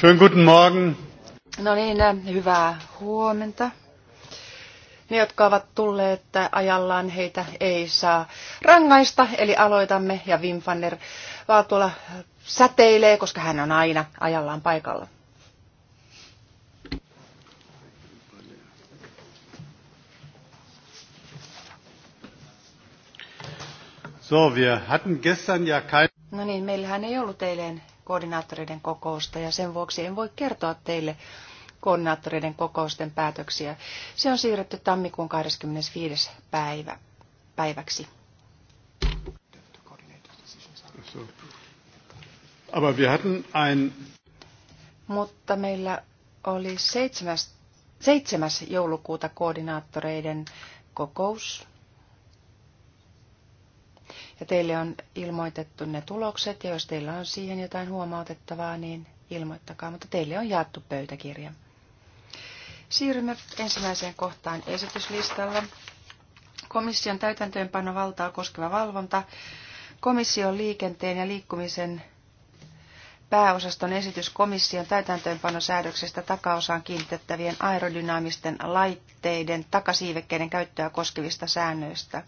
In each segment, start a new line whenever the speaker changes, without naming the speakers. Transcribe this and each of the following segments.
Schönen guten Morgen.
No niin, äh, hyvää huomenta. Ne, jotka ovat tulleet ajallaan, heitä ei saa rangaista, eli aloitamme. Ja Wim van der Vaatula säteilee, koska hän on aina ajallaan paikalla.
So, wir hatten gestern ja kein...
No niin, meillähän ei ollut eilen koordinaattoreiden kokousta ja sen vuoksi en voi kertoa teille koordinaattoreiden kokousten päätöksiä. Se on siirretty tammikuun 25. päivä, päiväksi.
Aber wir hatten ein...
Mutta meillä oli 7. 7. joulukuuta koordinaattoreiden kokous ja teille on ilmoitettu ne tulokset, ja jos teillä on siihen jotain huomautettavaa, niin ilmoittakaa, mutta teille on jaettu pöytäkirja. Siirrymme ensimmäiseen kohtaan esityslistalla. Komission täytäntöönpanovaltaa koskeva valvonta, komission liikenteen ja liikkumisen pääosaston esitys komission täytäntöönpanosäädöksestä takaosaan kiinnitettävien aerodynaamisten laitteiden takasiivekkeiden käyttöä koskevista säännöistä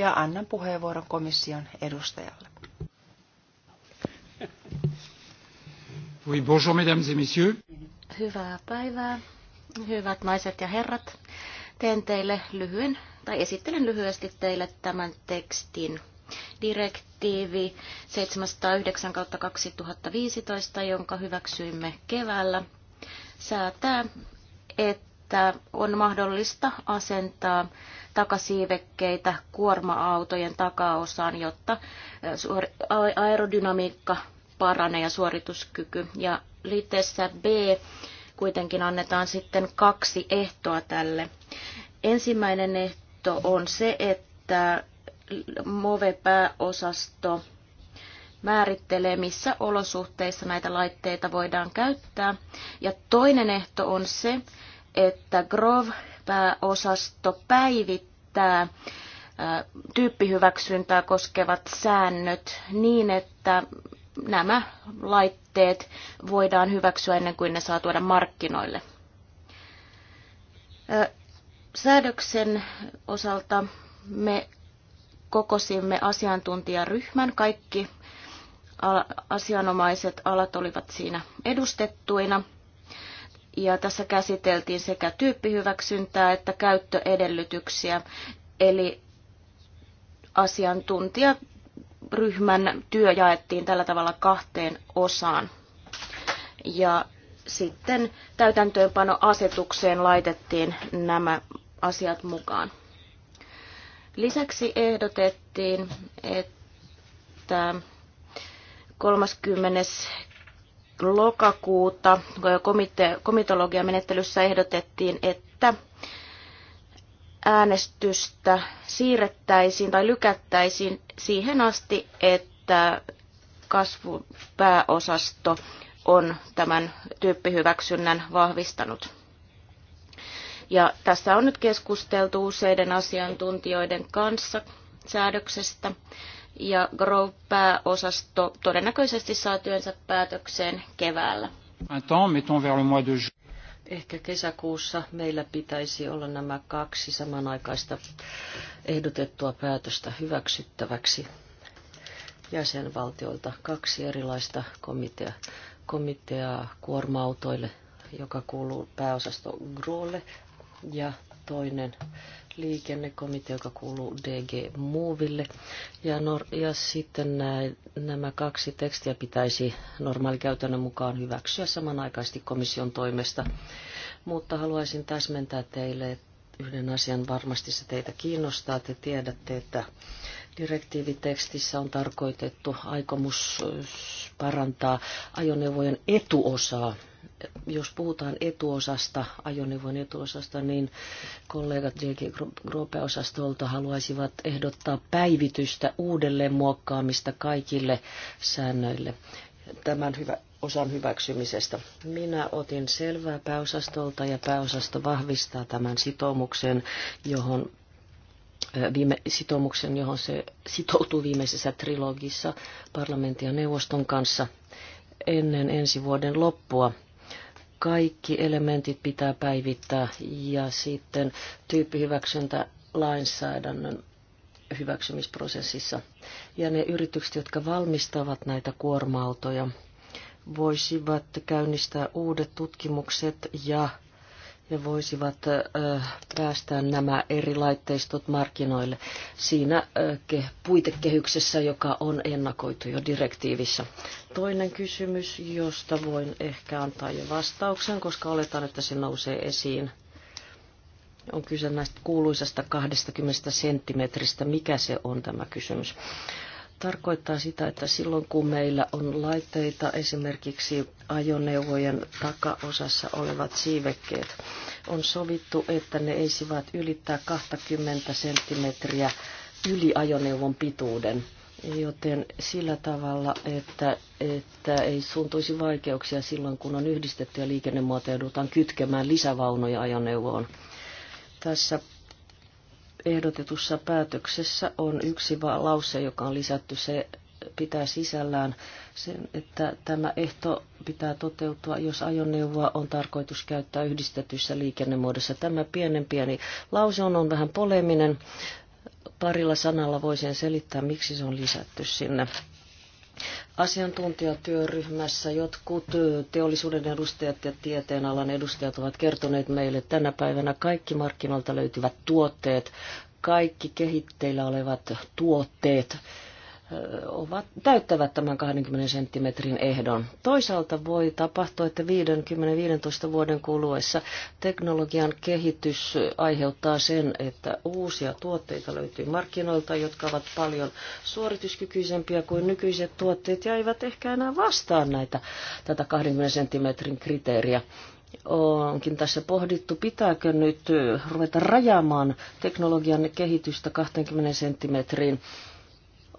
ja annan puheenvuoron komission edustajalle.
Oui, bonjour, mesdames et messieurs.
Hyvää päivää,
hyvät naiset ja herrat. Teen teille lyhyen, tai esittelen lyhyesti teille tämän tekstin direktiivi 709-2015, jonka hyväksyimme keväällä, säätää, että että on mahdollista asentaa takasiivekkeitä kuorma-autojen takaosaan, jotta aerodynamiikka paranee ja suorituskyky. Ja liitteessä B kuitenkin annetaan sitten kaksi ehtoa tälle. Ensimmäinen ehto on se, että MOVE-pääosasto määrittelee, missä olosuhteissa näitä laitteita voidaan käyttää. Ja toinen ehto on se, että GROV-pääosasto päivittää äh, tyyppihyväksyntää koskevat säännöt niin, että nämä laitteet voidaan hyväksyä ennen kuin ne saa tuoda markkinoille. Äh, säädöksen osalta me kokosimme asiantuntijaryhmän. Kaikki asianomaiset alat olivat siinä edustettuina. Ja tässä käsiteltiin sekä tyyppihyväksyntää että käyttöedellytyksiä, eli asiantuntijaryhmän työ jaettiin tällä tavalla kahteen osaan. Ja sitten täytäntöönpanoasetukseen laitettiin nämä asiat mukaan. Lisäksi ehdotettiin, että 30 lokakuuta komitologian komitologiamenettelyssä ehdotettiin, että äänestystä siirrettäisiin tai lykättäisiin siihen asti, että kasvupääosasto on tämän tyyppihyväksynnän vahvistanut. Ja tässä on nyt keskusteltu useiden asiantuntijoiden kanssa säädöksestä ja grove pääosasto todennäköisesti saa työnsä päätökseen keväällä.
Ehkä kesäkuussa meillä pitäisi olla nämä kaksi samanaikaista ehdotettua päätöstä hyväksyttäväksi jäsenvaltioilta. Kaksi erilaista komitea, komiteaa kuorma-autoille, joka kuuluu pääosasto Grolle, ja toinen liikennekomitea, joka kuuluu DG Moville. Ja, nor- ja sitten nä- nämä kaksi tekstiä pitäisi normaalikäytännön mukaan hyväksyä samanaikaisesti komission toimesta. Mutta haluaisin täsmentää teille yhden asian, varmasti se teitä kiinnostaa. Te tiedätte, että direktiivitekstissä on tarkoitettu aikomus parantaa ajoneuvojen etuosaa jos puhutaan etuosasta, ajoneuvon etuosasta, niin kollegat JG Grope-osastolta haluaisivat ehdottaa päivitystä, uudelleen muokkaamista kaikille säännöille. Tämän hyvä, osan hyväksymisestä. Minä otin selvää pääosastolta ja pääosasto vahvistaa tämän sitoumuksen, johon viime, sitoumuksen, johon se sitoutuu viimeisessä trilogissa parlamentin ja neuvoston kanssa ennen ensi vuoden loppua kaikki elementit pitää päivittää ja sitten tyyppihyväksyntä lainsäädännön hyväksymisprosessissa. Ja ne yritykset, jotka valmistavat näitä kuorma-autoja, voisivat käynnistää uudet tutkimukset ja he voisivat päästää nämä eri laitteistot markkinoille siinä puitekehyksessä, joka on ennakoitu jo direktiivissä. Toinen kysymys, josta voin ehkä antaa jo vastauksen, koska oletan, että se nousee esiin, on kyse näistä kuuluisasta 20 senttimetristä. Mikä se on tämä kysymys? tarkoittaa sitä, että silloin kun meillä on laitteita, esimerkiksi ajoneuvojen takaosassa olevat siivekkeet, on sovittu, että ne eisivät ylittää 20 senttimetriä yli ajoneuvon pituuden. Joten sillä tavalla, että, että ei suuntuisi vaikeuksia silloin, kun on yhdistettyjä liikennemuotoja, joudutaan kytkemään lisävaunoja ajoneuvoon. Tässä ehdotetussa päätöksessä on yksi lause, joka on lisätty. Se pitää sisällään sen, että tämä ehto pitää toteutua, jos ajoneuvoa on tarkoitus käyttää yhdistetyssä liikennemuodossa. Tämä pienen pieni lause on, on vähän poleminen. Parilla sanalla voisin selittää, miksi se on lisätty sinne. Asiantuntijatyöryhmässä jotkut teollisuuden edustajat ja tieteenalan edustajat ovat kertoneet meille, että tänä päivänä kaikki markkinoilta löytyvät tuotteet, kaikki kehitteillä olevat tuotteet, ovat, täyttävät tämän 20 senttimetrin ehdon. Toisaalta voi tapahtua, että 50-15 vuoden kuluessa teknologian kehitys aiheuttaa sen, että uusia tuotteita löytyy markkinoilta, jotka ovat paljon suorituskykyisempiä kuin nykyiset tuotteet ja eivät ehkä enää vastaa näitä, tätä 20 senttimetrin kriteeriä onkin tässä pohdittu, pitääkö nyt ruveta rajaamaan teknologian kehitystä 20 senttimetriin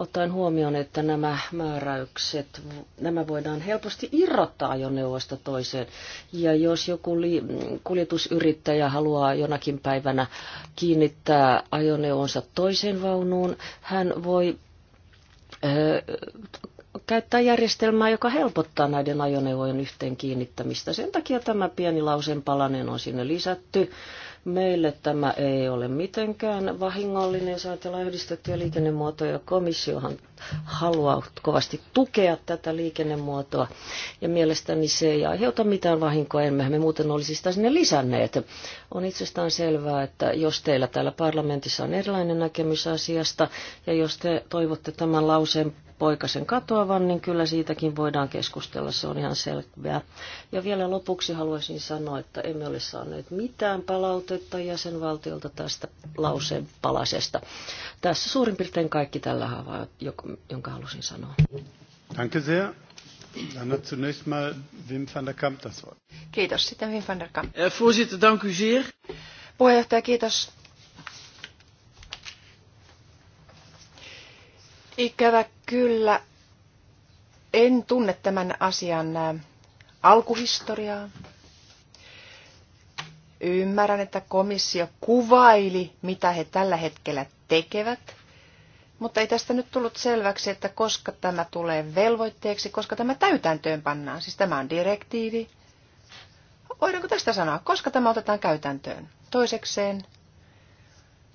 ottaen huomioon, että nämä määräykset, nämä voidaan helposti irrottaa ajoneuvosta toiseen. Ja jos joku li- kuljetusyrittäjä haluaa jonakin päivänä kiinnittää ajoneuvonsa toiseen vaunuun, hän voi ö, käyttää järjestelmää, joka helpottaa näiden ajoneuvojen yhteen kiinnittämistä. Sen takia tämä pieni lauseen palanen on sinne lisätty Meille tämä ei ole mitenkään vahingollinen, jos ajatellaan yhdistettyjä liikennemuotoja. Komissiohan haluaa kovasti tukea tätä liikennemuotoa ja mielestäni se ei aiheuta mitään vahinkoa, emmehän me muuten olisi sitä sinne lisänneet. On itsestään selvää, että jos teillä täällä parlamentissa on erilainen näkemys asiasta ja jos te toivotte tämän lauseen poikasen katoavan, niin kyllä siitäkin voidaan keskustella, se on ihan selvää. Ja vielä lopuksi haluaisin sanoa, että emme ole saaneet mitään palautetta jäsenvaltiolta tästä lauseen palasesta. Tässä suurin piirtein kaikki tällä havaa, jonka halusin sanoa. Danke sehr. Dann hat zunächst mal Wim van der Kamp das Wort.
Kiitos. Sitten Wim van der Kamp. Voorzitter, dank u zeer. Puheenjohtaja, kiitos. Ikävä kyllä. En tunne tämän asian alkuhistoriaa. Ymmärrän, että komissio kuvaili, mitä he tällä hetkellä tekevät, mutta ei tästä nyt tullut selväksi, että koska tämä tulee velvoitteeksi, koska tämä täytäntöön pannaan. Siis tämä on direktiivi. Voidaanko tästä sanoa, koska tämä otetaan käytäntöön? Toisekseen,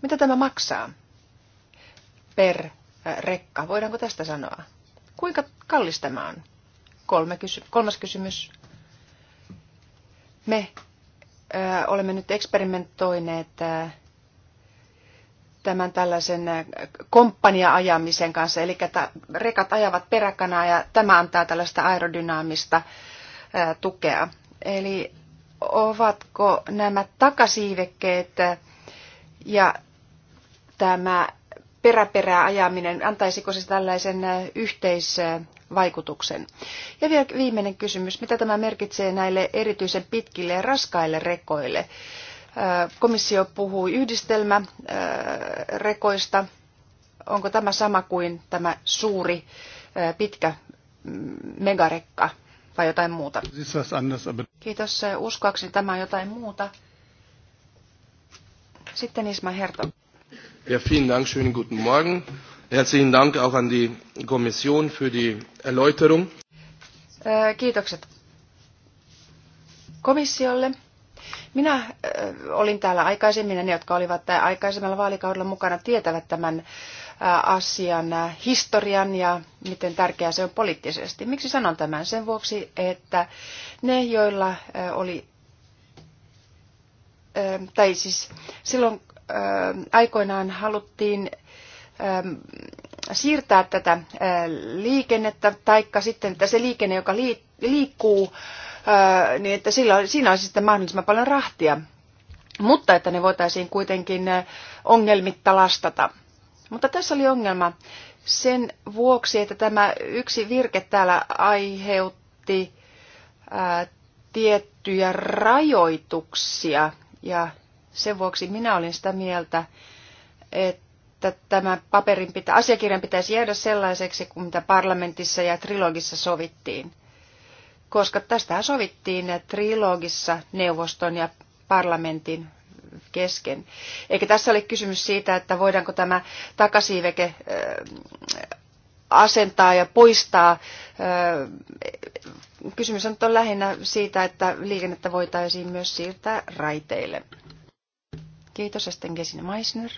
mitä tämä maksaa per rekka. Voidaanko tästä sanoa? Kuinka kallis tämä on? Kolme kysy- kolmas kysymys. Me ö, olemme nyt eksperimentoineet ö, tämän tällaisen komppania-ajamisen kanssa, eli ta, rekat ajavat peräkanaa ja tämä antaa tällaista aerodynaamista ö, tukea. Eli ovatko nämä takasiivekkeet ja tämä peräperää ajaminen, antaisiko se tällaisen äh, yhteisvaikutuksen? Ja vielä viimeinen kysymys, mitä tämä merkitsee näille erityisen pitkille ja raskaille rekoille? Äh, komissio puhuu yhdistelmärekoista. Äh, Onko tämä sama kuin tämä suuri, pitkä mm, megarekka vai jotain muuta? Kiitos. Uskoakseni tämä on jotain muuta. Sitten Isma Hertog.
Ja, vielen Dank, schönen guten Morgen. Herzlichen Dank auch an die Kommission für die Erläuterung.
Äh, kiitokset komissiolle. Minä äh, olin täällä aikaisemmin ja ne, jotka olivat aikaisemmalla vaalikaudella mukana, tietävät tämän äh, asian historian ja miten tärkeää se on poliittisesti. Miksi sanon tämän? Sen vuoksi, että ne, joilla oli, tai siis silloin aikoinaan haluttiin siirtää tätä liikennettä, taikka sitten että se liikenne, joka liikkuu, niin että sillä, siinä olisi sitten mahdollisimman paljon rahtia, mutta että ne voitaisiin kuitenkin ongelmitta lastata. Mutta tässä oli ongelma sen vuoksi, että tämä yksi virke täällä aiheutti ää, tiettyjä rajoituksia ja sen vuoksi minä olin sitä mieltä, että tämä paperin pitä, asiakirjan pitäisi jäädä sellaiseksi kuin mitä parlamentissa ja trilogissa sovittiin. Koska tästä sovittiin että trilogissa neuvoston ja parlamentin kesken. Eikä tässä ole kysymys siitä, että voidaanko tämä takasiiveke asentaa ja poistaa. Kysymys on lähinnä siitä, että liikennettä voitaisiin myös siirtää raiteille. Kiitos, Esten Gesine Meissner.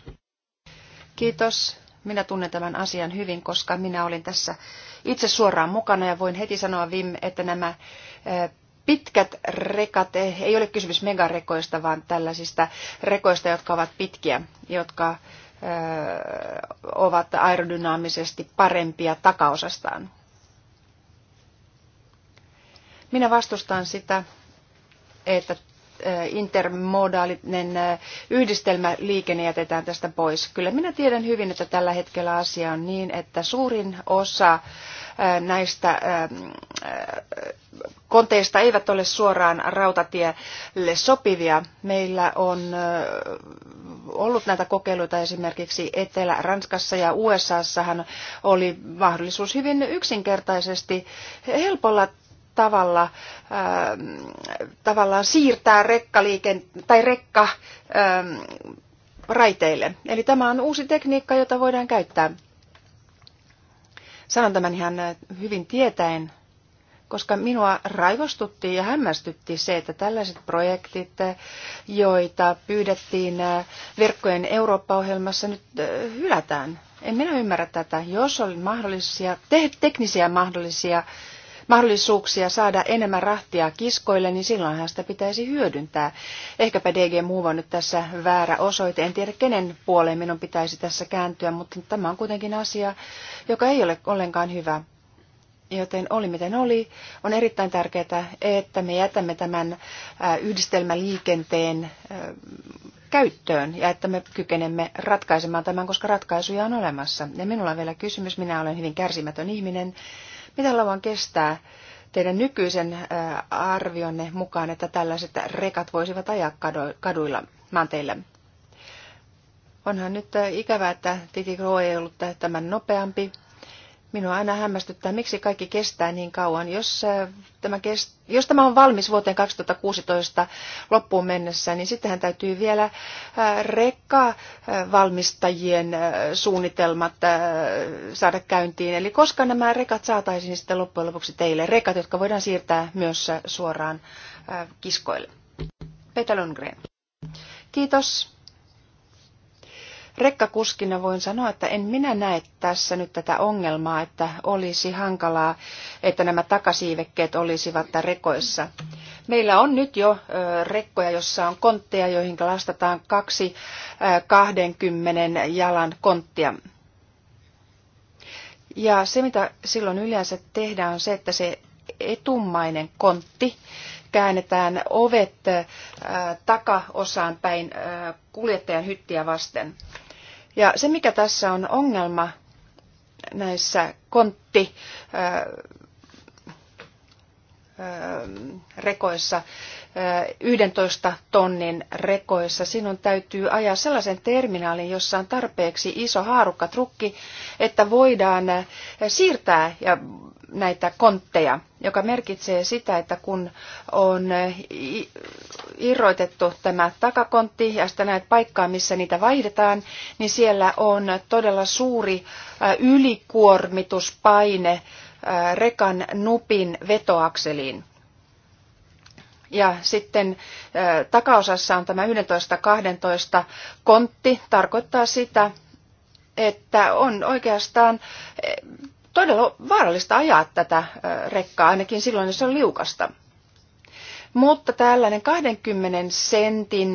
Kiitos. Minä tunnen tämän asian hyvin, koska minä olin tässä itse suoraan mukana ja voin heti sanoa, Vim, että nämä eh, pitkät rekat, eh, ei ole kysymys megarekoista, vaan tällaisista rekoista, jotka ovat pitkiä, jotka eh, ovat aerodynaamisesti parempia takaosastaan. Minä vastustan sitä, että Eh, intermodaalinen eh, liikenne jätetään tästä pois. Kyllä minä tiedän hyvin, että tällä hetkellä asia on niin, että suurin osa eh, näistä konteista eivät ole suoraan rautatielle sopivia. Meillä on ollut näitä kokeiluita esimerkiksi Etelä-Ranskassa ja USAssahan oli mahdollisuus hyvin yksinkertaisesti helpolla tavalla ää, ähm, tavallaan siirtää rekkaliiken, tai rekka ää, ähm, raiteille. Eli tämä on uusi tekniikka, jota voidaan käyttää. Sanon tämän ihan äh, hyvin tietäen, koska minua raivostutti ja hämmästytti se, että tällaiset projektit, äh, joita pyydettiin äh, verkkojen Eurooppa-ohjelmassa, nyt hylätään. En minä ymmärrä tätä. Jos oli mahdollisia, te- teknisiä mahdollisia mahdollisuuksia saada enemmän rahtia kiskoille, niin silloinhan sitä pitäisi hyödyntää. Ehkäpä DG Move on nyt tässä väärä osoite. En tiedä, kenen puoleen minun pitäisi tässä kääntyä, mutta tämä on kuitenkin asia, joka ei ole ollenkaan hyvä. Joten oli miten oli, on erittäin tärkeää, että me jätämme tämän äh, yhdistelmäliikenteen äh, käyttöön ja että me kykenemme ratkaisemaan tämän, koska ratkaisuja on olemassa. Ja minulla on vielä kysymys, minä olen hyvin kärsimätön ihminen Miten lauan kestää teidän nykyisen arvionne mukaan, että tällaiset rekat voisivat ajaa kaduilla maanteillä? Onhan nyt ikävää, että Titi Groe ei ollut tämän nopeampi. Minua aina hämmästyttää, miksi kaikki kestää niin kauan. Jos äh, tämä, kest, jos tämä on valmis vuoteen 2016 loppuun mennessä, niin sittenhän täytyy vielä äh, äh, valmistajien suunnitelmat saada käyntiin. Eli koska nämä rekat saataisiin niin sitten loppujen lopuksi teille? Rekat, jotka voidaan siirtää myös suoraan kiskoille. Peter Lundgren. Kiitos. Rekkakuskina voin sanoa, että en minä näe tässä nyt tätä ongelmaa, että olisi hankalaa, että nämä takasiivekkeet olisivat rekoissa. Meillä on nyt jo rekkoja, jossa on kontteja, joihin lastataan kaksi 20 jalan konttia. Ja se, mitä silloin yleensä tehdään, on se, että se etummainen kontti käännetään ovet takaosaan päin kuljettajan hyttiä vasten. Ja se, mikä tässä on ongelma näissä kontti rekoissa, 11 tonnin rekoissa sinun täytyy ajaa sellaisen terminaalin, jossa on tarpeeksi iso haarukka trukki, että voidaan eh, siirtää ja näitä kontteja, joka merkitsee sitä, että kun on eh, irrotettu tämä takakontti ja sitten näet paikkaa, missä niitä vaihdetaan, niin siellä on todella suuri eh, ylikuormituspaine rekan nupin vetoakseliin. Ja sitten takaosassa on tämä 11.12. kontti, tarkoittaa sitä, että on oikeastaan e, todella vaarallista ajaa tätä rekkaa, ainakin silloin, jos se on liukasta. Mutta tällainen 20 sentin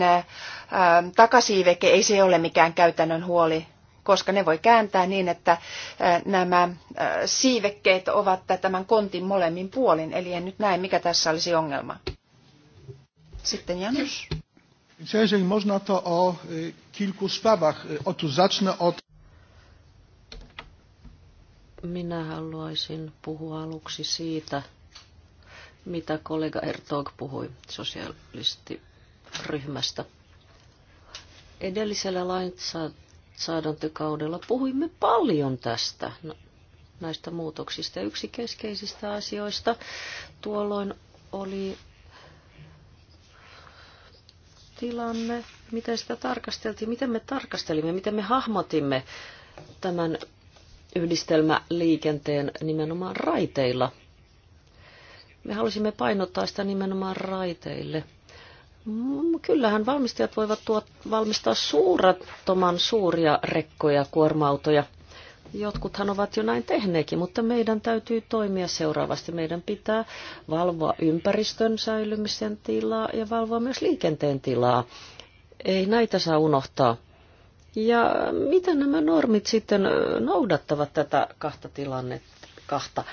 takasiiveke ei se ole mikään käytännön huoli, koska ne voi kääntää niin, että nämä siivekkeet ovat tämän kontin molemmin puolin. Eli en nyt näe, mikä tässä olisi ongelma. Sitten Janusz.
Jeżeli można, to o kilku sprawach. Otóż zacznę od... Minä haluaisin puhua aluksi siitä, mitä kollega Ertog puhui sosialistiryhmästä. Edellisellä lainsäädäntökaudella puhuimme paljon tästä, näistä muutoksista. Yksi keskeisistä asioista tuolloin oli tilanne, miten sitä tarkasteltiin, miten me tarkastelimme, miten me hahmotimme tämän yhdistelmäliikenteen nimenomaan raiteilla. Me halusimme painottaa sitä nimenomaan raiteille. Mm, kyllähän valmistajat voivat tuot, valmistaa suurattoman suuria rekkoja, kuorma-autoja, Jotkuthan ovat jo näin tehneekin, mutta meidän täytyy toimia seuraavasti. Meidän pitää valvoa ympäristön säilymisen tilaa ja valvoa myös liikenteen tilaa. Ei näitä saa unohtaa. Ja miten nämä normit sitten noudattavat tätä kahta tilannetta, kahta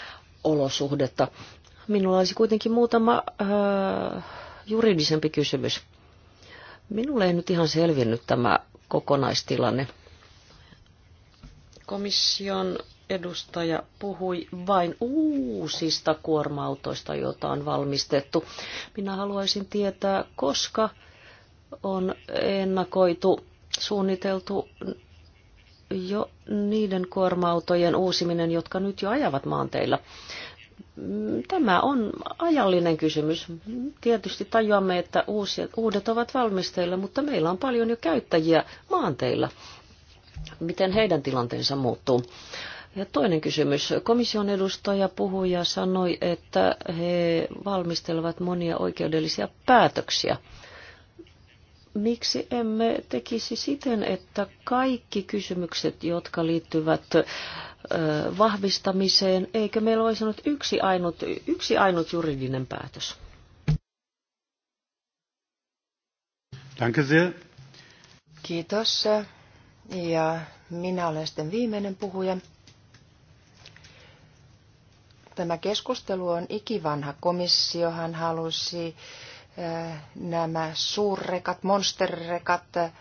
olosuhdetta? Minulla olisi kuitenkin muutama äh, juridisempi kysymys. Minulle ei nyt ihan selvinnyt tämä kokonaistilanne. Komission edustaja puhui vain uusista kuorma-autoista, joita on valmistettu. Minä haluaisin tietää, koska on ennakoitu, suunniteltu jo niiden kuorma-autojen uusiminen, jotka nyt jo ajavat maanteilla. Tämä on ajallinen kysymys. Tietysti tajuamme, että uudet ovat valmisteilla, mutta meillä on paljon jo käyttäjiä maanteilla miten heidän tilanteensa muuttuu. Ja toinen kysymys. Komission edustaja puhui ja sanoi, että he valmistelevat monia oikeudellisia päätöksiä. Miksi emme tekisi siten, että kaikki kysymykset, jotka liittyvät vahvistamiseen, eikö meillä olisi nyt yksi ainut, yksi
ainut juridinen päätös? Danke sehr. Kiitos. Ja minä olen sitten viimeinen puhuja. Tämä keskustelu on ikivanha. Komissiohan halusi äh, nämä suurrekat, monsterrekat äh,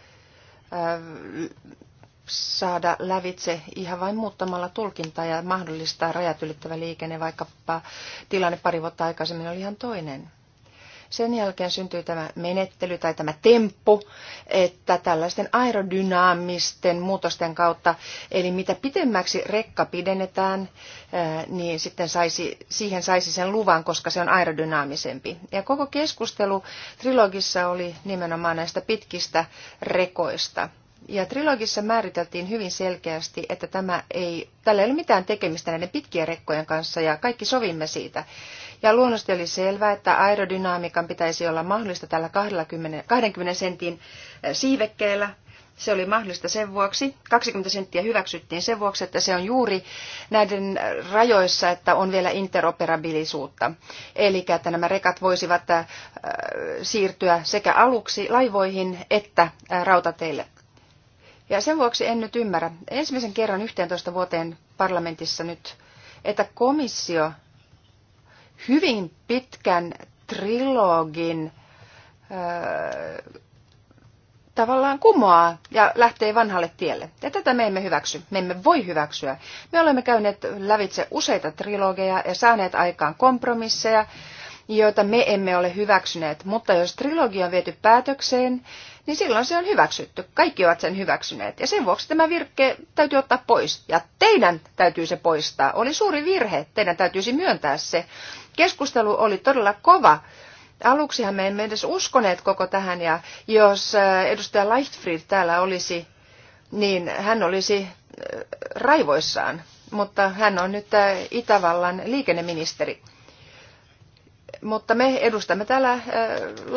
saada lävitse ihan vain muuttamalla tulkintaa ja mahdollistaa rajat ylittävä liikenne, vaikkapa tilanne pari vuotta aikaisemmin oli ihan toinen. Sen jälkeen syntyi tämä menettely tai tämä temppu, että tällaisten aerodynaamisten muutosten kautta, eli mitä pitemmäksi rekka pidennetään, niin sitten saisi, siihen saisi sen luvan, koska se on aerodynaamisempi. Ja koko keskustelu trilogissa oli nimenomaan näistä pitkistä rekoista. Ja trilogissa määriteltiin hyvin selkeästi, että tämä ei, tällä ei ole mitään tekemistä näiden pitkien rekkojen kanssa ja kaikki sovimme siitä. Ja luonnollisesti oli selvää, että aerodynamiikan pitäisi olla mahdollista tällä 20, 20 sentin eh, siivekkeellä. Se oli mahdollista sen vuoksi. 20 senttiä hyväksyttiin sen vuoksi, että se on juuri näiden eh, rajoissa, että on vielä interoperabilisuutta. Eli että nämä rekat voisivat eh, siirtyä sekä aluksi laivoihin että rautateille. Ja sen vuoksi en nyt ymmärrä. Ensimmäisen kerran 11 vuoteen parlamentissa nyt, että komissio hyvin pitkän trilogin öö, tavallaan kumoaa ja lähtee vanhalle tielle. Ja tätä me emme hyväksy. Me emme voi hyväksyä. Me olemme käyneet lävitse useita trilogeja ja saaneet aikaan kompromisseja, joita me emme ole hyväksyneet. Mutta jos trilogia on viety päätökseen, niin silloin se on hyväksytty. Kaikki ovat sen hyväksyneet. Ja sen vuoksi tämä virkke täytyy ottaa pois. Ja teidän täytyy se poistaa. Oli suuri virhe. Teidän täytyisi myöntää se. Keskustelu oli todella kova. Aluksihan me emme edes uskoneet koko tähän. Ja jos äh, edustaja Leichtfried täällä olisi, niin hän olisi äh, raivoissaan. Mutta hän on nyt äh, Itävallan liikenneministeri. Mutta me edustamme täällä äh,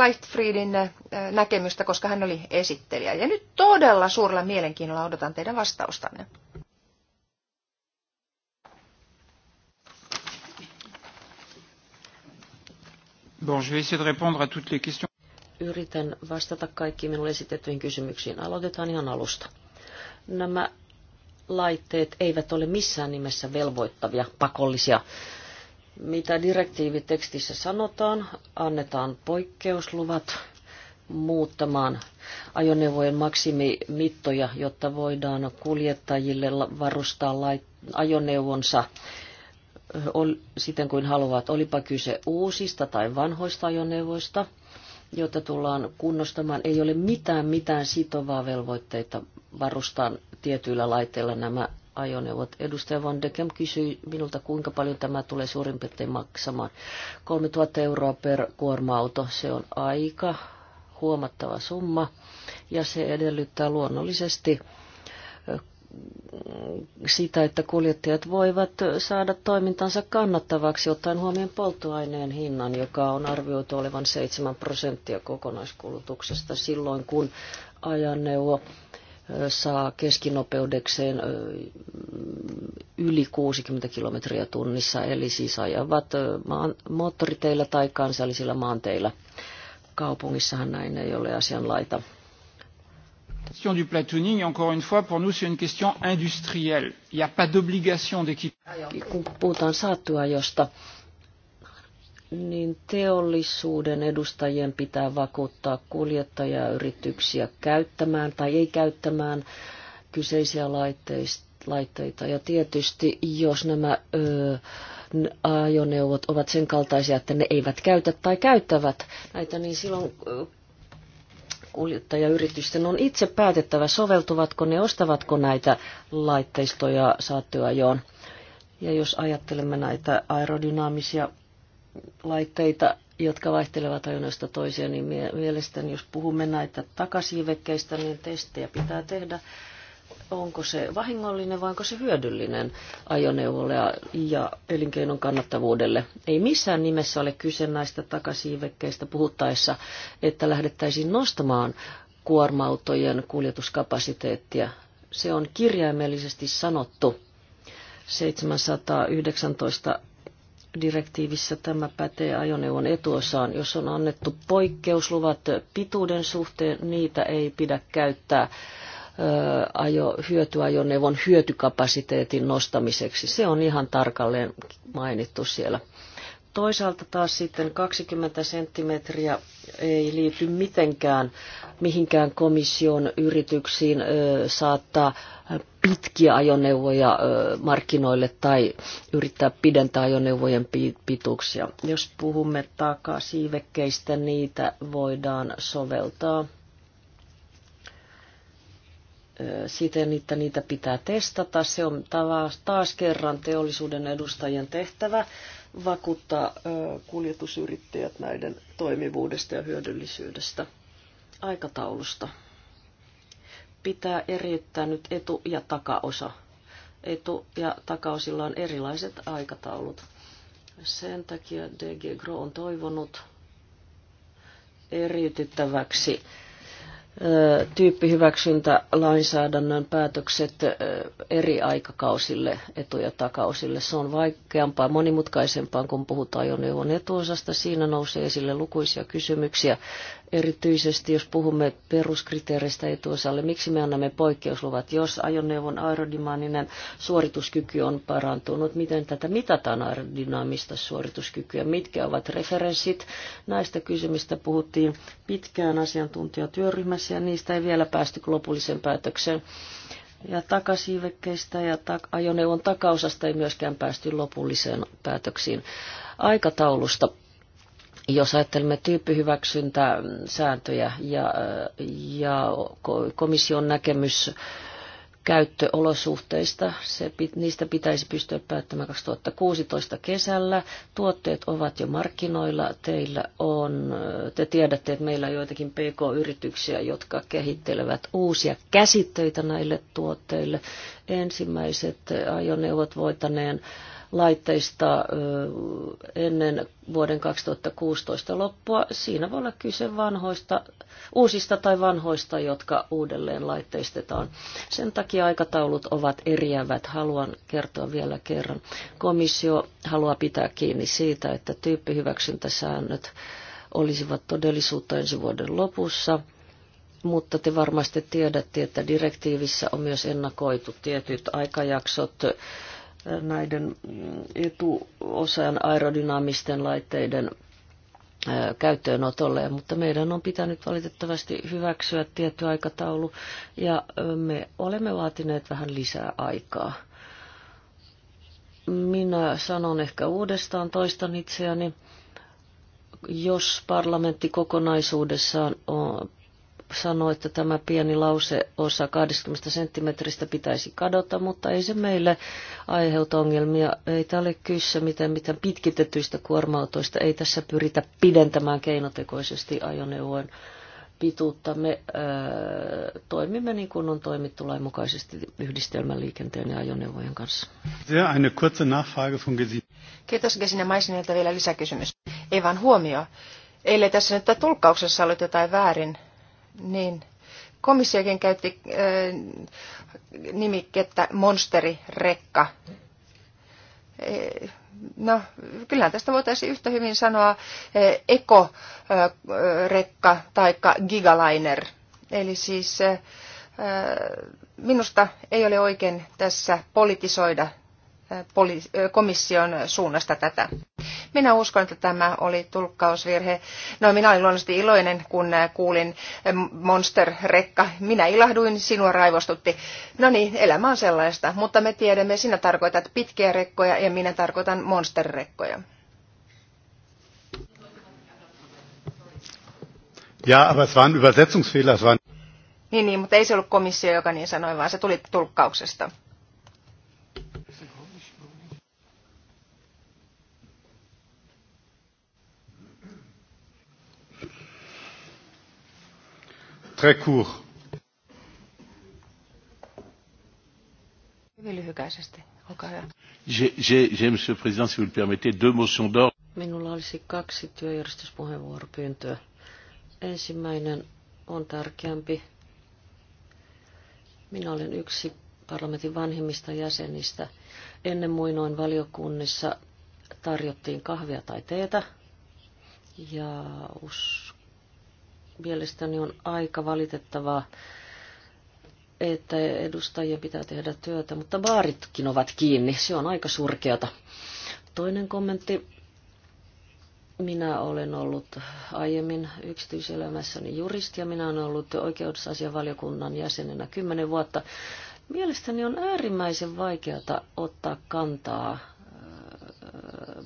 Lightfriedin äh, näkemystä, koska hän oli esittelijä. Ja nyt todella suurella mielenkiinnolla odotan teidän vastaustanne.
Bon, je vais essayer de répondre à toutes les questions.
Yritän vastata kaikkiin minulle esitettyihin kysymyksiin. Aloitetaan ihan alusta. Nämä laitteet eivät ole missään nimessä velvoittavia, pakollisia mitä direktiivitekstissä sanotaan, annetaan poikkeusluvat muuttamaan ajoneuvojen maksimimittoja, jotta voidaan kuljettajille varustaa ajoneuvonsa siten kuin haluavat, olipa kyse uusista tai vanhoista ajoneuvoista, joita tullaan kunnostamaan. Ei ole mitään mitään sitovaa velvoitteita varustaa tietyillä laitteilla nämä ajoneuvot. Edustaja Van de Kem kysyi minulta, kuinka paljon tämä tulee suurin piirtein maksamaan. 3000 euroa per kuorma-auto, se on aika huomattava summa ja se edellyttää luonnollisesti sitä, että kuljettajat voivat saada toimintansa kannattavaksi ottaen huomioon polttoaineen hinnan, joka on arvioitu olevan 7 prosenttia kokonaiskulutuksesta silloin, kun ajoneuvo saa keskinopeudekseen yli 60 kilometriä tunnissa, eli siis ajavat moottoriteillä tai kansallisilla maanteilla. Kaupungissahan näin ei ole asianlaita.
question du platooning, encore une fois, pour nous, c'est une question industrielle.
Il n'y a pas d'obligation Kun puhutaan saattuajosta, josta niin teollisuuden edustajien pitää vakuuttaa kuljettajayrityksiä käyttämään tai ei käyttämään kyseisiä laitteita. Ja tietysti, jos nämä ö, ajoneuvot ovat sen kaltaisia, että ne eivät käytä tai käyttävät näitä, niin silloin ö, kuljettajayritysten on itse päätettävä, soveltuvatko ne, ostavatko näitä laitteistoja saattoajoon. Ja jos ajattelemme näitä aerodynaamisia laitteita, jotka vaihtelevat ajoneista toiseen, niin mielestäni jos puhumme näitä takasiivekkeistä, niin testejä pitää tehdä. Onko se vahingollinen vai onko se hyödyllinen ajoneuvolle ja elinkeinon kannattavuudelle? Ei missään nimessä ole kyse näistä takasiivekkeistä puhuttaessa, että lähdettäisiin nostamaan kuorma-autojen kuljetuskapasiteettia. Se on kirjaimellisesti sanottu 719 direktiivissä tämä pätee ajoneuvon etuosaan. Jos on annettu poikkeusluvat pituuden suhteen, niitä ei pidä käyttää ajo, hyötyajoneuvon hyötykapasiteetin nostamiseksi. Se on ihan tarkalleen mainittu siellä. Toisaalta taas sitten 20 senttimetriä ei liity mitenkään mihinkään komission yrityksiin saattaa pitkiä ajoneuvoja markkinoille tai yrittää pidentää ajoneuvojen pituuksia. Jos puhumme takasiivekkeistä, niitä voidaan soveltaa siten, että niitä pitää testata. Se on taas kerran teollisuuden edustajien tehtävä vakuuttaa kuljetusyrittäjät näiden toimivuudesta ja hyödyllisyydestä aikataulusta. Pitää eriyttää nyt etu- ja takaosa. Etu- ja takaosilla on erilaiset aikataulut. Sen takia DG Gro on toivonut eriytettäväksi lainsäädännön päätökset eri aikakausille, etu- ja takausille. Se on vaikeampaa, monimutkaisempaa, kun puhutaan neuvon etuosasta. Siinä nousee esille lukuisia kysymyksiä Erityisesti jos puhumme peruskriteereistä etuosalle, miksi me annamme poikkeusluvat, jos ajoneuvon aerodynaaminen suorituskyky on parantunut, miten tätä mitataan aerodynaamista suorituskykyä, mitkä ovat referenssit. Näistä kysymistä puhuttiin pitkään asiantuntijatyöryhmässä ja niistä ei vielä päästy lopulliseen päätökseen ja takasiivekkeistä ja ta- ajoneuvon takaosasta ei myöskään päästy lopulliseen päätöksiin. Aikataulusta jos ajattelemme tyyppihyväksyntäsääntöjä ja, ja komission näkemys käyttöolosuhteista, se, niistä pitäisi pystyä päättämään 2016 kesällä. Tuotteet ovat jo markkinoilla, teillä on, te tiedätte, että meillä on joitakin PK-yrityksiä, jotka kehittelevät uusia käsitteitä näille tuotteille. Ensimmäiset ajoneuvot voitaneen laitteista ennen vuoden 2016 loppua. Siinä voi olla kyse vanhoista, uusista tai vanhoista, jotka uudelleen laitteistetaan. Sen takia aikataulut ovat eriävät. Haluan kertoa vielä kerran. Komissio haluaa pitää kiinni siitä, että tyyppihyväksyntäsäännöt olisivat todellisuutta ensi vuoden lopussa mutta te varmasti tiedätte, että direktiivissä on myös ennakoitu tietyt aikajaksot näiden mm, etuosan aerodynaamisten laitteiden käyttöönotolle, mutta meidän on pitänyt valitettavasti hyväksyä tietty aikataulu ja me olemme vaatineet vähän lisää aikaa. Minä sanon ehkä uudestaan, toistan itseäni, jos parlamentti kokonaisuudessaan sanoi, että tämä pieni lause osa 20 senttimetristä pitäisi kadota, mutta ei se meille aiheuta ongelmia. Ei tämä ole kyse miten, miten pitkitetyistä kuorma-autoista. Ei tässä pyritä pidentämään keinotekoisesti ajoneuvojen pituutta. Me öö, toimimme niin kuin on toimittu lainmukaisesti yhdistelmän liikenteen ja ajoneuvojen kanssa.
Kiitos Gesine Maisinilta vielä lisäkysymys. Ei vaan huomio. Eilen tässä nyt tulkkauksessa oli jotain väärin, niin komissiokin käytti äh, nimikettä monsterirekka. Äh, no, kyllähän tästä voitaisiin yhtä hyvin sanoa äh, ekorekka tai gigaliner. Eli siis minusta ei ole oikein tässä politisoida komission suunnasta tätä. Minä uskon, että tämä oli tulkkausvirhe. No minä olin luonnollisesti iloinen, kun kuulin eh, Monster-rekka. Minä ilahduin, sinua raivostutti. No niin, elämä on sellaista, mutta me tiedämme, sinä tarkoitat pitkiä rekkoja ja minä tarkoitan Monster-rekkoja.
Ja, aber es waren Übersetzungsfehler. Es war...
Niin, niin, mutta ei se ollut komissio, joka niin sanoi, vaan se tuli tulkkauksesta.
très court. J'ai, monsieur le président, si vous le permettez, deux motions d'ordre.
Minulla olisi kaksi työjärjestyspuheenvuoropyyntöä. Ensimmäinen on tärkeämpi. Minä olen yksi parlamentin vanhimmista jäsenistä. Ennen muinoin valiokunnissa tarjottiin kahvia tai teetä. Ja us, Mielestäni on aika valitettavaa, että edustajien pitää tehdä työtä, mutta baaritkin ovat kiinni. Se on aika surkeata. Toinen kommentti. Minä olen ollut aiemmin yksityiselämässäni juristi ja minä olen ollut oikeusasianvaliokunnan jäsenenä kymmenen vuotta. Mielestäni on äärimmäisen vaikeata ottaa kantaa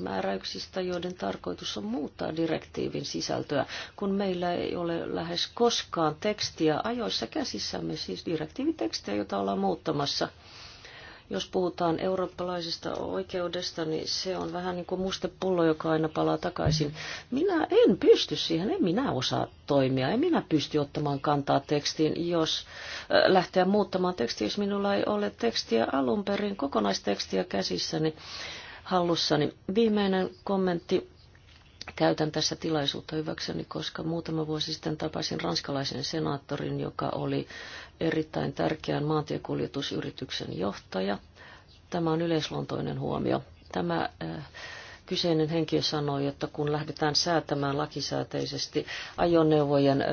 määräyksistä, joiden tarkoitus on muuttaa direktiivin sisältöä, kun meillä ei ole lähes koskaan tekstiä ajoissa käsissämme, siis direktiivitekstiä, jota ollaan muuttamassa. Jos puhutaan eurooppalaisesta oikeudesta, niin se on vähän niin kuin mustepullo, joka aina palaa takaisin. Minä en pysty siihen, en minä osaa toimia, en minä pysty ottamaan kantaa tekstiin, jos äh, lähteä muuttamaan tekstiä, jos minulla ei ole tekstiä alun perin, kokonaistekstiä käsissäni. Niin hallussani. Viimeinen kommentti. Käytän tässä tilaisuutta hyväkseni, koska muutama vuosi sitten tapasin ranskalaisen senaattorin, joka oli erittäin tärkeän maantiekuljetusyrityksen johtaja. Tämä on yleisluontoinen huomio. Tämä äh, Kyseinen henkilö sanoi, että kun lähdetään säätämään lakisääteisesti ajoneuvojen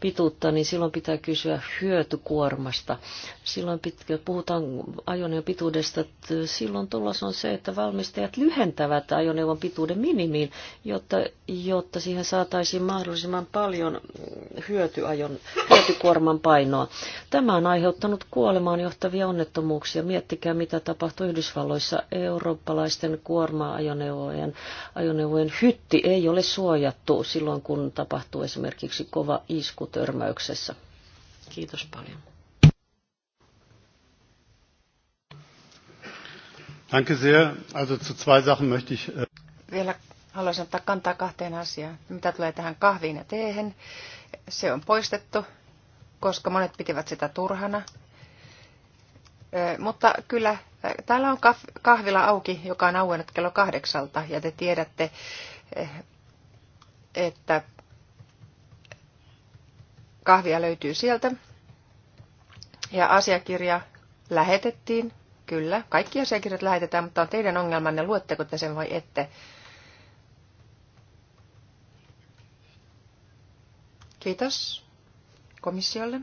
pituutta, niin silloin pitää kysyä hyötykuormasta. Silloin pitkä, puhutaan ajoneuvon pituudesta, että silloin tulos on se, että valmistajat lyhentävät ajoneuvon pituuden minimiin, jotta, jotta siihen saataisiin mahdollisimman paljon hyötyajon, hyötykuorman painoa. Tämä on aiheuttanut kuolemaan johtavia onnettomuuksia. Miettikää, mitä tapahtui Yhdysvalloissa eurooppalaisten kuorma-ajoneuvojen ajoneuvojen, ajoneuvojen hytti ei ole suojattu silloin, kun tapahtuu esimerkiksi kova isku törmäyksessä.
Kiitos paljon.
Danke sehr. Also zu zwei Sachen möchte ich... Äh,
Vielä haluaisin ottaa kantaa kahteen asiaan. Mitä tulee tähän kahviin ja teehen, se on poistettu, koska monet pitivät sitä turhana mutta kyllä täällä on kahvila auki, joka on auennut kello kahdeksalta ja te tiedätte, että kahvia löytyy sieltä. Ja asiakirja lähetettiin, kyllä. Kaikki asiakirjat lähetetään, mutta on teidän ongelmanne, luetteko te sen vai ette. Kiitos komissiolle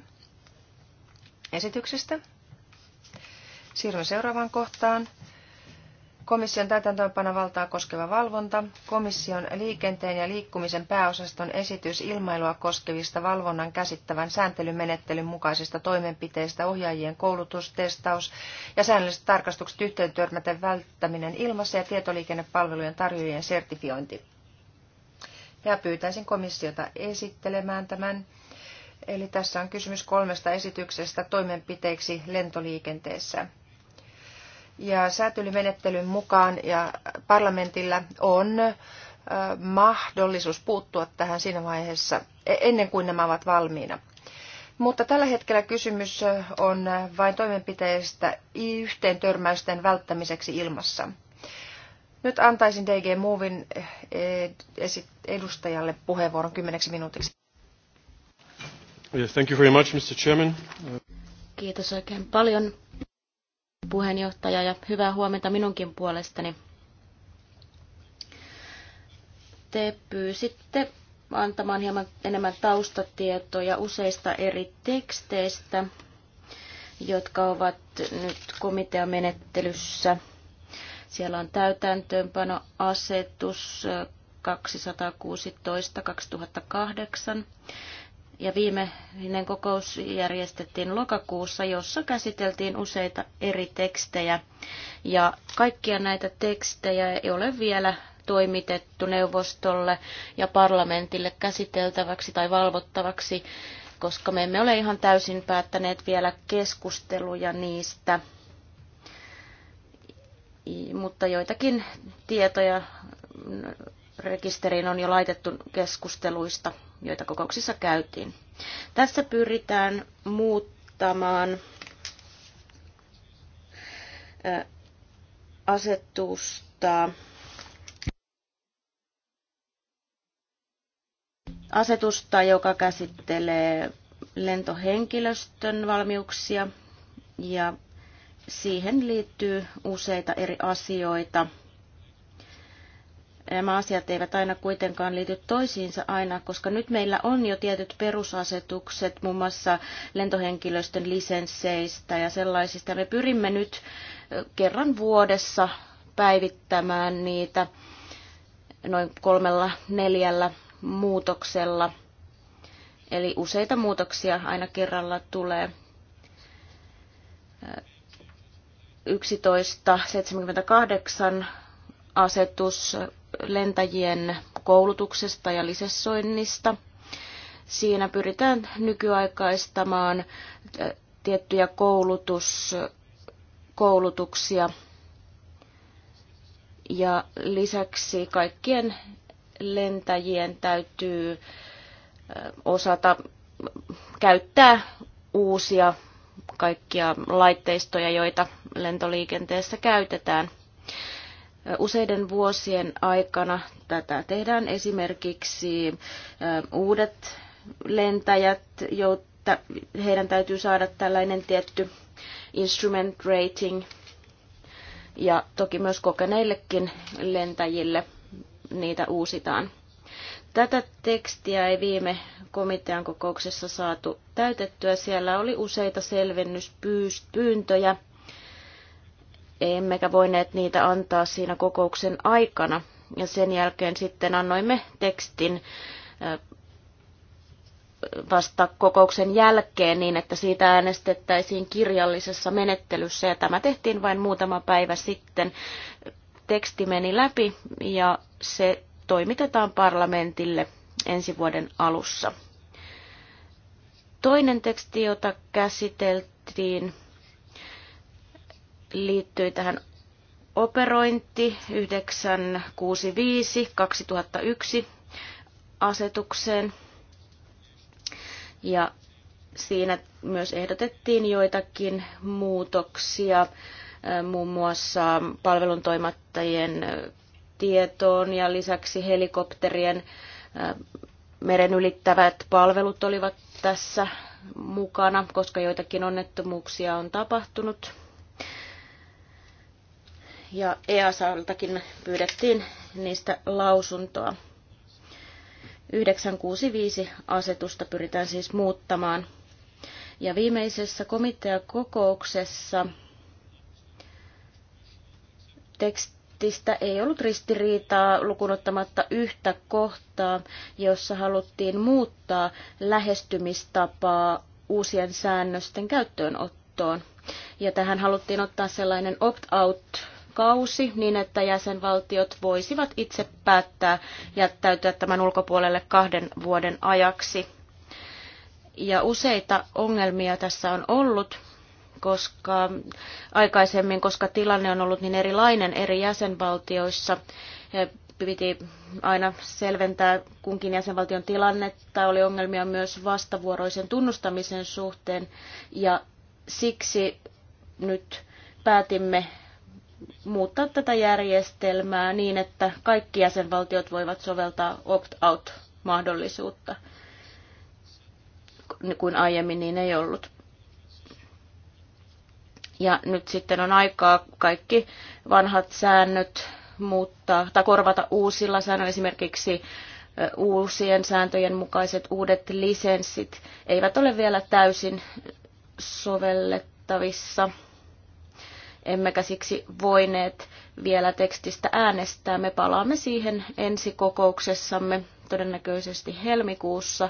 esityksestä. Siirrymme seuraavaan kohtaan. Komission täytäntöönpanovaltaa koskeva valvonta, komission liikenteen ja liikkumisen pääosaston esitys ilmailua koskevista valvonnan käsittävän sääntelymenettelyn mukaisista toimenpiteistä ohjaajien koulutus, testaus ja säännölliset tarkastukset yhteentörmäten välttäminen ilmassa ja tietoliikennepalvelujen tarjoajien sertifiointi. Ja pyytäisin komissiota esittelemään tämän. Eli tässä on kysymys kolmesta esityksestä toimenpiteiksi lentoliikenteessä. Ja säätelymenettelyn mukaan ja parlamentilla on mahdollisuus puuttua tähän siinä vaiheessa, e, ennen kuin nämä ovat valmiina. Mutta tällä hetkellä kysymys on vain toimenpiteistä yhteen törmäysten välttämiseksi ilmassa. Nyt antaisin DG Movin edustajalle puheenvuoron kymmeneksi minuutiksi.
Yes, thank you very much, Mr. Chairman.
Kiitos oikein paljon puheenjohtaja ja
hyvää huomenta minunkin puolestani. Te pyysitte antamaan hieman enemmän taustatietoja useista eri teksteistä, jotka ovat nyt komiteamenettelyssä. Siellä on täytäntöönpanoasetus 216-2008 ja viimeinen kokous järjestettiin lokakuussa, jossa käsiteltiin useita eri tekstejä. Ja kaikkia näitä tekstejä ei ole vielä toimitettu neuvostolle ja parlamentille käsiteltäväksi tai valvottavaksi, koska me emme ole ihan täysin päättäneet vielä keskusteluja niistä. Mutta joitakin tietoja rekisteriin on jo laitettu keskusteluista, joita kokouksissa käytiin. Tässä pyritään muuttamaan asetusta asetusta, joka käsittelee lentohenkilöstön valmiuksia ja siihen liittyy useita eri asioita – nämä asiat eivät aina kuitenkaan liity toisiinsa aina, koska nyt meillä on jo tietyt perusasetukset muun mm. muassa lentohenkilöstön lisensseistä ja sellaisista. Me pyrimme nyt kerran vuodessa päivittämään niitä noin kolmella neljällä muutoksella. Eli useita muutoksia aina kerralla tulee. 1178 asetus lentäjien koulutuksesta ja lisessoinnista. Siinä pyritään nykyaikaistamaan äh, tiettyjä koulutus, koulutuksia ja lisäksi kaikkien lentäjien täytyy äh, osata käyttää uusia kaikkia laitteistoja, joita lentoliikenteessä käytetään. Useiden vuosien aikana tätä tehdään esimerkiksi uudet lentäjät, jotta heidän täytyy saada tällainen tietty instrument rating ja toki myös kokeneillekin lentäjille niitä uusitaan. Tätä tekstiä ei viime komitean kokouksessa saatu täytettyä. Siellä oli useita selvennyspyyntöjä emmekä voineet niitä antaa siinä kokouksen aikana. Ja sen jälkeen sitten annoimme tekstin vasta kokouksen jälkeen niin, että siitä äänestettäisiin kirjallisessa menettelyssä ja tämä tehtiin vain muutama päivä sitten. Teksti meni läpi ja se toimitetaan parlamentille ensi vuoden alussa. Toinen teksti, jota käsiteltiin liittyi tähän operointi 965 2001 asetukseen. Ja siinä myös ehdotettiin joitakin muutoksia muun muassa palveluntoimattajien tietoon ja lisäksi helikopterien meren ylittävät palvelut olivat tässä mukana, koska joitakin onnettomuuksia on tapahtunut ja EASaltakin pyydettiin niistä lausuntoa. 965-asetusta pyritään siis muuttamaan. Ja viimeisessä komiteakokouksessa tekstistä ei ollut ristiriitaa lukunottamatta yhtä kohtaa, jossa haluttiin muuttaa lähestymistapaa uusien säännösten käyttöönottoon. Ja tähän haluttiin ottaa sellainen opt-out kausi niin, että jäsenvaltiot voisivat itse päättää jättäytyä tämän ulkopuolelle kahden vuoden ajaksi. Ja useita ongelmia tässä on ollut, koska aikaisemmin, koska tilanne on ollut niin erilainen eri jäsenvaltioissa, piti aina selventää kunkin jäsenvaltion tilannetta, oli ongelmia myös vastavuoroisen tunnustamisen suhteen ja siksi nyt päätimme muuttaa tätä järjestelmää niin, että kaikki jäsenvaltiot voivat soveltaa opt-out-mahdollisuutta, kuin aiemmin niin ei ollut. Ja nyt sitten on aikaa kaikki vanhat säännöt muuttaa tai korvata uusilla säännöillä esimerkiksi uusien sääntöjen mukaiset uudet lisenssit eivät ole vielä täysin sovellettavissa emmekä siksi voineet vielä tekstistä äänestää. Me palaamme siihen ensi kokouksessamme todennäköisesti helmikuussa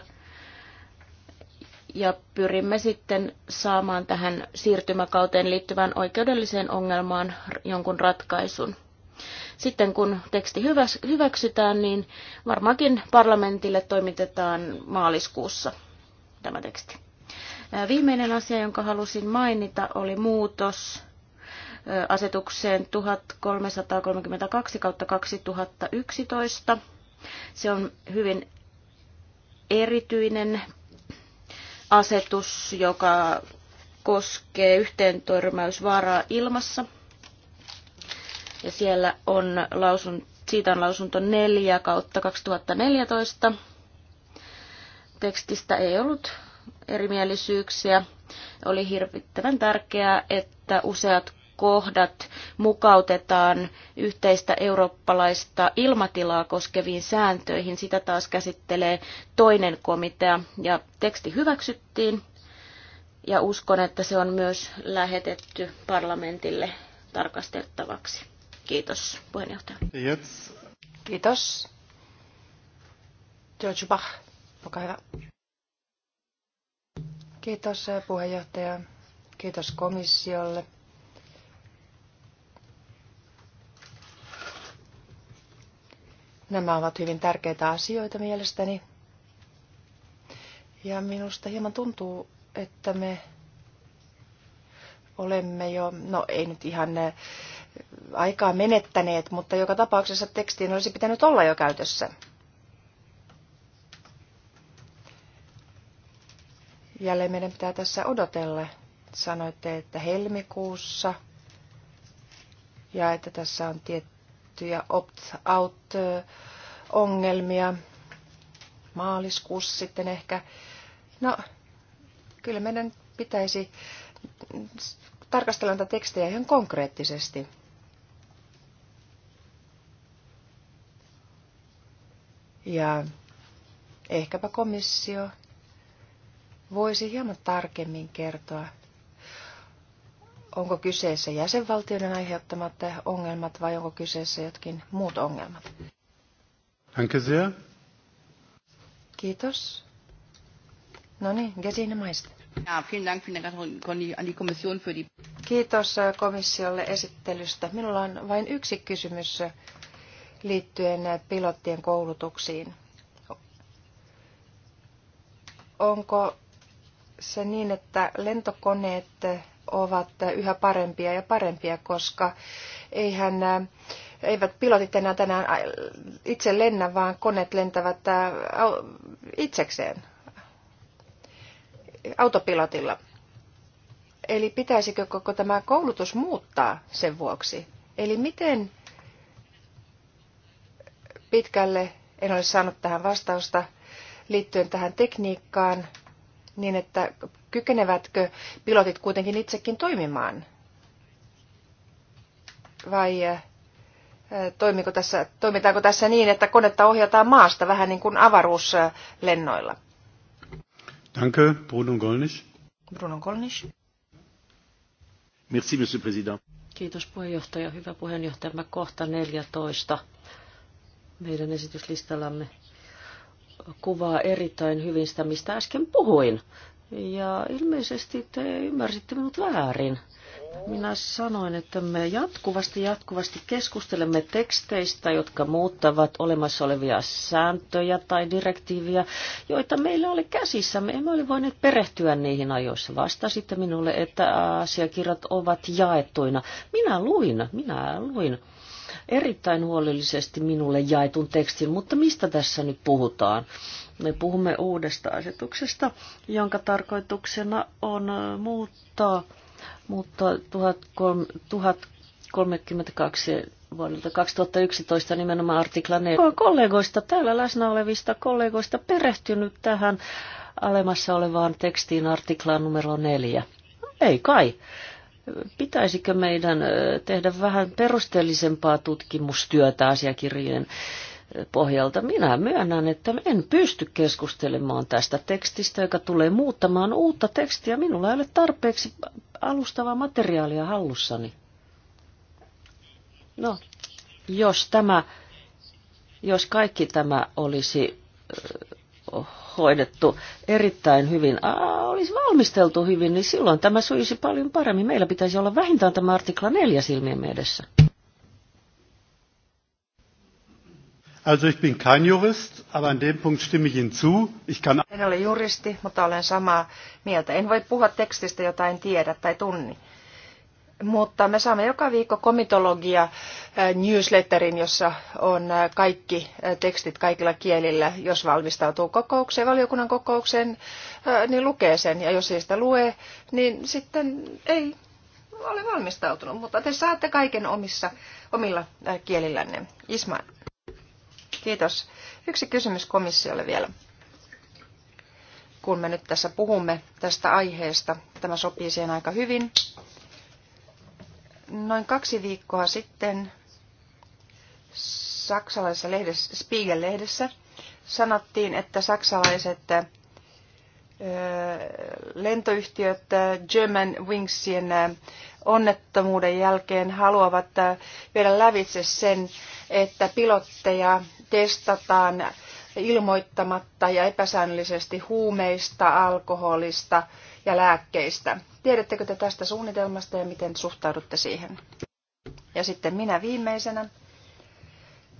ja pyrimme sitten saamaan tähän siirtymäkauteen liittyvään oikeudelliseen ongelmaan jonkun ratkaisun. Sitten kun teksti hyväksytään, niin varmaankin parlamentille toimitetaan maaliskuussa tämä teksti. Viimeinen asia, jonka halusin mainita, oli muutos asetukseen 1332 kautta 2011. Se on hyvin erityinen asetus, joka koskee yhteentörmäysvaaraa ilmassa. Ja siellä on lausun, siitä on lausunto 4 kautta 2014. Tekstistä ei ollut erimielisyyksiä. Oli hirvittävän tärkeää, että useat kohdat mukautetaan yhteistä eurooppalaista ilmatilaa koskeviin sääntöihin. Sitä taas käsittelee toinen komitea ja teksti hyväksyttiin ja uskon, että se on myös lähetetty parlamentille tarkasteltavaksi.
Kiitos puheenjohtaja. Yes. Kiitos. George Bach, olkaa hyvä. Kiitos puheenjohtaja. Kiitos komissiolle Nämä ovat hyvin tärkeitä asioita mielestäni. Ja minusta hieman tuntuu, että me olemme jo, no ei nyt ihan eh, aikaa menettäneet, mutta joka tapauksessa tekstiin olisi pitänyt olla jo käytössä. Jälleen meidän pitää tässä odotella. Sanoitte, että helmikuussa ja että tässä on tietty tiettyjä opt-out-ongelmia. Maaliskuussa sitten ehkä. No, kyllä meidän pitäisi tarkastella näitä tekstejä ihan konkreettisesti. Ja ehkäpä komissio voisi hieman tarkemmin kertoa onko kyseessä jäsenvaltioiden aiheuttamat ongelmat vai onko kyseessä jotkin muut ongelmat. Danke sehr. Kiitos. No niin, Gesine Meister. Ja, vielen Dank, an die Kommission für die... Kiitos äh, komissiolle esittelystä. Minulla on vain yksi kysymys äh, liittyen äh, pilottien koulutuksiin. Onko se niin, että lentokoneet ovat yhä parempia ja parempia, koska eihän äh, eivät pilotit enää tänään itse lennä, vaan koneet lentävät äh, itsekseen autopilotilla. Eli pitäisikö koko tämä koulutus muuttaa sen vuoksi? Eli miten pitkälle, en ole saanut tähän vastausta, liittyen tähän tekniikkaan, niin että kykenevätkö pilotit kuitenkin itsekin toimimaan? Vai eh, toimiko tässä, toimitaanko tässä niin, että konetta ohjataan maasta vähän niin kuin avaruuslennoilla?
Danke, Bruno Gollnisch.
Bruno Gollnisch.
Merci, Monsieur President.
Kiitos puheenjohtaja.
Hyvä puheenjohtaja. Mä kohta 14 meidän esityslistallamme kuvaa erittäin hyvin sitä, mistä äsken puhuin. Ja ilmeisesti te ymmärsitte minut väärin. Minä sanoin, että me jatkuvasti, jatkuvasti keskustelemme teksteistä, jotka muuttavat olemassa olevia sääntöjä tai direktiiviä, joita meillä oli käsissä. Me emme ole voineet perehtyä niihin ajoissa. Vastasitte minulle, että asiakirjat ovat jaettuina. Minä luin, minä luin erittäin huolellisesti minulle jaetun tekstin, mutta mistä tässä nyt puhutaan? Me puhumme uudesta asetuksesta, jonka tarkoituksena on muuttaa, muuttaa 1032 vuodelta 2011 nimenomaan artikla 4. kollegoista, täällä läsnä olevista kollegoista perehtynyt tähän alemassa olevaan tekstiin artiklaan numero 4. Ei kai. Pitäisikö meidän tehdä vähän perusteellisempaa tutkimustyötä asiakirjojen pohjalta. Minä myönnän, että en pysty keskustelemaan tästä tekstistä, joka tulee muuttamaan uutta tekstiä. Minulla ei ole tarpeeksi alustavaa materiaalia hallussani. No, jos tämä, jos kaikki tämä olisi hoidettu erittäin hyvin, aa, olisi valmisteltu hyvin, niin silloin tämä sujuisi paljon paremmin. Meillä pitäisi olla vähintään tämä artikla neljä silmien edessä.
Also ich bin kein Jurist, aber an dem Punkt stimme ich Ihnen zu. Ich kann
en ole juristi, mutta olen samaa mieltä. En voi puhua tekstistä, jota en tiedä tai tunni. Mutta me saamme joka viikko komitologia newsletterin, jossa on kaikki tekstit kaikilla kielillä. Jos valmistautuu kokoukseen, valiokunnan kokoukseen, niin lukee sen. Ja jos ei sitä lue, niin sitten ei ole valmistautunut. Mutta te saatte kaiken omissa, omilla kielillänne. Ismail. Kiitos. Yksi kysymys komissiolle vielä. Kun me nyt tässä puhumme tästä aiheesta, tämä sopii siihen aika hyvin. Noin kaksi viikkoa sitten saksalaisessa lehdessä, Spiegel-lehdessä sanottiin, että saksalaiset lentoyhtiöt German Wingsien onnettomuuden jälkeen haluavat viedä lävitse sen, että pilotteja testataan ilmoittamatta ja epäsäännöllisesti huumeista, alkoholista ja lääkkeistä. Tiedättekö te tästä suunnitelmasta ja miten suhtaudutte siihen? Ja sitten minä viimeisenä.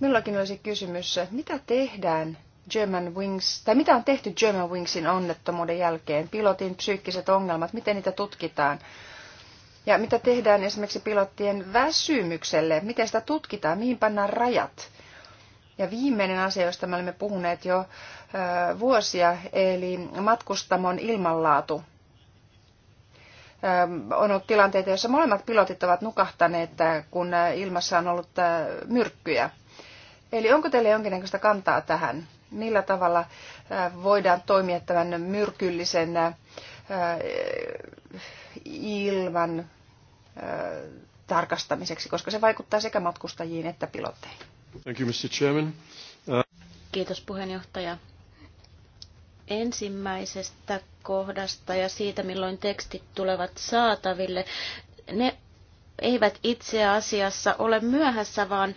Minullakin olisi kysymys, mitä tehdään German Wings, tai mitä on tehty German Wingsin onnettomuuden jälkeen? Pilotin psyykkiset ongelmat, miten niitä tutkitaan? Ja mitä tehdään esimerkiksi pilottien väsymykselle? Miten sitä tutkitaan? Mihin pannaan rajat? Ja viimeinen asia, josta me olemme puhuneet jo ö, vuosia, eli matkustamon ilmanlaatu. Ö, on ollut tilanteita, joissa molemmat pilotit ovat nukahtaneet, kun ilmassa on ollut myrkkyjä. Eli onko teillä jonkinnäköistä kantaa tähän? millä tavalla äh, voidaan toimia tämän myrkyllisen äh, ilman äh, tarkastamiseksi, koska se vaikuttaa sekä matkustajiin että pilotteihin.
Thank you, Mr. Chairman. Uh,
Kiitos
puheenjohtaja. Ensimmäisestä kohdasta ja siitä, milloin tekstit tulevat saataville. Ne eivät itse asiassa ole myöhässä, vaan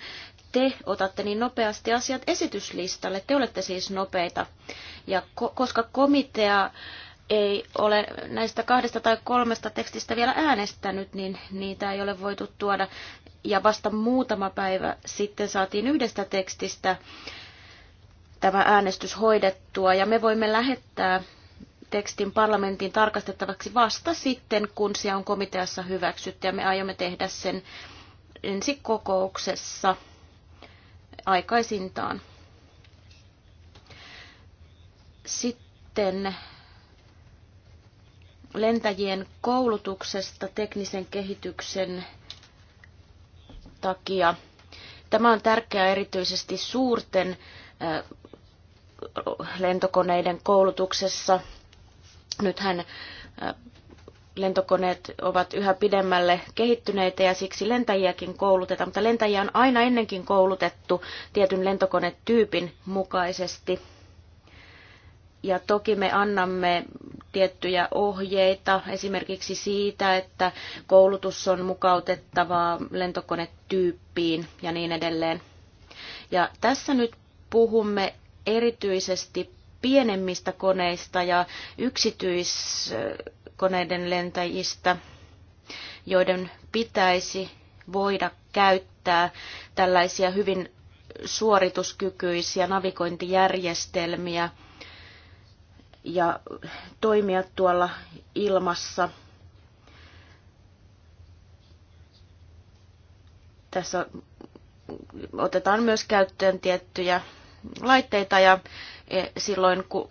te otatte niin nopeasti asiat esityslistalle. Te olette siis nopeita. Ja ko- koska komitea ei ole näistä kahdesta tai kolmesta tekstistä vielä äänestänyt, niin niitä ei ole voitu tuoda. Ja vasta muutama päivä sitten saatiin yhdestä tekstistä tämä äänestys hoidettua, ja me voimme lähettää tekstin parlamentin tarkastettavaksi vasta sitten, kun se on komiteassa hyväksytty, ja me aiomme tehdä sen ensi kokouksessa aikaisintaan. Sitten lentäjien koulutuksesta teknisen kehityksen takia. Tämä on tärkeää erityisesti suurten äh, lentokoneiden koulutuksessa. Nythän äh, lentokoneet ovat yhä pidemmälle kehittyneitä ja siksi lentäjiäkin koulutetaan, mutta lentäjiä on aina ennenkin koulutettu tietyn lentokonetyypin mukaisesti. Ja toki me annamme tiettyjä ohjeita esimerkiksi siitä, että koulutus on mukautettavaa lentokonetyyppiin ja niin edelleen. Ja tässä nyt puhumme erityisesti pienemmistä koneista ja yksityiskoneiden lentäjistä, joiden pitäisi voida käyttää tällaisia hyvin suorituskykyisiä navigointijärjestelmiä ja toimia tuolla ilmassa. Tässä otetaan myös käyttöön tiettyjä laitteita ja e, silloin kun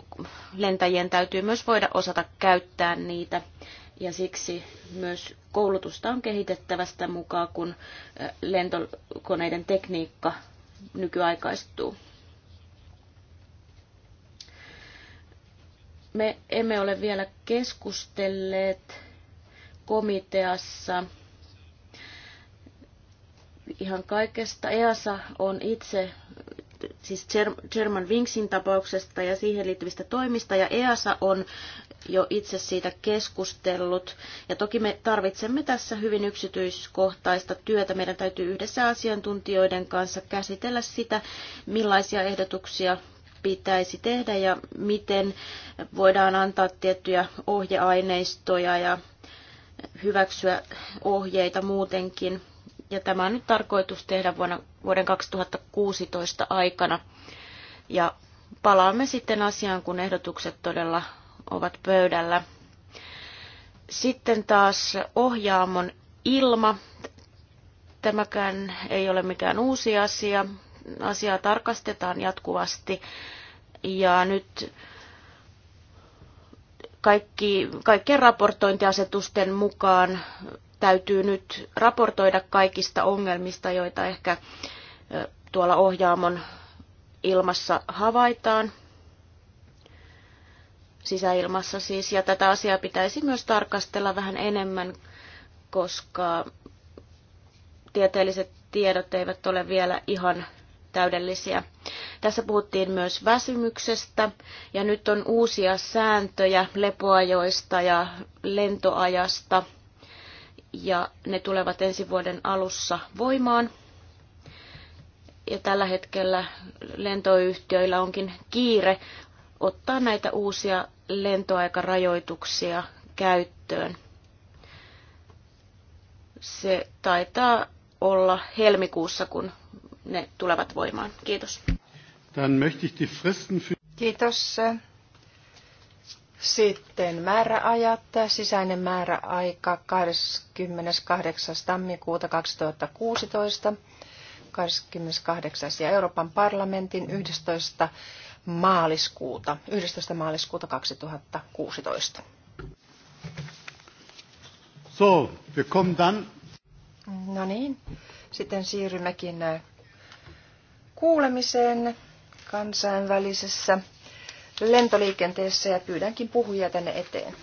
lentäjien täytyy myös voida osata käyttää niitä. Ja siksi myös koulutusta on kehitettävä sitä mukaan, kun e, lentokoneiden tekniikka nykyaikaistuu. Me emme ole vielä keskustelleet komiteassa ihan kaikesta. EASA on itse siis German Wingsin tapauksesta ja siihen liittyvistä toimista, ja EASA on jo itse siitä keskustellut. Ja toki me tarvitsemme tässä hyvin yksityiskohtaista työtä. Meidän täytyy yhdessä asiantuntijoiden kanssa käsitellä sitä, millaisia ehdotuksia pitäisi tehdä ja miten voidaan antaa tiettyjä ohjeaineistoja ja hyväksyä ohjeita muutenkin. Ja tämä on nyt tarkoitus tehdä vuonna, vuoden 2016 aikana. Ja palaamme sitten asiaan, kun ehdotukset todella ovat pöydällä. Sitten taas ohjaamon ilma. Tämäkään ei ole mikään uusi asia. Asiaa tarkastetaan jatkuvasti. Ja nyt kaikki, kaikkien raportointiasetusten mukaan täytyy nyt raportoida kaikista ongelmista, joita ehkä tuolla ohjaamon ilmassa havaitaan, sisäilmassa siis, ja tätä asiaa pitäisi myös tarkastella vähän enemmän, koska tieteelliset tiedot eivät ole vielä ihan täydellisiä. Tässä puhuttiin myös väsymyksestä ja nyt on uusia sääntöjä lepoajoista ja lentoajasta – ja ne tulevat ensi vuoden alussa voimaan. Ja tällä hetkellä lentoyhtiöillä onkin kiire ottaa näitä uusia lentoaikarajoituksia käyttöön. Se taitaa olla
helmikuussa, kun ne tulevat voimaan. Kiitos. Kiitos. Sitten määräajat, sisäinen määräaika 28. tammikuuta 2016, 28. ja Euroopan parlamentin 11. maaliskuuta, 11. maaliskuuta 2016.
So, wir kommen dann.
No niin, sitten siirrymmekin kuulemiseen kansainvälisessä lentoliikenteessä ja pyydänkin puhujia tänne eteen.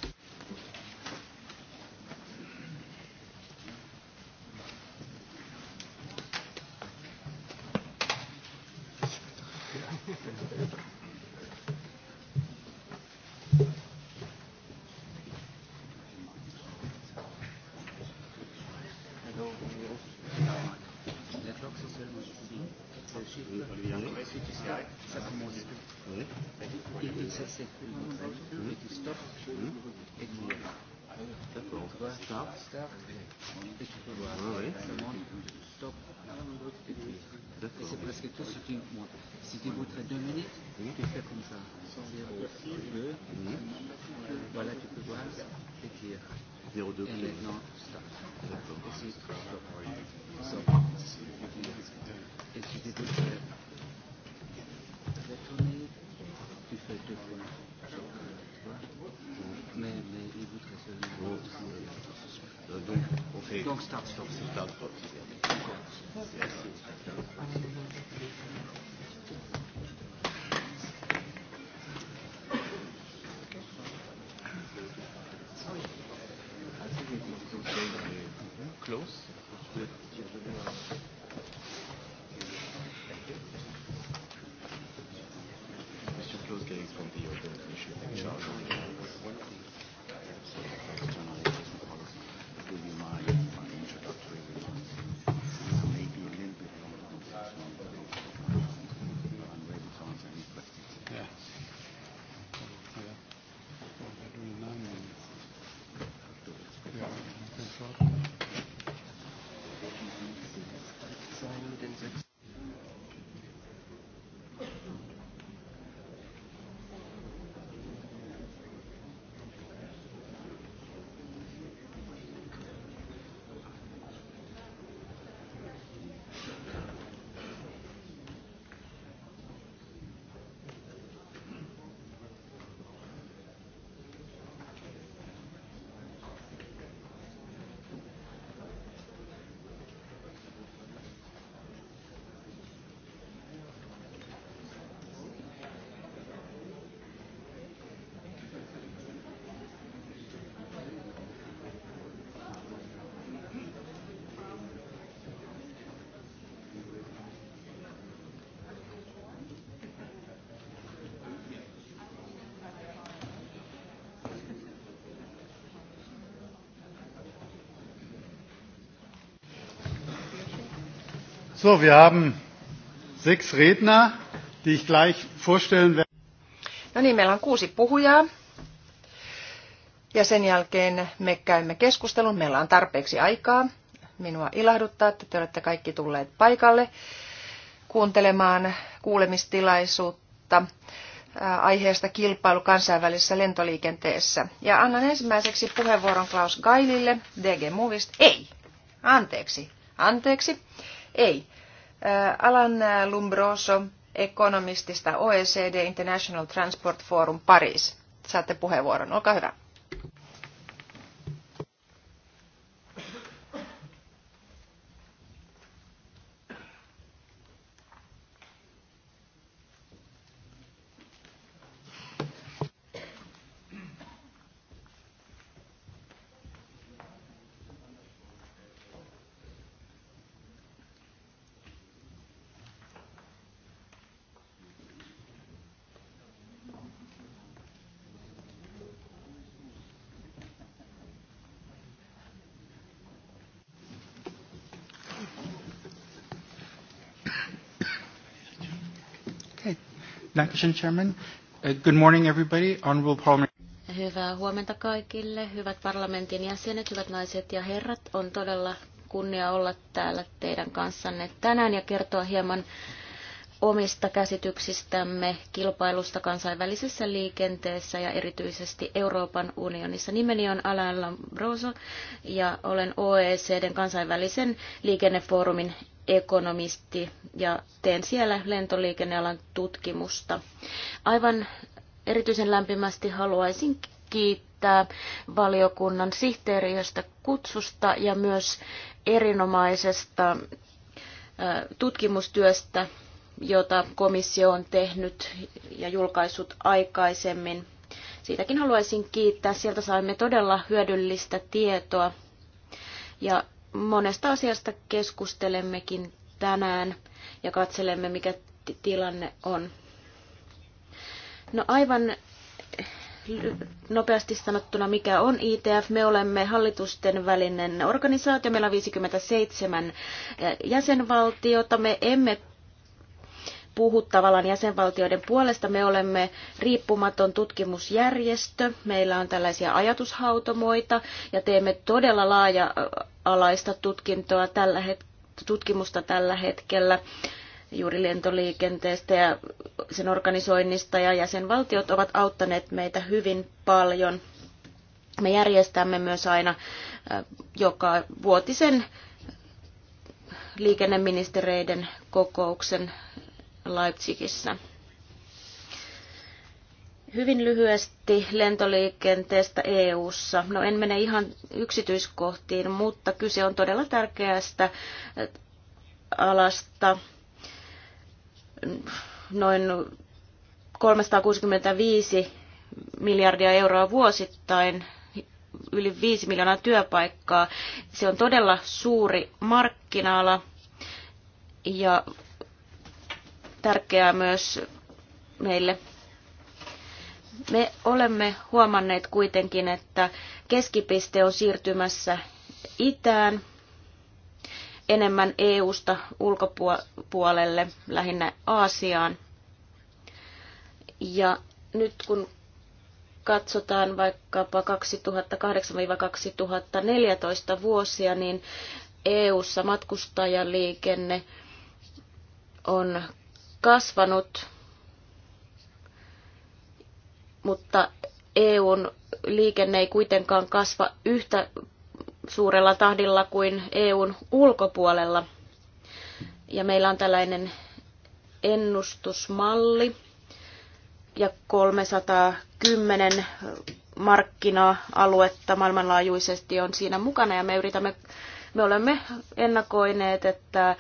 tu voudrais deux minutes Tu fais
comme ça. Voilà, tu peux voir, écrire. 02. Et euh, maintenant, stop. D'accord.
So, wir haben sechs Redner, die ich gleich vorstellen werde.
No niin, meillä on kuusi puhujaa. Ja sen jälkeen me käymme keskustelun. Meillä on tarpeeksi aikaa. Minua ilahduttaa, että te olette kaikki tulleet paikalle kuuntelemaan kuulemistilaisuutta äh, aiheesta kilpailu kansainvälisessä lentoliikenteessä. Ja annan ensimmäiseksi puheenvuoron Klaus Gailille, DG Movist. Ei, anteeksi, anteeksi. Ei. Alan Lumbroso ekonomistista OECD International Transport Forum Paris. Saatte puheenvuoron. Olkaa hyvä.
Dankeschön, Chairman. Uh, good morning, everybody. Honorable Parliament.
Hyvää huomenta kaikille, hyvät parlamentin jäsenet, hyvät naiset ja herrat. On todella kunnia olla täällä teidän kanssanne tänään ja kertoa hieman omista käsityksistämme kilpailusta kansainvälisessä liikenteessä ja erityisesti Euroopan unionissa. Nimeni on Alain Lambroso ja olen OECDn kansainvälisen liikennefoorumin ekonomisti ja teen siellä lentoliikennealan tutkimusta. Aivan erityisen lämpimästi haluaisin kiittää valiokunnan sihteeriöstä kutsusta ja myös erinomaisesta tutkimustyöstä, jota komissio on tehnyt ja julkaissut aikaisemmin. Siitäkin haluaisin kiittää. Sieltä saimme todella hyödyllistä tietoa ja monesta asiasta keskustelemmekin tänään ja katselemme, mikä tilanne on. No aivan nopeasti sanottuna, mikä on ITF. Me olemme hallitusten välinen organisaatio. Meillä on 57 eh, jäsenvaltiota. Me emme puhu tavallaan jäsenvaltioiden puolesta. Me olemme riippumaton tutkimusjärjestö. Meillä on tällaisia ajatushautomoita ja teemme todella laaja-alaista tutkintoa tällä hetkellä tutkimusta tällä hetkellä juuri lentoliikenteestä ja sen organisoinnista ja jäsenvaltiot ovat auttaneet meitä hyvin paljon. Me järjestämme myös aina joka vuotisen liikenneministereiden kokouksen Leipzigissä. Hyvin lyhyesti lentoliikenteestä EU:ssa. No en mene ihan yksityiskohtiin, mutta kyse on todella tärkeästä äh, alasta. Noin 365 miljardia euroa vuosittain, yli 5 miljoonaa työpaikkaa. Se on todella suuri markkina-ala ja tärkeää myös meille me olemme huomanneet kuitenkin, että keskipiste on siirtymässä itään enemmän EU-sta ulkopuolelle, lähinnä Aasiaan. Ja nyt kun katsotaan vaikkapa 2008-2014 vuosia, niin EU-ssa matkustajaliikenne on kasvanut mutta EUn liikenne ei kuitenkaan kasva yhtä suurella tahdilla kuin EUn ulkopuolella. Ja meillä on tällainen ennustusmalli ja 310 markkina-aluetta maailmanlaajuisesti on siinä mukana ja me yritämme, me olemme ennakoineet, että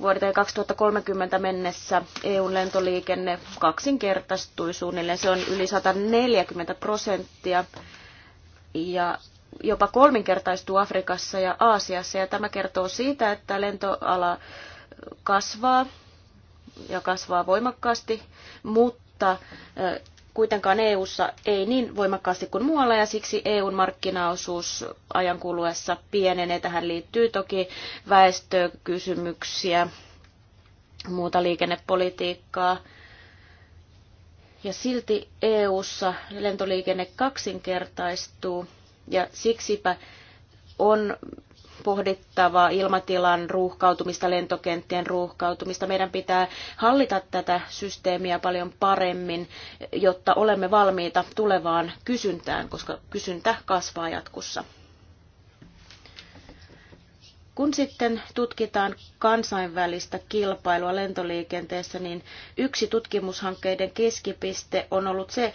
vuoteen 2030 mennessä EUn lentoliikenne kaksinkertaistui suunnilleen. Se on yli 140 prosenttia ja jopa kolminkertaistuu Afrikassa ja Aasiassa. Ja tämä kertoo siitä, että lentoala kasvaa ja kasvaa voimakkaasti, mutta kuitenkaan EU:ssa ei niin voimakkaasti kuin muualla ja siksi EUn markkinaosuus ajan kuluessa pienenee. Tähän liittyy toki väestökysymyksiä, muuta liikennepolitiikkaa. Ja silti EU:ssa lentoliikenne kaksinkertaistuu ja siksipä on pohdittava ilmatilan ruuhkautumista, lentokenttien ruuhkautumista. Meidän pitää hallita tätä systeemiä paljon paremmin, jotta olemme valmiita tulevaan kysyntään, koska kysyntä kasvaa jatkossa. Kun sitten tutkitaan kansainvälistä kilpailua lentoliikenteessä, niin yksi tutkimushankkeiden keskipiste on ollut se,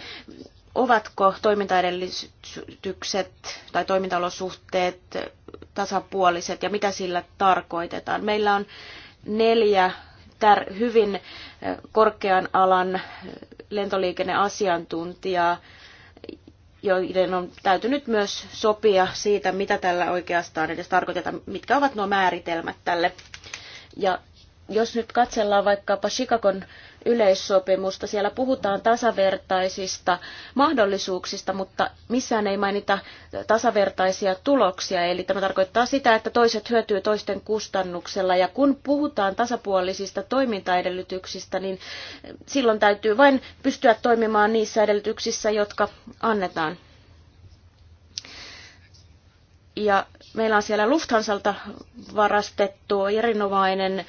ovatko toimintaedellytykset tai toimintaolosuhteet tasapuoliset ja mitä sillä tarkoitetaan. Meillä on neljä tär- hyvin eh, korkean alan eh, lentoliikenneasiantuntijaa, joiden on täytynyt myös sopia siitä, mitä tällä oikeastaan edes tarkoitetaan, mitkä ovat nuo määritelmät tälle. Ja jos nyt katsellaan vaikkapa Chicagon yleissopimusta. Siellä puhutaan tasavertaisista mahdollisuuksista, mutta missään ei mainita tasavertaisia tuloksia. Eli tämä tarkoittaa sitä, että toiset hyötyy toisten kustannuksella. Ja kun puhutaan tasapuolisista toimintaedellytyksistä, niin silloin täytyy vain pystyä toimimaan niissä edellytyksissä, jotka annetaan. Ja meillä on siellä Lufthansalta varastettu erinomainen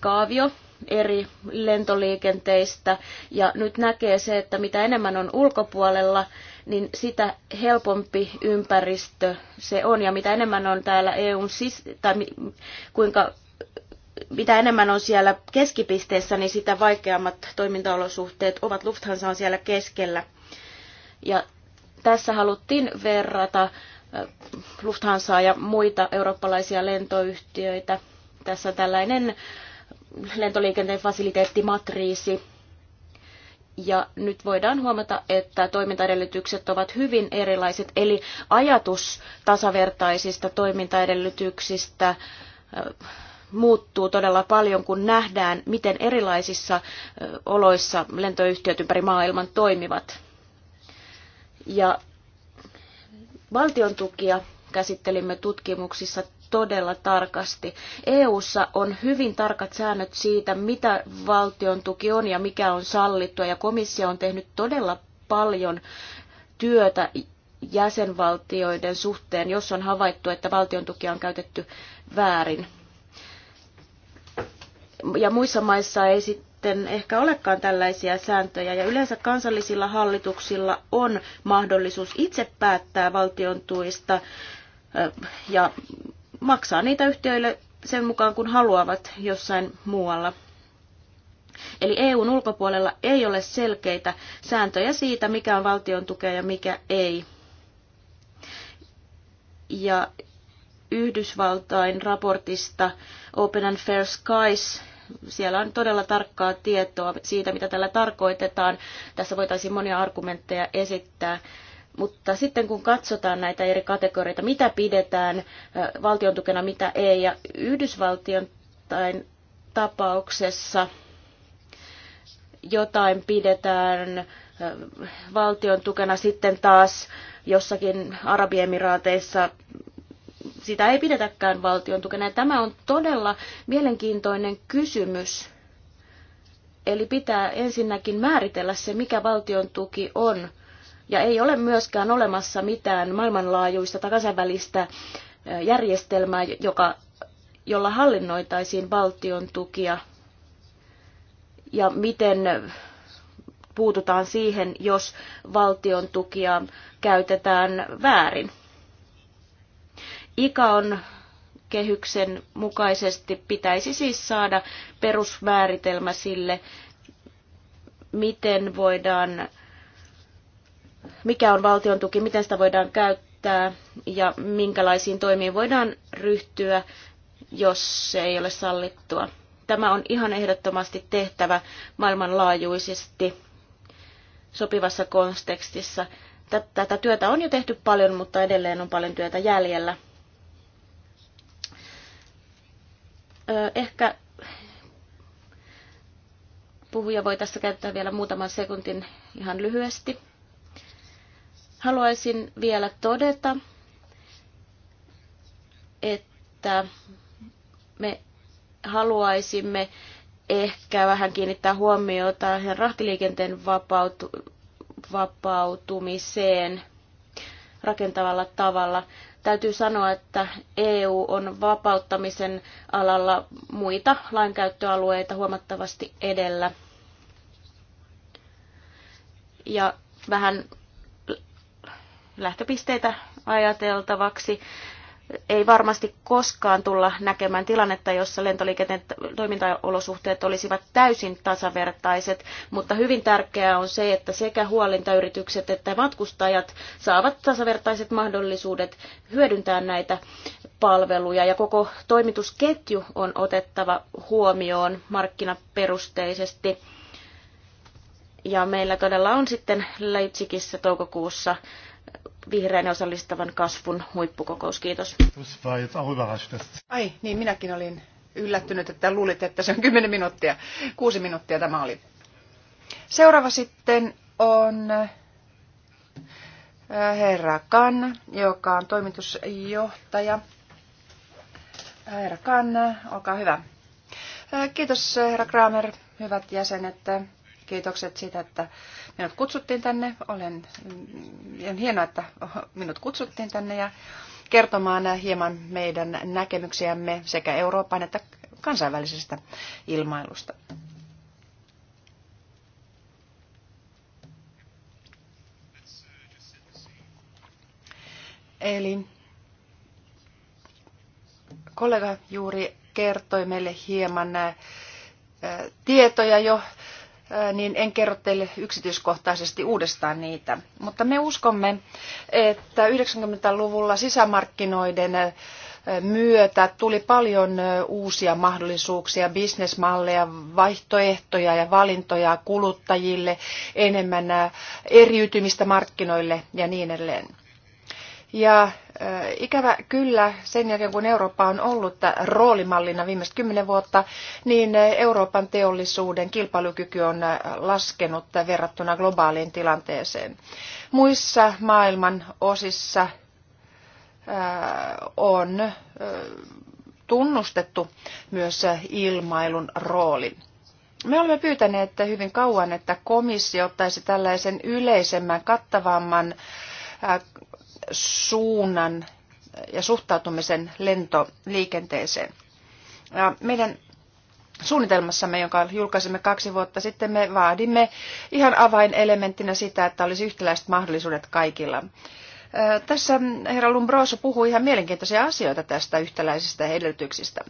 kaavio, eri lentoliikenteistä. Ja nyt näkee se, että mitä enemmän on ulkopuolella, niin sitä helpompi ympäristö se on. Ja mitä enemmän on täällä EUn sis- tai kuinka mitä enemmän on siellä keskipisteessä, niin sitä vaikeammat toimintaolosuhteet ovat. Lufthansa on siellä keskellä. Ja tässä haluttiin verrata Lufthansaa ja muita eurooppalaisia lentoyhtiöitä. Tässä tällainen lentoliikenteen fasiliteettimatriisi. Ja nyt voidaan huomata, että toimintaedellytykset ovat hyvin erilaiset, eli ajatus tasavertaisista toimintaedellytyksistä muuttuu todella paljon, kun nähdään, miten erilaisissa oloissa lentoyhtiöt ympäri maailman toimivat. Ja valtion tukia käsittelimme tutkimuksissa todella tarkasti. EU:ssa on hyvin tarkat säännöt siitä, mitä valtion tuki on ja mikä on sallittua, ja komissio on tehnyt todella paljon työtä jäsenvaltioiden suhteen, jos on havaittu, että valtion tukia on käytetty väärin. Ja muissa maissa ei sitten ehkä olekaan tällaisia sääntöjä, ja yleensä kansallisilla hallituksilla on mahdollisuus itse päättää valtion tuista ja maksaa niitä yhtiöille sen mukaan, kun haluavat jossain muualla. Eli EUn ulkopuolella ei ole selkeitä sääntöjä siitä, mikä on valtion tukea ja mikä ei. Ja Yhdysvaltain raportista Open and Fair Skies siellä on todella tarkkaa tietoa siitä, mitä tällä tarkoitetaan. Tässä voitaisiin monia argumentteja esittää. Mutta sitten kun katsotaan näitä eri kategorioita, mitä pidetään valtion tukena, mitä ei, ja Yhdysvaltion tapauksessa jotain pidetään valtion tukena sitten taas jossakin Arabiemiraateissa sitä ei pidetäkään valtion tukena. Ja tämä on todella mielenkiintoinen kysymys. Eli pitää ensinnäkin määritellä se, mikä valtion tuki on. Ja ei ole myöskään olemassa mitään maailmanlaajuista tai kansainvälistä järjestelmää, joka, jolla hallinnoitaisiin valtion tukia ja miten puututaan siihen, jos valtion tukia käytetään väärin. IKA on kehyksen mukaisesti pitäisi siis saada perusmääritelmä sille, miten voidaan mikä on valtion tuki, miten sitä voidaan käyttää ja minkälaisiin toimiin voidaan ryhtyä, jos se ei ole sallittua. Tämä on ihan ehdottomasti tehtävä maailmanlaajuisesti sopivassa kontekstissa. Tätä työtä on jo tehty paljon, mutta edelleen on paljon työtä jäljellä. Ehkä puhuja voi tässä käyttää vielä muutaman sekuntin ihan lyhyesti. Haluaisin vielä todeta, että me haluaisimme ehkä vähän kiinnittää huomiota rahtiliikenteen vapautu- vapautumiseen rakentavalla tavalla. Täytyy sanoa, että EU on vapauttamisen alalla muita lainkäyttöalueita huomattavasti edellä. Ja vähän lähtöpisteitä ajateltavaksi. Ei varmasti koskaan tulla näkemään tilannetta, jossa lentoliikenteen toimintaolosuhteet olisivat täysin tasavertaiset, mutta hyvin tärkeää on se, että sekä huolintayritykset että matkustajat saavat tasavertaiset mahdollisuudet hyödyntää näitä palveluja ja koko toimitusketju on otettava huomioon markkinaperusteisesti. Ja meillä todella on sitten Leipzigissä toukokuussa vihreän osallistavan kasvun
huippukokous. Kiitos. Ai, niin minäkin olin yllättynyt, että luulit, että se on 10 minuuttia. Kuusi minuuttia tämä oli. Seuraava sitten on äh, herra Kan, joka on toimitusjohtaja. Äh, herra Kan, olkaa hyvä. Äh, kiitos herra Kramer, hyvät jäsenet. Kiitokset siitä, että minut kutsuttiin tänne. Olen, on hienoa, että minut kutsuttiin tänne ja kertomaan hieman meidän näkemyksiämme sekä Euroopan että kansainvälisestä ilmailusta. Eli kollega juuri kertoi meille hieman äh, tietoja jo niin en kerro teille yksityiskohtaisesti uudestaan niitä. Mutta me uskomme, että 90-luvulla sisämarkkinoiden myötä tuli paljon uusia mahdollisuuksia, bisnesmalleja, vaihtoehtoja ja valintoja kuluttajille, enemmän eriytymistä markkinoille ja niin edelleen. Ja äh, ikävä kyllä, sen jälkeen kun Eurooppa on ollut roolimallina viimeiset kymmenen vuotta, niin äh, Euroopan teollisuuden kilpailukyky on äh, laskenut verrattuna globaaliin tilanteeseen. Muissa maailman osissa on tunnustettu myös ilmailun rooli. Me olemme pyytäneet että hyvin kauan, että komissio ottaisi tällaisen yleisemmän, kattavamman suunnan ja suhtautumisen lentoliikenteeseen. Ja meidän suunnitelmassamme, jonka julkaisimme kaksi vuotta sitten, me vaadimme ihan avainelementtinä sitä, että olisi yhtäläiset mahdollisuudet kaikilla. Tässä herra Lumbroso puhui ihan mielenkiintoisia asioita tästä yhtäläisistä edellytyksistä.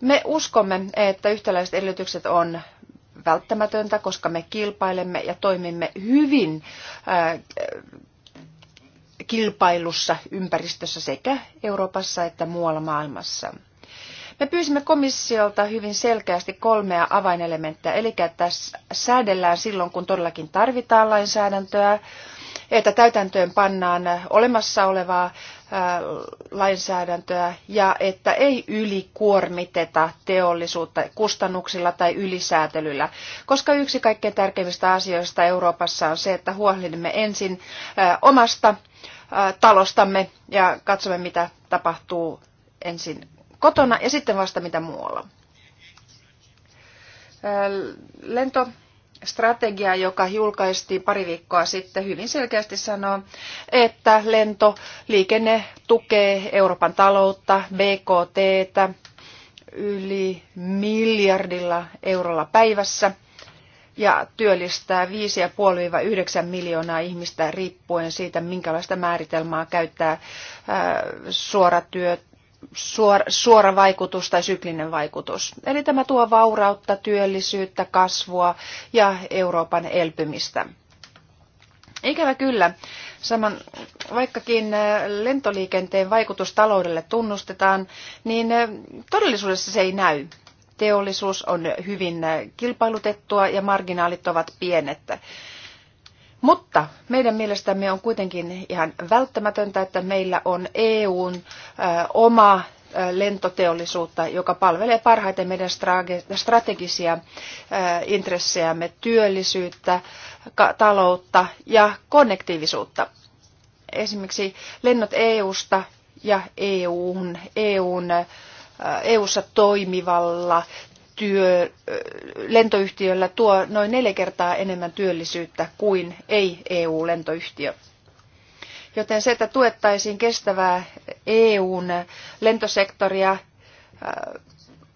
Me uskomme, että yhtäläiset edellytykset on välttämätöntä, koska me kilpailemme ja toimimme hyvin kilpailussa ympäristössä sekä Euroopassa että muualla maailmassa. Me pyysimme komissiolta hyvin selkeästi kolmea avainelementtiä, eli että säädellään silloin, kun todellakin tarvitaan lainsäädäntöä, että täytäntöön pannaan olemassa olevaa äh, lainsäädäntöä ja että ei ylikuormiteta teollisuutta kustannuksilla tai ylisäätelyllä, koska yksi kaikkein tärkeimmistä asioista Euroopassa on se, että huolehdimme ensin äh, omasta äh, talostamme ja katsomme, mitä tapahtuu ensin kotona ja sitten vasta mitä muualla. Lento strategia, joka julkaistiin pari viikkoa sitten, hyvin selkeästi sanoo, että lentoliikenne tukee Euroopan taloutta, BKTtä yli miljardilla eurolla päivässä ja työllistää 5,5-9 miljoonaa ihmistä riippuen siitä, minkälaista määritelmää käyttää suoratyöt, suora, suora vaikutus tai syklinen vaikutus. Eli tämä tuo vaurautta, työllisyyttä, kasvua ja Euroopan elpymistä. Ikävä kyllä, saman, vaikkakin äh, lentoliikenteen vaikutus taloudelle tunnustetaan, niin äh, todellisuudessa se ei näy. Teollisuus on hyvin äh, kilpailutettua ja marginaalit ovat pienet. Mutta meidän mielestämme on kuitenkin ihan välttämätöntä, että meillä on EUn oma lentoteollisuutta, joka palvelee parhaiten meidän strategisia intressejämme, työllisyyttä, taloutta ja konnektiivisuutta. Esimerkiksi lennot EUsta ja EUn, EUn EUssa toimivalla työ, lentoyhtiöllä tuo noin neljä kertaa enemmän työllisyyttä kuin ei-EU-lentoyhtiö. Joten se, että tuettaisiin kestävää EUn lentosektoria,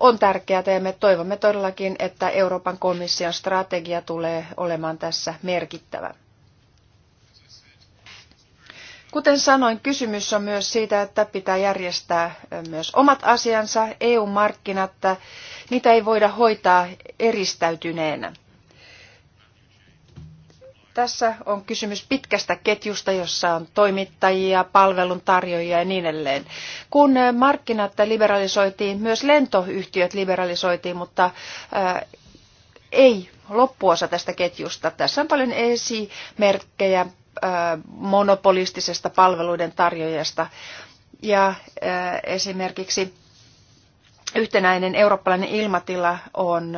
on tärkeää ja me toivomme todellakin, että Euroopan komission strategia tulee olemaan tässä merkittävä. Kuten sanoin, kysymys on myös siitä, että pitää järjestää myös omat asiansa, EU-markkinat, niitä ei voida hoitaa eristäytyneenä. Tässä on kysymys pitkästä ketjusta, jossa on toimittajia, palveluntarjoajia ja niin edelleen. Kun markkinat liberalisoitiin, myös lentoyhtiöt liberalisoitiin, mutta ei loppuosa tästä ketjusta. Tässä on paljon esimerkkejä monopolistisesta palveluiden tarjoajasta. Ja esimerkiksi yhtenäinen eurooppalainen ilmatila on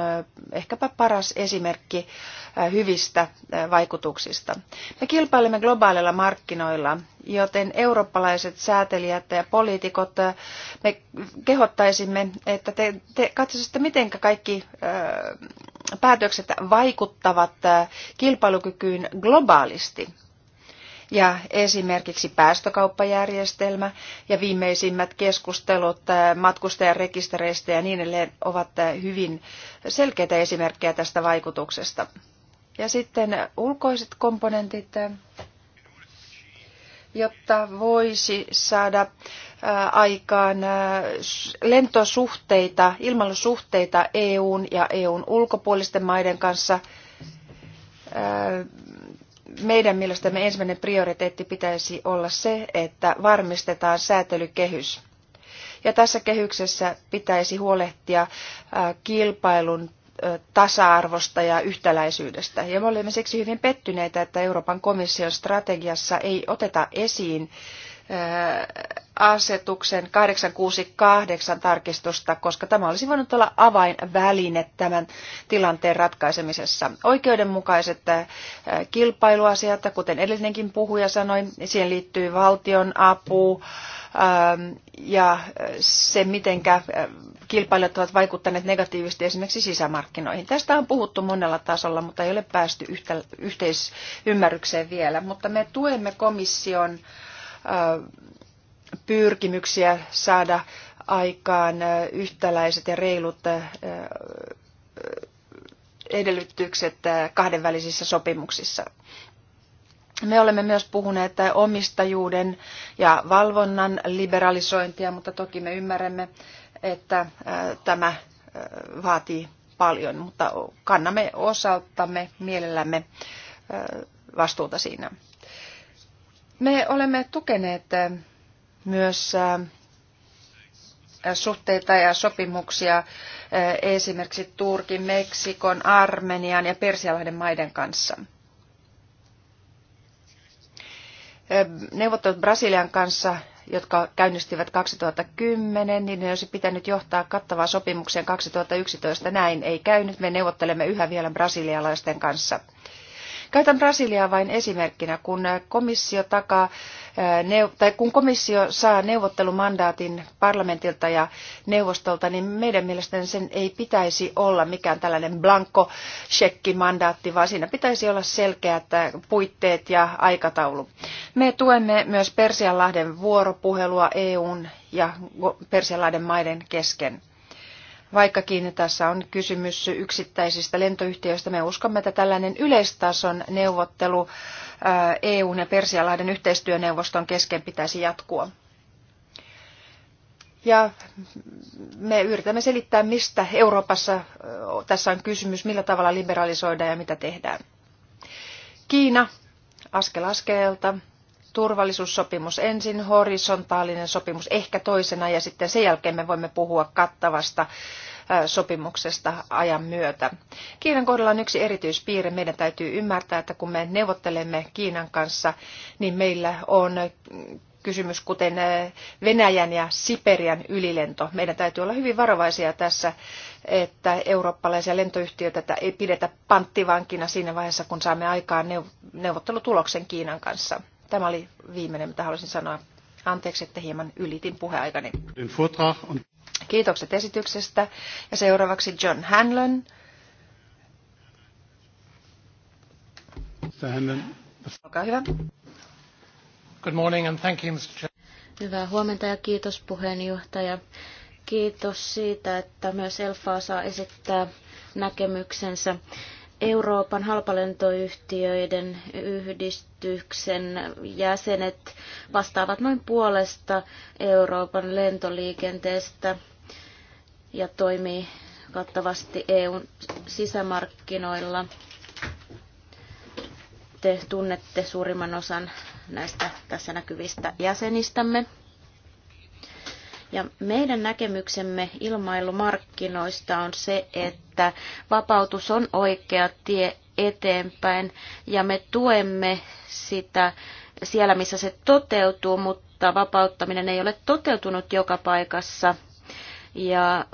ehkäpä paras esimerkki hyvistä vaikutuksista. Me kilpailemme globaaleilla markkinoilla, joten eurooppalaiset säätelijät ja poliitikot, me kehottaisimme, että te, te katsoisitte, miten kaikki päätökset vaikuttavat kilpailukykyyn globaalisti ja esimerkiksi päästökauppajärjestelmä ja viimeisimmät keskustelut äh, matkustajarekistereistä ja niin edelleen ovat äh, hyvin selkeitä esimerkkejä tästä vaikutuksesta. Ja sitten ulkoiset komponentit, äh, jotta voisi saada aikaan lentosuhteita, ilmailusuhteita EUn ja EUn ulkopuolisten maiden kanssa meidän mielestämme ensimmäinen prioriteetti pitäisi olla se, että varmistetaan säätelykehys. Ja tässä kehyksessä pitäisi huolehtia äh, kilpailun äh, tasa-arvosta ja yhtäläisyydestä. Ja me olemme siksi hyvin pettyneitä, että Euroopan komission strategiassa ei oteta esiin asetuksen 868 tarkistusta, koska tämä olisi voinut olla avainväline tämän tilanteen ratkaisemisessa. Oikeudenmukaiset äh, kilpailuasiat, kuten edellinenkin puhuja sanoi, siihen liittyy valtion apu ähm, ja äh, se, mitenkä äh, kilpailijat ovat vaikuttaneet negatiivisesti esimerkiksi sisämarkkinoihin. Tästä on puhuttu monella tasolla, mutta ei ole päästy yhteisymmärrykseen vielä. Mutta me tuemme komission pyrkimyksiä saada aikaan yhtäläiset ja reilut edellytykset kahdenvälisissä sopimuksissa. Me olemme myös puhuneet omistajuuden ja valvonnan liberalisointia, mutta toki me ymmärrämme, että tämä vaatii paljon, mutta kannamme osaltamme mielellämme vastuuta siinä. Me olemme tukeneet äh, myös äh, suhteita ja sopimuksia äh, esimerkiksi Turkin, Meksikon, Armenian ja Persialahden maiden kanssa. Neuvottelut Brasilian kanssa, jotka käynnistivät 2010, niin ne olisi pitänyt johtaa kattavaan sopimukseen 2011. Näin ei käynyt. Me neuvottelemme yhä vielä brasilialaisten kanssa – Käytän Brasiliaa vain esimerkkinä, kun komissio, takaa, eh, tai kun komissio saa neuvottelumandaatin parlamentilta ja neuvostolta, niin meidän mielestäni sen ei pitäisi olla mikään tällainen blanko mandaatti, vaan siinä pitäisi olla selkeät eh, puitteet ja aikataulu. Me tuemme myös Persianlahden vuoropuhelua EUn ja Persianlahden maiden kesken. Vaikkakin tässä on kysymys yksittäisistä lentoyhtiöistä, me uskomme, että tällainen yleistason neuvottelu EUn ja Persialahden yhteistyöneuvoston kesken pitäisi jatkua. Ja me yritämme selittää, mistä Euroopassa tässä on kysymys, millä tavalla liberalisoidaan ja mitä tehdään. Kiina askel askeleelta turvallisuussopimus ensin, horisontaalinen sopimus ehkä toisena ja sitten sen jälkeen me voimme puhua kattavasta sopimuksesta ajan myötä. Kiinan kohdalla on yksi erityispiirre. Meidän täytyy ymmärtää, että kun me neuvottelemme Kiinan kanssa, niin meillä on kysymys kuten Venäjän ja Siperian ylilento. Meidän täytyy olla hyvin varovaisia tässä, että eurooppalaisia lentoyhtiöitä ei pidetä panttivankina siinä vaiheessa, kun saamme aikaan neuvottelutuloksen Kiinan kanssa. Tämä oli viimeinen, mitä haluaisin sanoa. Anteeksi, että hieman ylitin puheaikani. Kiitokset esityksestä. Ja seuraavaksi John Hanlon.
Olkaa hyvä.
Good morning and thank you, Mr. Chair.
Hyvää huomenta ja kiitos puheenjohtaja. Kiitos siitä, että myös Elfaa saa esittää näkemyksensä Euroopan halpalentoyhtiöiden yhdistyksen jäsenet vastaavat noin puolesta Euroopan lentoliikenteestä ja toimii kattavasti EUn sisämarkkinoilla. Te tunnette suurimman osan näistä tässä näkyvistä jäsenistämme. Ja meidän näkemyksemme ilmailumarkkinoista on se, että vapautus on oikea tie eteenpäin ja me tuemme sitä siellä, missä se toteutuu, mutta vapauttaminen ei ole toteutunut joka paikassa. Ja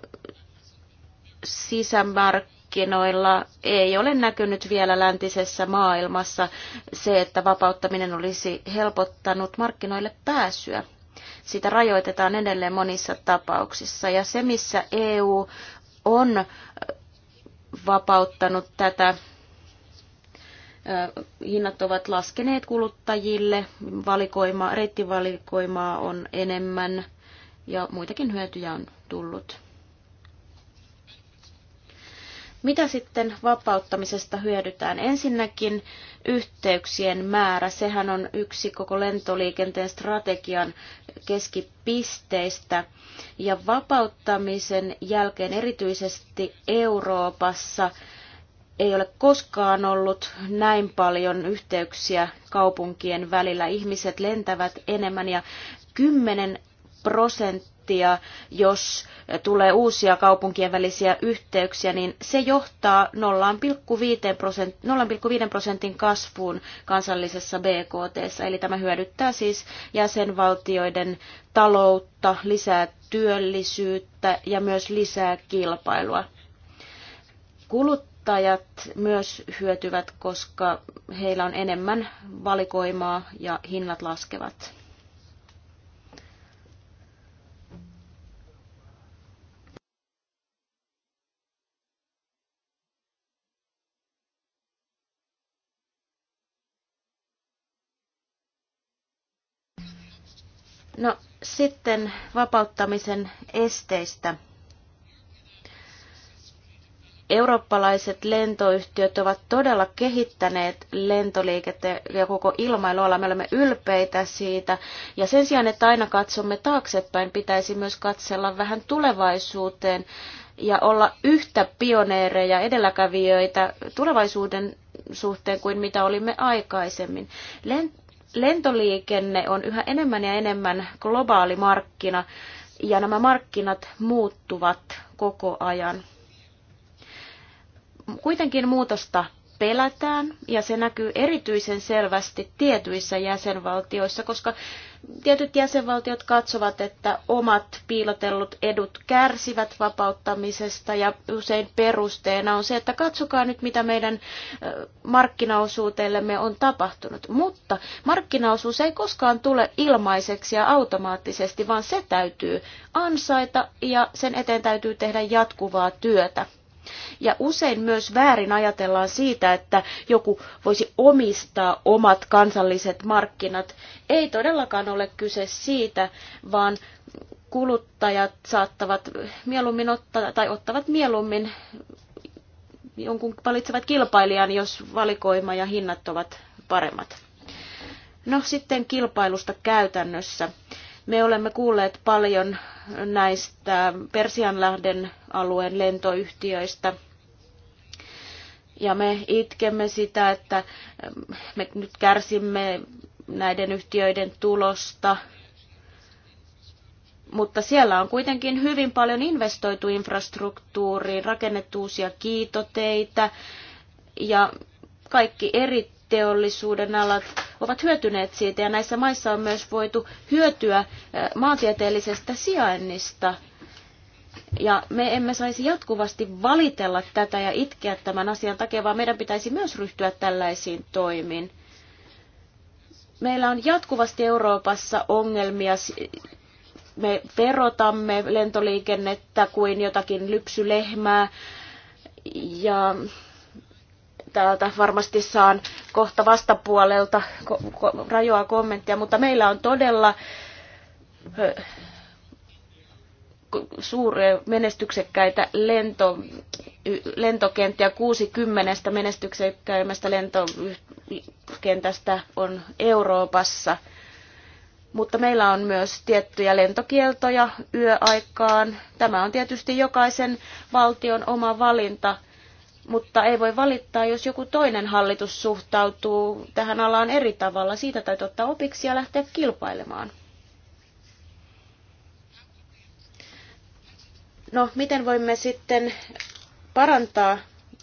sisämarkkinoilla ei ole näkynyt vielä läntisessä maailmassa se, että vapauttaminen olisi helpottanut markkinoille pääsyä sitä rajoitetaan edelleen monissa tapauksissa. Ja se, missä EU on vapauttanut tätä, hinnat ovat laskeneet kuluttajille, valikoima, reittivalikoimaa on enemmän ja muitakin hyötyjä on tullut. Mitä sitten vapauttamisesta hyödytään? Ensinnäkin yhteyksien määrä. Sehän on yksi koko lentoliikenteen strategian keskipisteistä. Ja vapauttamisen jälkeen erityisesti Euroopassa ei ole koskaan ollut näin paljon yhteyksiä kaupunkien välillä. Ihmiset lentävät enemmän ja 10 prosenttia prosenttia, jos tulee uusia kaupunkien välisiä yhteyksiä, niin se johtaa 0,5 prosentin kasvuun kansallisessa BKT. Eli tämä hyödyttää siis jäsenvaltioiden taloutta, lisää työllisyyttä ja myös lisää kilpailua. Kuluttajat myös hyötyvät, koska heillä on enemmän valikoimaa ja hinnat laskevat. No sitten vapauttamisen esteistä. Eurooppalaiset lentoyhtiöt ovat todella kehittäneet lentoliikettä ja koko ilmailuala. Me olemme ylpeitä siitä. Ja sen sijaan, että aina katsomme taaksepäin, pitäisi myös katsella vähän tulevaisuuteen ja olla yhtä pioneereja, edelläkävijöitä tulevaisuuden suhteen kuin mitä olimme aikaisemmin lentoliikenne on yhä enemmän ja enemmän globaali markkina ja nämä markkinat muuttuvat koko ajan. Kuitenkin muutosta pelätään ja se näkyy erityisen selvästi tietyissä jäsenvaltioissa, koska tietyt jäsenvaltiot katsovat, että omat piilotellut edut kärsivät vapauttamisesta ja usein perusteena on se, että katsokaa nyt mitä meidän markkinaosuuteillemme on tapahtunut. Mutta markkinaosuus ei koskaan tule ilmaiseksi ja automaattisesti, vaan se täytyy ansaita ja sen eteen täytyy tehdä jatkuvaa työtä. Ja usein myös väärin ajatellaan siitä, että joku voisi omistaa omat kansalliset markkinat. Ei todellakaan ole kyse siitä, vaan kuluttajat saattavat mieluummin ottaa tai ottavat mieluummin jonkun valitsevat kilpailijan, jos valikoima ja hinnat ovat paremmat. No sitten kilpailusta käytännössä. Me olemme kuulleet paljon näistä Persianlahden alueen lentoyhtiöistä. Ja me itkemme sitä, että ähm, me nyt kärsimme näiden yhtiöiden tulosta, mutta siellä on kuitenkin hyvin paljon investoitu infrastruktuuriin, rakennettu uusia kiitoteitä ja kaikki eri teollisuuden alat ovat hyötyneet siitä ja näissä maissa on myös voitu hyötyä eh, maantieteellisestä sijainnista. Ja me emme saisi jatkuvasti valitella tätä ja itkeä tämän asian takia, vaan meidän pitäisi myös ryhtyä tällaisiin toimiin. Meillä on jatkuvasti Euroopassa ongelmia. Me verotamme lentoliikennettä kuin jotakin lypsylehmää ja täältä varmasti saan kohta vastapuolelta rajoa kommenttia, mutta meillä on todella suuria menestyksekkäitä lento, lentokenttiä. 60 menestyksekkäimmästä lentokentästä on Euroopassa. Mutta meillä on myös tiettyjä lentokieltoja yöaikaan. Tämä on tietysti jokaisen valtion oma valinta – mutta ei voi valittaa, jos joku toinen hallitus suhtautuu tähän alaan eri tavalla. Siitä täytyy ottaa opiksi ja lähteä kilpailemaan. No, miten voimme sitten parantaa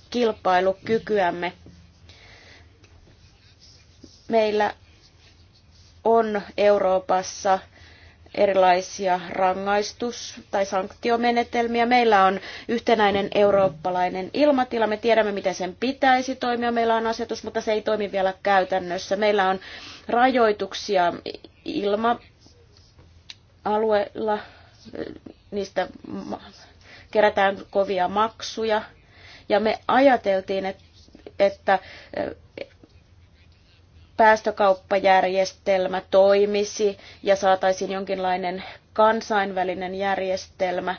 kilpailukykyämme? Meillä on Euroopassa erilaisia rangaistus- tai sanktiomenetelmiä. Meillä on yhtenäinen eurooppalainen ilmatila. Me tiedämme, miten sen pitäisi toimia. Meillä on asetus, mutta se ei toimi vielä käytännössä. Meillä on rajoituksia ilma-alueella. Niistä kerätään kovia maksuja. Ja me ajateltiin, että että päästökauppajärjestelmä toimisi ja saataisiin jonkinlainen kansainvälinen järjestelmä.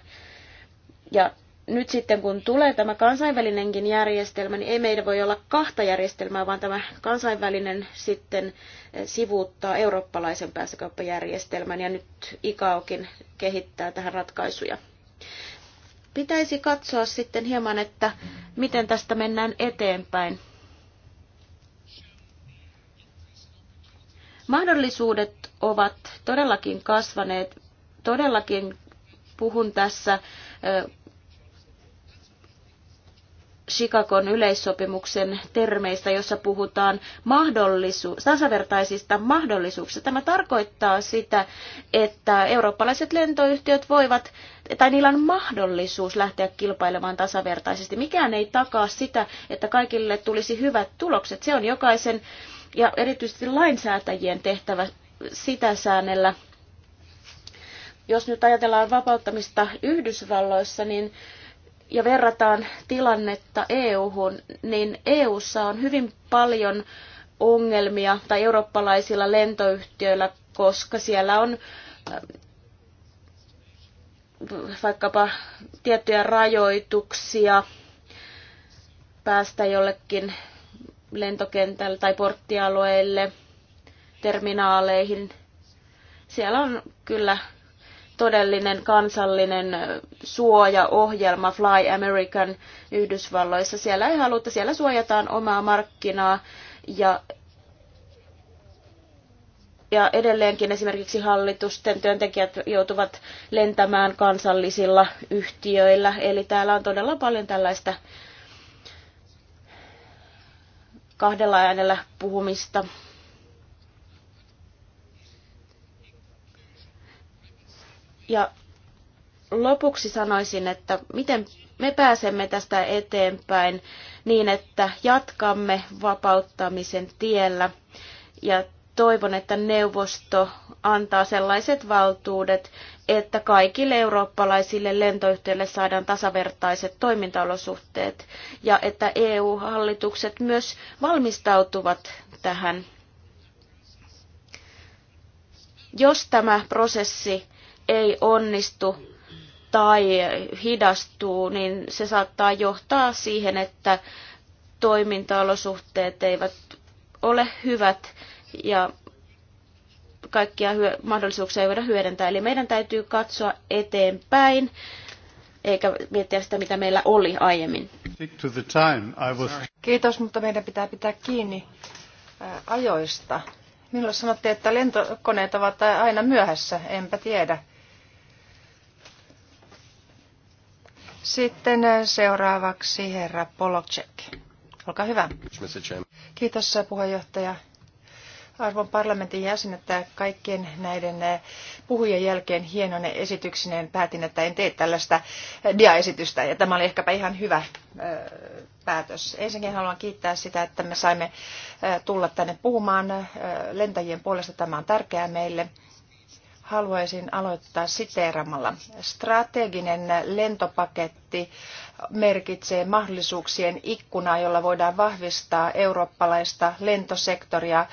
Ja nyt sitten kun tulee tämä kansainvälinenkin järjestelmä, niin ei meidän voi olla kahta järjestelmää, vaan tämä kansainvälinen sitten eh, sivuuttaa eurooppalaisen päästökauppajärjestelmän ja nyt ICAOkin kehittää tähän ratkaisuja. Pitäisi katsoa sitten hieman, että miten tästä mennään eteenpäin. Mahdollisuudet ovat todellakin kasvaneet. Todellakin puhun tässä Chicagon yleissopimuksen termeistä, jossa puhutaan mahdollisu- tasavertaisista mahdollisuuksista. Tämä tarkoittaa sitä, että eurooppalaiset lentoyhtiöt voivat, tai niillä on mahdollisuus lähteä kilpailemaan tasavertaisesti. Mikään ei takaa sitä, että kaikille tulisi hyvät tulokset. Se on jokaisen ja erityisesti lainsäätäjien tehtävä sitä säännellä. Jos nyt ajatellaan vapauttamista Yhdysvalloissa, niin ja verrataan tilannetta EU-hun, niin EU:ssa on hyvin paljon ongelmia tai eurooppalaisilla lentoyhtiöillä, koska siellä on ähm, vaikkapa tiettyjä rajoituksia päästä jollekin lentokentälle tai porttialueille, terminaaleihin. Siellä on kyllä todellinen kansallinen suojaohjelma Fly American Yhdysvalloissa. Siellä ei haluta, siellä suojataan omaa markkinaa ja ja edelleenkin esimerkiksi hallitusten työntekijät joutuvat lentämään kansallisilla yhtiöillä. Eli täällä on todella paljon tällaista kahdella äänellä puhumista. Ja lopuksi sanoisin, että miten me pääsemme tästä eteenpäin niin, että jatkamme vapauttamisen tiellä ja toivon, että neuvosto antaa sellaiset valtuudet, että kaikille eurooppalaisille lentoyhtiöille saadaan tasavertaiset toimintaolosuhteet ja että EU-hallitukset myös valmistautuvat tähän. Jos tämä prosessi ei onnistu tai hidastuu, niin se saattaa johtaa siihen, että toimintaolosuhteet eivät ole hyvät ja kaikkia mahdollisuuksia ei voida hyödyntää. Eli meidän täytyy katsoa eteenpäin, eikä miettiä sitä, mitä meillä oli
aiemmin. Kiitos, mutta meidän pitää pitää kiinni ajoista. Milloin sanottiin, että lentokoneet ovat aina myöhässä? Enpä tiedä. Sitten seuraavaksi herra Polocek. Olkaa hyvä. Kiitos puheenjohtaja arvon parlamentin jäsen, että äh, kaikkien näiden äh, puhujien jälkeen hienoinen esityksineen päätin, että en tee tällaista äh, diaesitystä. Ja tämä oli ehkäpä ihan hyvä päätös. Ensinnäkin haluan kiittää sitä, että me saimme tulla tänne puhumaan lentäjien puolesta. Tämä on tärkeää meille. Haluaisin aloittaa siteeramalla. Strateginen lentopaketti merkitsee mahdollisuuksien ikkunaa, jolla voidaan vahvistaa eurooppalaista lentosektoria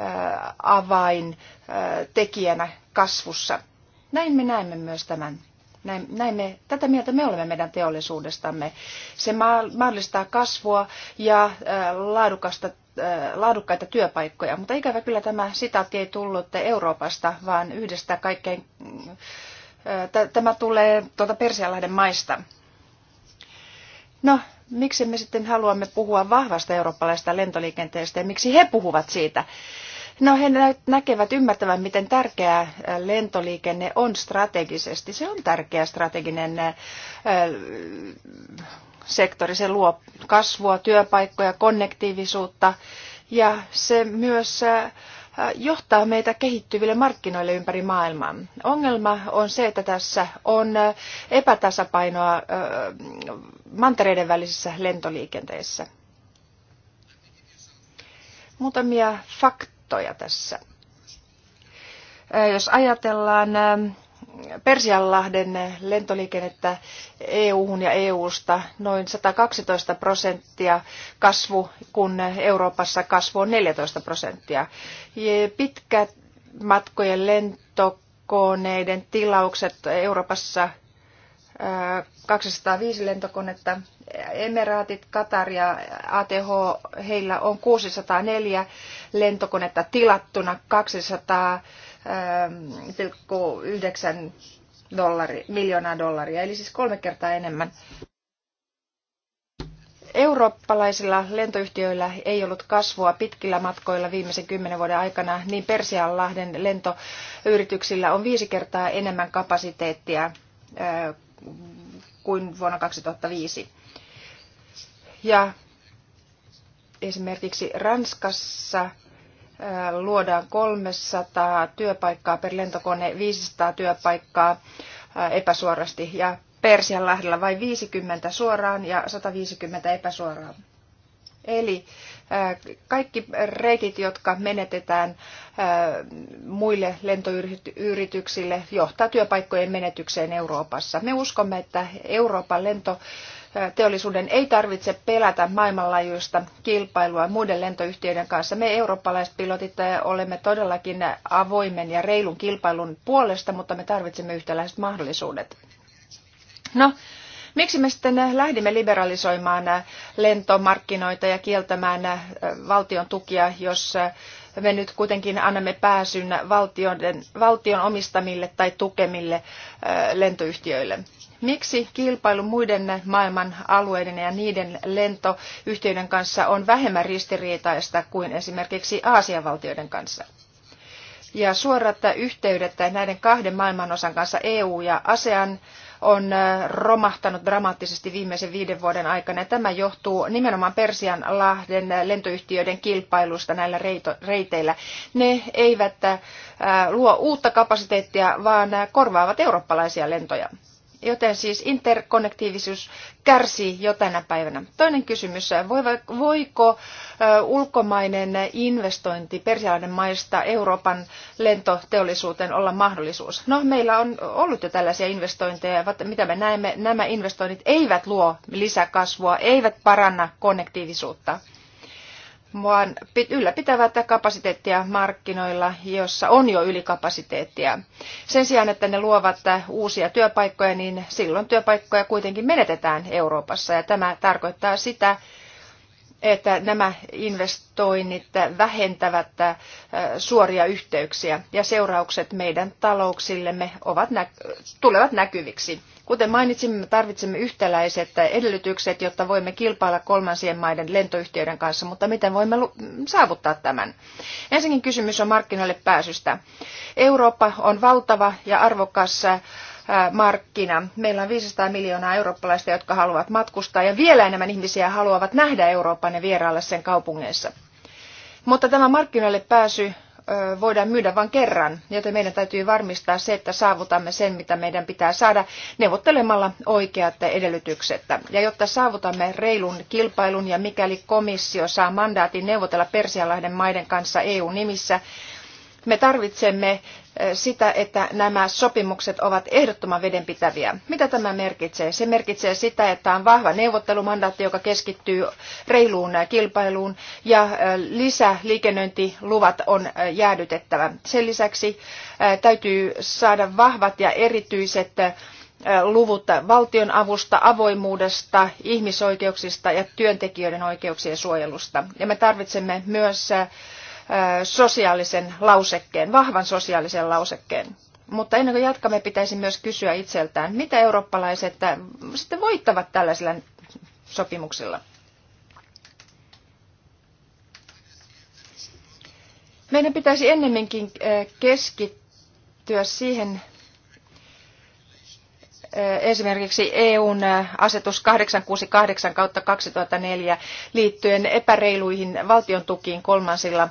Äh, avain äh, tekijänä kasvussa. Näin me näemme myös tämän. Näin, näin me, tätä mieltä me olemme meidän teollisuudestamme. Se mahdollistaa kasvua ja äh, laadukasta, laadukkaita työpaikkoja, mutta ikävä kyllä tämä sitaatti ei tullut Euroopasta, vaan yhdestä kaikkein, tämä tulee tuolta Persialahden maista. No, miksi me sitten haluamme puhua vahvasta eurooppalaisesta lentoliikenteestä ja miksi he puhuvat siitä? No he näkevät ymmärtävän, miten tärkeää äh, lentoliikenne on strategisesti. Se on tärkeä strateginen äh, sektori. Se luo kasvua, työpaikkoja, konnektiivisuutta ja se myös äh, johtaa meitä kehittyville markkinoille ympäri maailmaa. Ongelma on se, että tässä on epätasapainoa mantereiden välisessä lentoliikenteessä. Muutamia faktoja kattoja tässä. Jos ajatellaan Persianlahden lentoliikennettä EU-hun ja EU-sta noin 112 prosenttia kasvu, kun Euroopassa kasvu on 14 prosenttia. Pitkät matkojen lentokoneiden tilaukset Euroopassa 205 lentokonetta Emiraatit, Katar ja ATH, heillä on 604 lentokonetta tilattuna 200,9 ähm, dollari, miljoonaa dollaria, eli siis kolme kertaa enemmän. Eurooppalaisilla lentoyhtiöillä ei ollut kasvua pitkillä matkoilla viimeisen kymmenen vuoden aikana, niin Persianlahden lentoyrityksillä on viisi kertaa enemmän kapasiteettia äh, kuin vuonna 2005. Ja esimerkiksi Ranskassa äh, luodaan 300 työpaikkaa per lentokone, 500 työpaikkaa äh, epäsuorasti ja Persianlahdella vain 50 suoraan ja 150 epäsuoraan. Eli äh, kaikki reitit, jotka menetetään muille lentoyrityksille, johtaa työpaikkojen menetykseen Euroopassa. Me uskomme, että Euroopan lento teollisuuden ei tarvitse pelätä maailmanlaajuista kilpailua muiden lentoyhtiöiden kanssa. Me eurooppalaiset pilotit eh, olemme todellakin avoimen ja reilun kilpailun puolesta, mutta me tarvitsemme yhtäläiset mahdollisuudet. No, miksi me sitten eh, lähdimme liberalisoimaan eh, lentomarkkinoita ja kieltämään valtion tukia, jos me nyt kuitenkin annamme pääsyn valtion, valtion omistamille tai tukemille lentoyhtiöille? Miksi kilpailu muiden maailman alueiden ja niiden lentoyhtiöiden kanssa on vähemmän ristiriitaista kuin esimerkiksi Aasian valtioiden kanssa? Ja suorat yhteydet näiden kahden maailmanosan kanssa EU ja ASEAN on äh, romahtanut dramaattisesti viimeisen viiden vuoden aikana. Tämä johtuu nimenomaan Persianlahden lentoyhtiöiden kilpailusta näillä reiteillä. Ne eivät äh, luo uutta kapasiteettia, vaan äh, korvaavat eurooppalaisia lentoja. Joten siis interkonnektiivisuus kärsii jo tänä päivänä. Toinen kysymys, voiko ulkomainen investointi persialainen maista Euroopan lentoteollisuuteen olla mahdollisuus? No, meillä on ollut jo tällaisia investointeja, mitä me näemme, nämä investoinnit eivät luo lisäkasvua, eivät paranna konnektiivisuutta vaan ylläpitävät kapasiteettia markkinoilla, jossa on jo ylikapasiteettia. Sen sijaan, että ne luovat uusia työpaikkoja, niin silloin työpaikkoja kuitenkin menetetään Euroopassa. Ja tämä tarkoittaa sitä, että nämä investoinnit vähentävät äh, suoria yhteyksiä ja seuraukset meidän talouksillemme ovat, tulevat näkyviksi. Kuten mainitsimme, me tarvitsemme yhtäläiset edellytykset, jotta voimme kilpailla kolmansien maiden lentoyhtiöiden kanssa, mutta miten voimme saavuttaa tämän? Ensinnäkin kysymys on markkinoille pääsystä. Eurooppa on valtava ja arvokas markkina. Meillä on 500 miljoonaa eurooppalaista, jotka haluavat matkustaa ja vielä enemmän ihmisiä haluavat nähdä Euroopan ja vierailla sen kaupungeissa. Mutta tämä markkinoille pääsy voidaan myydä vain kerran, joten meidän täytyy varmistaa se, että saavutamme sen, mitä meidän pitää saada neuvottelemalla oikeat edellytykset. Ja jotta saavutamme reilun kilpailun ja mikäli komissio saa mandaatin neuvotella Persianlahden maiden kanssa EU-nimissä, me tarvitsemme eh, sitä, että nämä sopimukset ovat ehdottoman vedenpitäviä. Mitä tämä merkitsee? Se merkitsee sitä, että on vahva neuvottelumandaatti, joka keskittyy reiluun eh, kilpailuun ja eh, lisäliikennöintiluvat on jäädytettävä. Sen lisäksi täytyy saada vahvat ja erityiset luvut valtion avusta, avoimuudesta, ihmisoikeuksista ja työntekijöiden oikeuksien suojelusta. Ja me tarvitsemme myös sosiaalisen lausekkeen, vahvan sosiaalisen lausekkeen. Mutta ennen kuin jatkamme, pitäisi myös kysyä itseltään, mitä eurooppalaiset sitten voittavat tällaisilla sopimuksilla. Meidän pitäisi ennemminkin keskittyä siihen, esimerkiksi EUn asetus 868 kautta 2004 liittyen epäreiluihin valtiontukiin kolmansilla,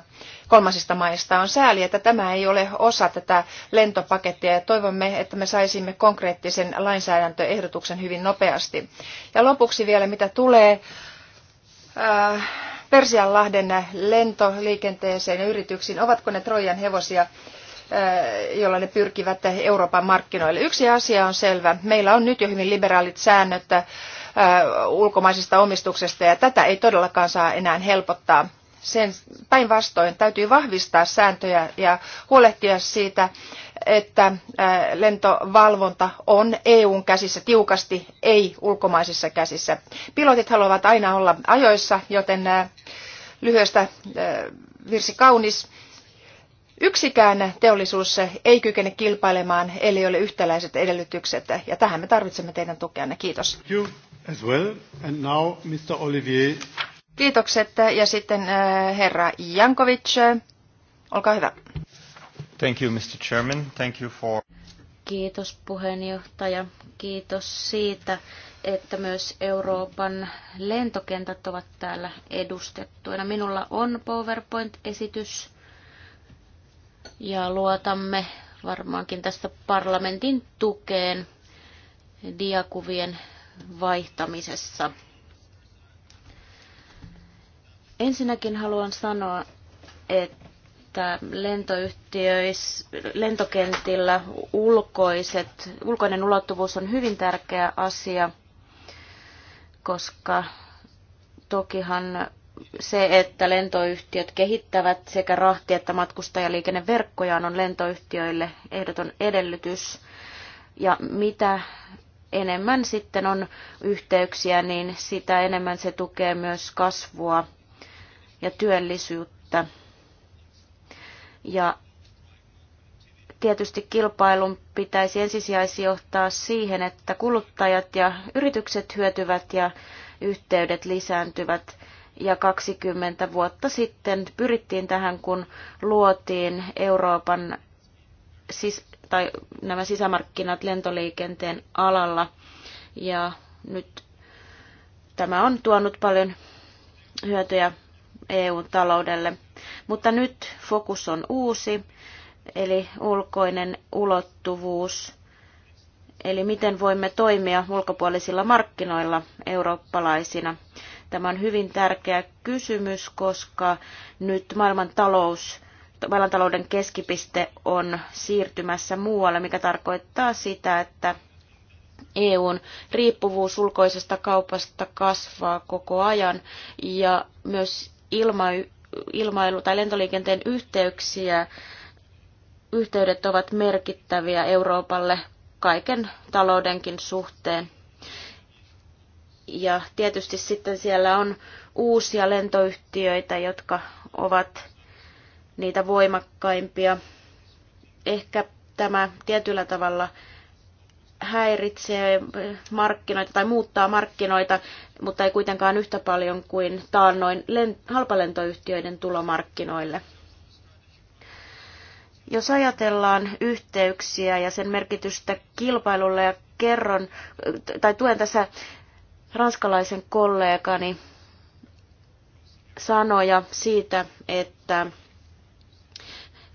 kolmansista maista. On sääli, että tämä ei ole osa tätä lentopakettia ja toivomme, että me saisimme konkreettisen lainsäädäntöehdotuksen hyvin nopeasti. Ja lopuksi vielä mitä tulee äh, Persianlahden lentoliikenteeseen ja yrityksiin, ovatko ne Trojan hevosia Eh, jolla ne pyrkivät Euroopan markkinoille. Yksi asia on selvä. Meillä on nyt jo hyvin liberaalit säännöt eh, ulkomaisesta omistuksesta ja tätä ei todellakaan saa enää helpottaa. Sen päinvastoin täytyy vahvistaa sääntöjä ja huolehtia siitä, että eh, lentovalvonta on EUn käsissä tiukasti, ei ulkomaisissa käsissä. Pilotit haluavat aina olla ajoissa, joten lyhyestä virsi kaunis Yksikään teollisuus ei kykene kilpailemaan, eli ole yhtäläiset edellytykset, ja tähän me tarvitsemme teidän tukeanne. Kiitos. Kiitokset, ja sitten äh, herra Jankovic, olkaa hyvä.
Thank you, Mr. Chairman. Thank you for...
Kiitos
puheenjohtaja. Kiitos siitä, että myös Euroopan lentokentät ovat täällä edustettuina. Minulla on PowerPoint-esitys ja luotamme varmaankin tässä parlamentin tukeen diakuvien vaihtamisessa. Ensinnäkin haluan sanoa, että lentokentillä ulkoiset, ulkoinen ulottuvuus on hyvin tärkeä asia, koska tokihan se, että lentoyhtiöt kehittävät sekä rahti- että matkustajaliikenneverkkojaan on lentoyhtiöille ehdoton edellytys. Ja mitä enemmän sitten on yhteyksiä, niin sitä enemmän se tukee myös kasvua ja työllisyyttä. Ja tietysti kilpailun pitäisi ensisijaisesti johtaa siihen, että kuluttajat ja yritykset hyötyvät ja yhteydet lisääntyvät ja 20 vuotta sitten pyrittiin tähän, kun luotiin Euroopan sis- tai nämä sisämarkkinat lentoliikenteen alalla. Ja nyt tämä on tuonut paljon hyötyjä EU-taloudelle. Mutta nyt fokus on uusi, eli ulkoinen ulottuvuus, eli miten voimme toimia ulkopuolisilla markkinoilla eurooppalaisina. Tämä on hyvin tärkeä kysymys, koska nyt maailman talous maailmantalouden keskipiste on siirtymässä muualle, mikä tarkoittaa sitä, että EUn riippuvuus ulkoisesta kaupasta kasvaa koko ajan ja myös ilma, ilmailu- tai lentoliikenteen yhteyksiä, yhteydet ovat merkittäviä Euroopalle kaiken taloudenkin suhteen. Ja tietysti sitten siellä on uusia lentoyhtiöitä, jotka ovat niitä voimakkaimpia. Ehkä tämä tietyllä tavalla häiritsee markkinoita tai muuttaa markkinoita, mutta ei kuitenkaan yhtä paljon kuin taannoin halpalentoyhtiöiden tulomarkkinoille. Jos ajatellaan yhteyksiä ja sen merkitystä kilpailulle ja kerron tai tuen tässä ranskalaisen kollegani sanoja siitä, että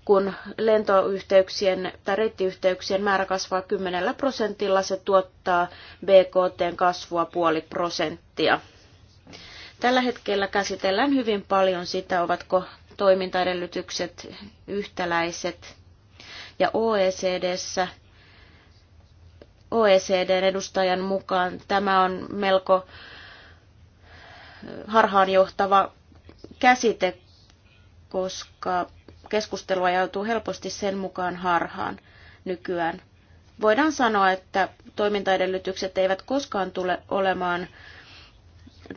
kun lentoyhteyksien tai reittiyhteyksien määrä kasvaa 10 prosentilla, se tuottaa BKTn kasvua puoli prosenttia. Tällä hetkellä käsitellään hyvin paljon sitä, ovatko toimintaedellytykset yhtäläiset. Ja OECDssä OECDn edustajan mukaan tämä on melko eh, harhaanjohtava käsite, koska keskustelua joutuu helposti sen mukaan harhaan nykyään. Voidaan sanoa, että toimintaedellytykset eivät koskaan tule olemaan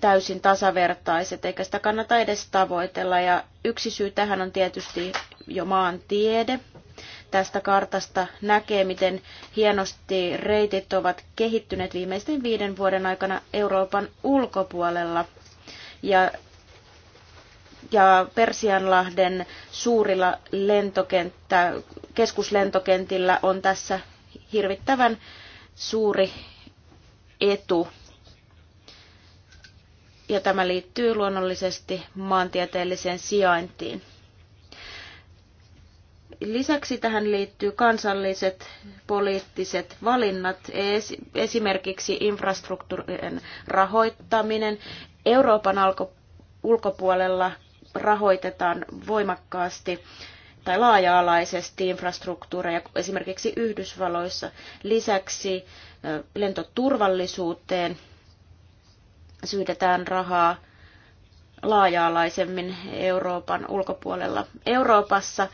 täysin tasavertaiset, eikä sitä kannata edes tavoitella. Ja yksi syy tähän on tietysti jo maan tiede, tästä kartasta näkee, miten hienosti reitit ovat kehittyneet viimeisten viiden vuoden aikana Euroopan ulkopuolella. Ja ja Persianlahden suurilla lentokenttä, keskuslentokentillä on tässä hirvittävän suuri etu. Ja tämä liittyy luonnollisesti maantieteelliseen sijaintiin. Lisäksi tähän liittyy kansalliset poliittiset valinnat, esimerkiksi infrastruktuurien rahoittaminen. Euroopan ulkopuolella rahoitetaan voimakkaasti tai laaja-alaisesti infrastruktuureja, esimerkiksi Yhdysvalloissa. Lisäksi lentoturvallisuuteen syydetään rahaa laaja-alaisemmin Euroopan ulkopuolella. Euroopassa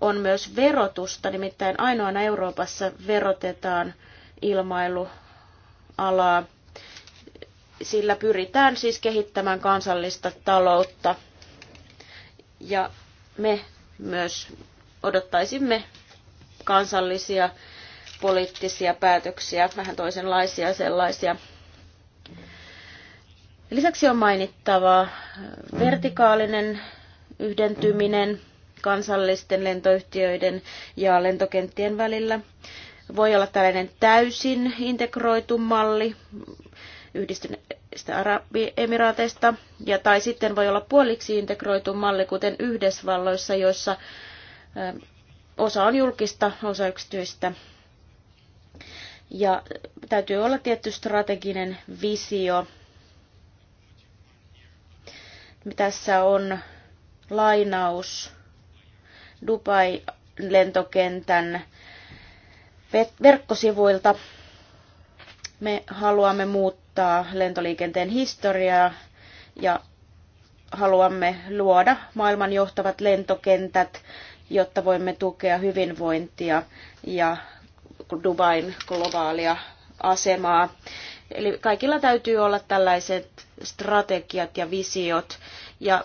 on myös verotusta, nimittäin ainoana Euroopassa verotetaan ilmailualaa. Sillä pyritään siis kehittämään kansallista taloutta. Ja me myös odottaisimme kansallisia poliittisia päätöksiä, vähän toisenlaisia sellaisia. Lisäksi on mainittava vertikaalinen yhdentyminen, kansallisten lentoyhtiöiden ja lentokenttien välillä. Voi olla tällainen täysin integroitu malli yhdistyneistä Arabiemiraateista, ja, tai sitten voi olla puoliksi integroitu malli, kuten Yhdysvalloissa, joissa osa on julkista, osa yksityistä. Ja täytyy olla tietty strateginen visio. Tässä on lainaus Dubai-lentokentän verkkosivuilta. Me haluamme muuttaa lentoliikenteen historiaa ja haluamme luoda maailman johtavat lentokentät, jotta voimme tukea hyvinvointia ja Dubain globaalia asemaa. Eli kaikilla täytyy olla tällaiset strategiat ja visiot ja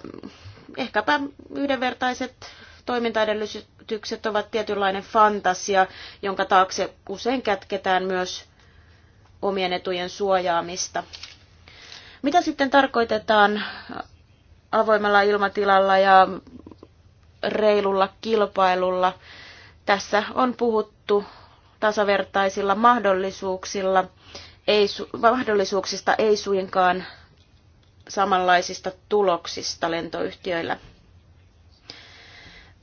ehkäpä yhdenvertaiset Toimintaedellytykset ovat tietynlainen fantasia, jonka taakse usein kätketään myös omien etujen suojaamista. Mitä sitten tarkoitetaan avoimella ilmatilalla ja reilulla kilpailulla? Tässä on puhuttu tasavertaisilla mahdollisuuksilla, ei, mahdollisuuksista ei suinkaan samanlaisista tuloksista lentoyhtiöillä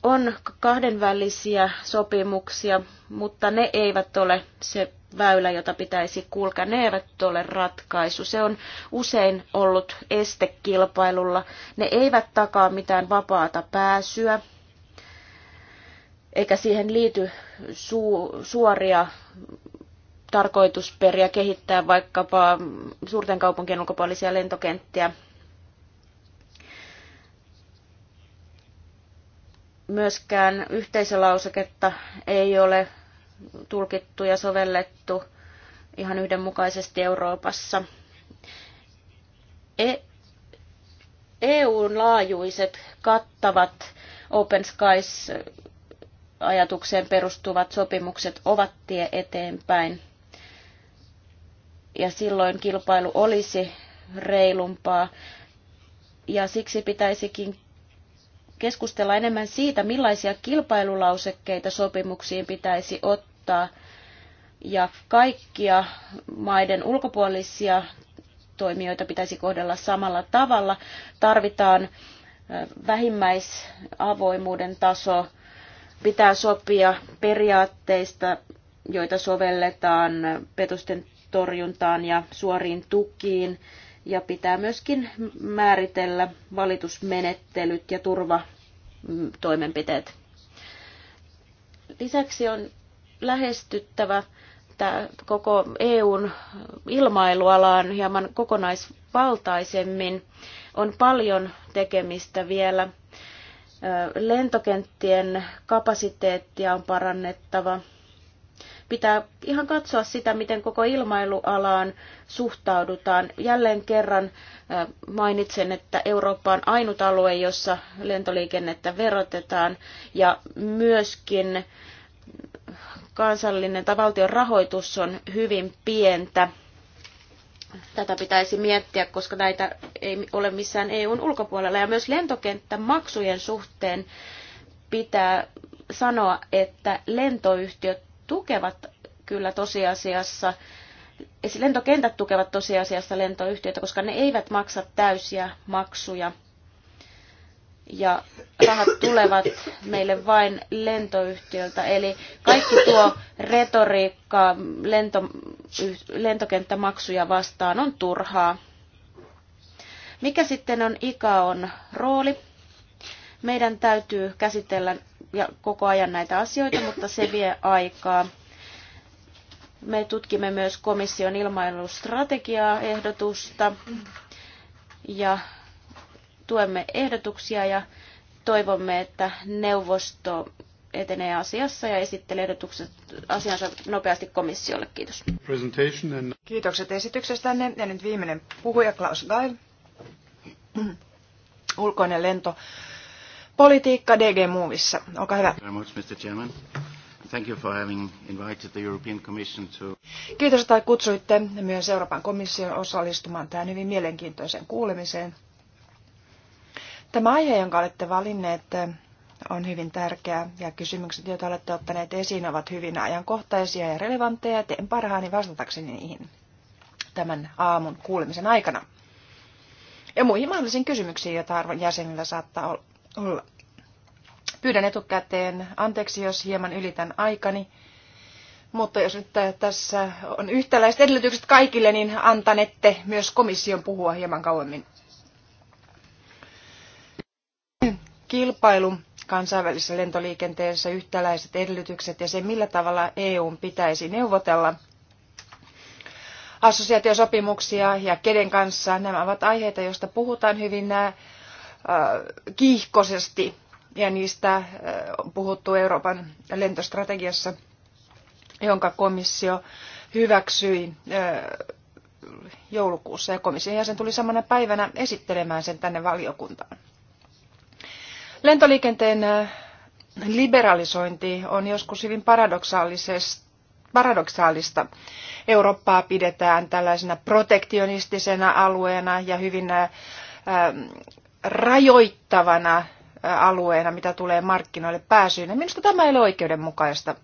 on kahdenvälisiä sopimuksia, mutta ne eivät ole se väylä, jota pitäisi kulkea. Ne eivät ole ratkaisu. Se on usein ollut este kilpailulla. Ne eivät takaa mitään vapaata pääsyä, eikä siihen liity su- suoria tarkoitusperiä kehittää vaikkapa suurten kaupunkien ulkopuolisia lentokenttiä Myöskään yhteisölauseketta ei ole tulkittu ja sovellettu ihan yhdenmukaisesti Euroopassa. E- EUn laajuiset kattavat Open Skies ajatukseen perustuvat sopimukset ovat tie eteenpäin. Ja silloin kilpailu olisi reilumpaa. Ja siksi pitäisikin keskustella enemmän siitä, millaisia kilpailulausekkeita sopimuksiin pitäisi ottaa ja kaikkia maiden ulkopuolisia toimijoita pitäisi kohdella samalla tavalla. Tarvitaan vähimmäisavoimuuden taso, pitää sopia periaatteista, joita sovelletaan petosten torjuntaan ja suoriin tukiin ja pitää myöskin määritellä valitusmenettelyt ja turvatoimenpiteet. Lisäksi on lähestyttävä koko EUn ilmailualaan hieman kokonaisvaltaisemmin. On paljon tekemistä vielä. Lentokenttien kapasiteettia on parannettava – Pitää ihan katsoa sitä, miten koko ilmailualaan suhtaudutaan. Jälleen kerran mainitsen, että Eurooppa on ainut alue, jossa lentoliikennettä verotetaan ja myöskin kansallinen tai valtion rahoitus on hyvin pientä. Tätä pitäisi miettiä, koska näitä ei ole missään EUn ulkopuolella. Ja myös lentokenttämaksujen suhteen pitää sanoa, että lentoyhtiöt tukevat kyllä tosiasiassa, lentokentät tukevat tosiasiassa lentoyhtiöitä, koska ne eivät maksa täysiä maksuja. Ja rahat tulevat meille vain lentoyhtiöltä. Eli kaikki tuo retoriikka lento, lentokenttämaksuja vastaan on turhaa. Mikä sitten on ICAON rooli? Meidän täytyy käsitellä ja koko ajan näitä asioita, mutta se vie aikaa. Me tutkimme myös komission ilmailustrategiaa ehdotusta ja tuemme ehdotuksia ja toivomme, että neuvosto etenee asiassa ja esittelee ehdotukset asiansa
nopeasti komissiolle. Kiitos. Kiitokset esityksestänne. Ja nyt viimeinen puhuja Klaus Gail. Ulkoinen lento Politiikka DG Movissa. Olkaa hyvä. Kiitos, että kutsuitte myös Euroopan komission osallistumaan tähän hyvin mielenkiintoiseen kuulemiseen. Tämä aihe, jonka olette valinneet, on hyvin tärkeä ja kysymykset, joita olette ottaneet esiin, ovat hyvin ajankohtaisia ja relevantteja ja teen parhaani vastatakseni niihin tämän aamun kuulemisen aikana. Ja muihin mahdollisiin kysymyksiin, joita arvon jäsenillä saattaa olla olla. Pyydän etukäteen anteeksi, jos hieman ylitän aikani. Mutta jos nyt tässä on yhtäläiset edellytykset kaikille, niin antanette myös komission puhua hieman kauemmin. Kilpailu kansainvälisessä lentoliikenteessä, yhtäläiset edellytykset ja se, millä tavalla EU pitäisi neuvotella assosiaatiosopimuksia ja kenen kanssa. Nämä ovat aiheita, joista puhutaan hyvin kiihkoisesti ja niistä on puhuttu Euroopan lentostrategiassa, jonka komissio hyväksyi joulukuussa ja komission jäsen tuli samana päivänä esittelemään sen tänne valiokuntaan. Lentoliikenteen liberalisointi on joskus hyvin paradoksaalista. Eurooppaa pidetään tällaisena protektionistisena alueena ja hyvin rajoittavana alueena, mitä tulee markkinoille pääsyyn. Ja minusta tämä ei ole oikeudenmukaista.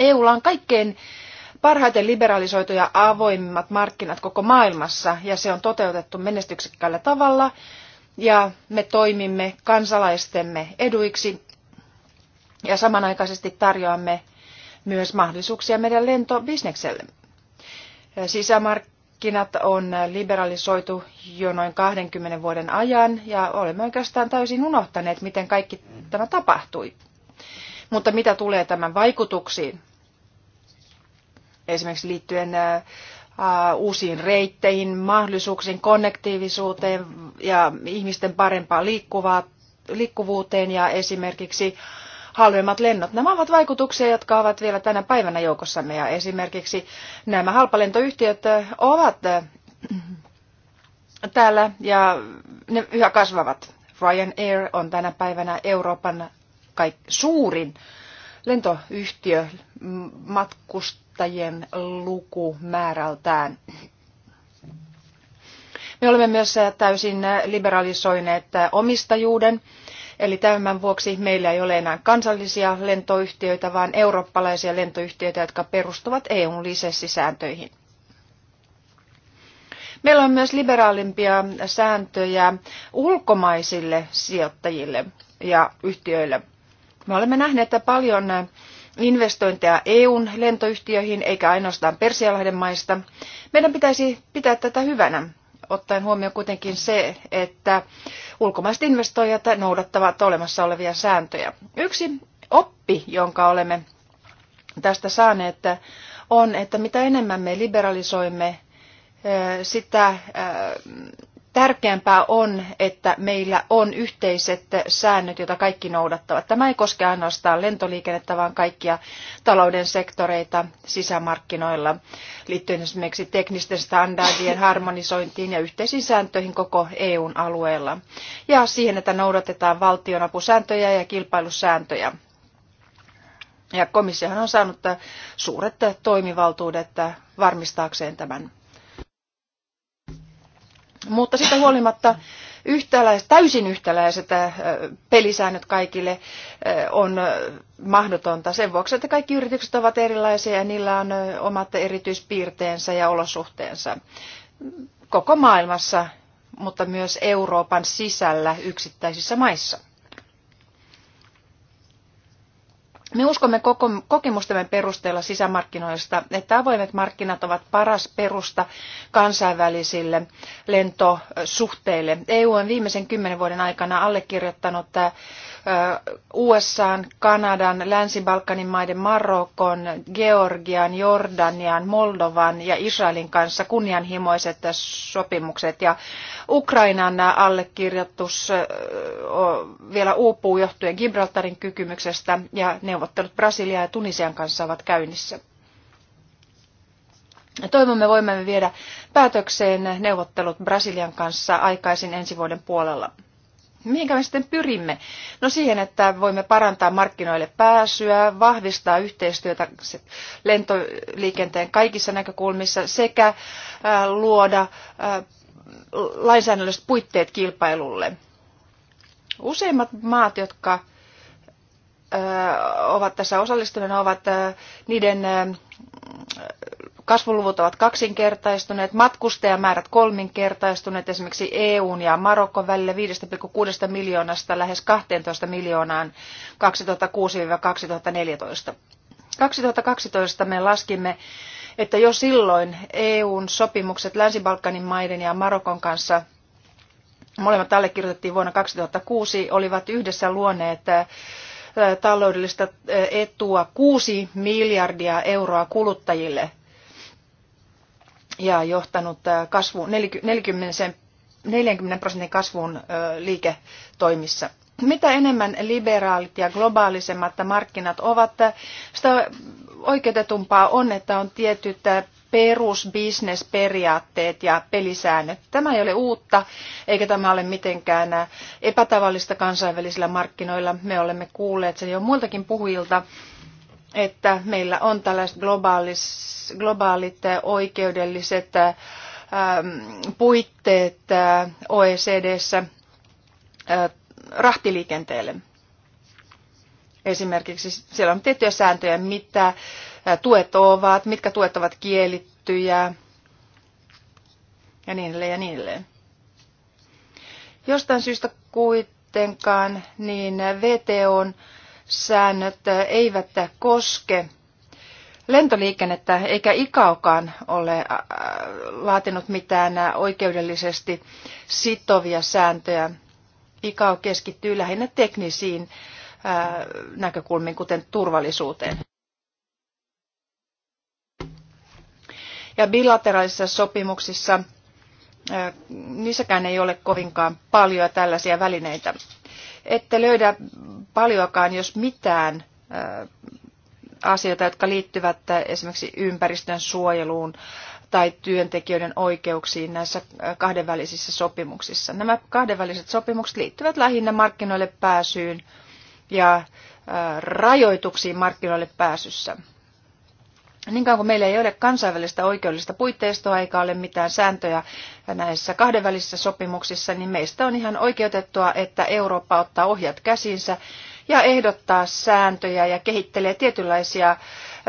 EUlla on kaikkein parhaiten liberalisoitu ja avoimimmat markkinat koko maailmassa, ja se on toteutettu menestyksekkäällä tavalla, ja me toimimme kansalaistemme eduiksi, ja samanaikaisesti tarjoamme myös mahdollisuuksia meidän lentobisneksellemme. Sisämark- markkinat on liberalisoitu jo noin 20 vuoden ajan ja olemme oikeastaan täysin unohtaneet, miten kaikki tämä tapahtui. Mutta mitä tulee tämän vaikutuksiin, esimerkiksi liittyen uusiin reitteihin, mahdollisuuksiin, konnektiivisuuteen ja ihmisten parempaan liikkuvuuteen ja esimerkiksi halvemmat lennot. Nämä ovat vaikutuksia, jotka ovat vielä tänä päivänä joukossamme ja esimerkiksi nämä halpalentoyhtiöt ovat täällä ja ne yhä kasvavat. Ryanair on tänä päivänä Euroopan kaik- suurin lentoyhtiö matkustajien lukumäärältään. Me olemme myös täysin liberalisoineet omistajuuden Eli tämän vuoksi meillä ei ole enää kansallisia lentoyhtiöitä, vaan eurooppalaisia lentoyhtiöitä, jotka perustuvat EUn lisenssisääntöihin. Meillä on myös liberaalimpia sääntöjä ulkomaisille sijoittajille ja yhtiöille. Me olemme nähneet, että paljon investointeja EUn lentoyhtiöihin eikä ainoastaan Persialahden maista. Meidän pitäisi pitää tätä hyvänä ottaen huomioon kuitenkin se, että ulkomaiset investoijat noudattavat olemassa olevia sääntöjä. Yksi oppi, jonka olemme tästä saaneet, on, että mitä enemmän me liberalisoimme sitä Tärkeämpää on, että meillä on yhteiset säännöt, joita kaikki noudattavat. Tämä ei koske ainoastaan lentoliikennettä, vaan kaikkia talouden sektoreita sisämarkkinoilla, liittyen esimerkiksi teknisten standardien harmonisointiin ja yhteisiin sääntöihin koko EUn alueella. Ja siihen, että noudatetaan valtionapusääntöjä ja kilpailusääntöjä. Ja komissiohan on saanut suuret toimivaltuudet varmistaakseen tämän mutta sitä huolimatta yhtäläiset, täysin yhtäläiset äh, pelisäännöt kaikille äh, on äh, mahdotonta sen vuoksi, että kaikki yritykset ovat erilaisia ja niillä on omat erityispiirteensä ja olosuhteensa koko maailmassa, mutta myös Euroopan sisällä yksittäisissä maissa. Me uskomme kokemustemme perusteella sisämarkkinoista, että avoimet markkinat ovat paras perusta kansainvälisille lentosuhteille. EU on viimeisen kymmenen vuoden aikana allekirjoittanut USA, Kanadan, Länsi-Balkanin maiden Marokon, Georgian, Jordanian, Moldovan ja Israelin kanssa kunnianhimoiset sopimukset. Ja Ukrainan allekirjoitus vielä uupuu johtuen Gibraltarin kykymyksestä ja neuvotteluista neuvottelut Brasiliaa ja Tunisian kanssa ovat käynnissä. Toivomme voimme viedä päätökseen neuvottelut Brasilian kanssa aikaisin ensi vuoden puolella. Mihinkä me sitten pyrimme? No siihen, että voimme parantaa markkinoille pääsyä, vahvistaa yhteistyötä lentoliikenteen kaikissa näkökulmissa sekä äh, luoda äh, lainsäädännölliset puitteet kilpailulle. Useimmat maat, jotka ovat tässä osallistuneena, ovat niiden kasvuluvut ovat kaksinkertaistuneet, matkustajamäärät kolminkertaistuneet esimerkiksi EUn ja Marokon välillä 5,6 miljoonasta lähes 12 miljoonaan 2006-2014. 2012 me laskimme, että jo silloin EUn sopimukset Länsi-Balkanin maiden ja Marokon kanssa molemmat allekirjoitettiin vuonna 2006, olivat yhdessä luoneet taloudellista etua 6 miljardia euroa kuluttajille ja johtanut kasvu 40, 40 prosentin kasvuun liiketoimissa. Mitä enemmän liberaalit ja globaalisemmat markkinat ovat, sitä oikeutetumpaa on, että on tietyt perusbisnesperiaatteet ja pelisäännöt. Tämä ei ole uutta, eikä tämä ole mitenkään epätavallista kansainvälisillä markkinoilla. Me olemme kuulleet sen jo muiltakin puhujilta, että meillä on tällaiset globaalis, globaalit äh, oikeudelliset äh, puitteet äh, OECDssä rahtiliikenteelle. Esimerkiksi siellä on tiettyjä sääntöjä, mitä tuet ovat, mitkä tuet ovat kielittyjä ja niin edelleen ja niin edelleen. Jostain syystä kuitenkaan niin VTOn säännöt eivät koske lentoliikennettä, eikä ikaukaan ole laatinut mitään oikeudellisesti sitovia sääntöjä. ICAO keskittyy lähinnä teknisiin näkökulmiin, kuten turvallisuuteen. Ja bilateraalisissa sopimuksissa niissäkään ei ole kovinkaan paljon tällaisia välineitä. Ette löydä paljoakaan, jos mitään asioita, jotka liittyvät esimerkiksi ympäristön suojeluun tai työntekijöiden oikeuksiin näissä kahdenvälisissä sopimuksissa. Nämä kahdenväliset sopimukset liittyvät lähinnä markkinoille pääsyyn ja rajoituksiin markkinoille pääsyssä. Niin kauan kuin meillä ei ole kansainvälistä oikeudellista puitteistoa eikä ole mitään sääntöjä näissä kahdenvälisissä sopimuksissa, niin meistä on ihan oikeutettua, että Eurooppa ottaa ohjat käsinsä ja ehdottaa sääntöjä ja kehittelee tietynlaisia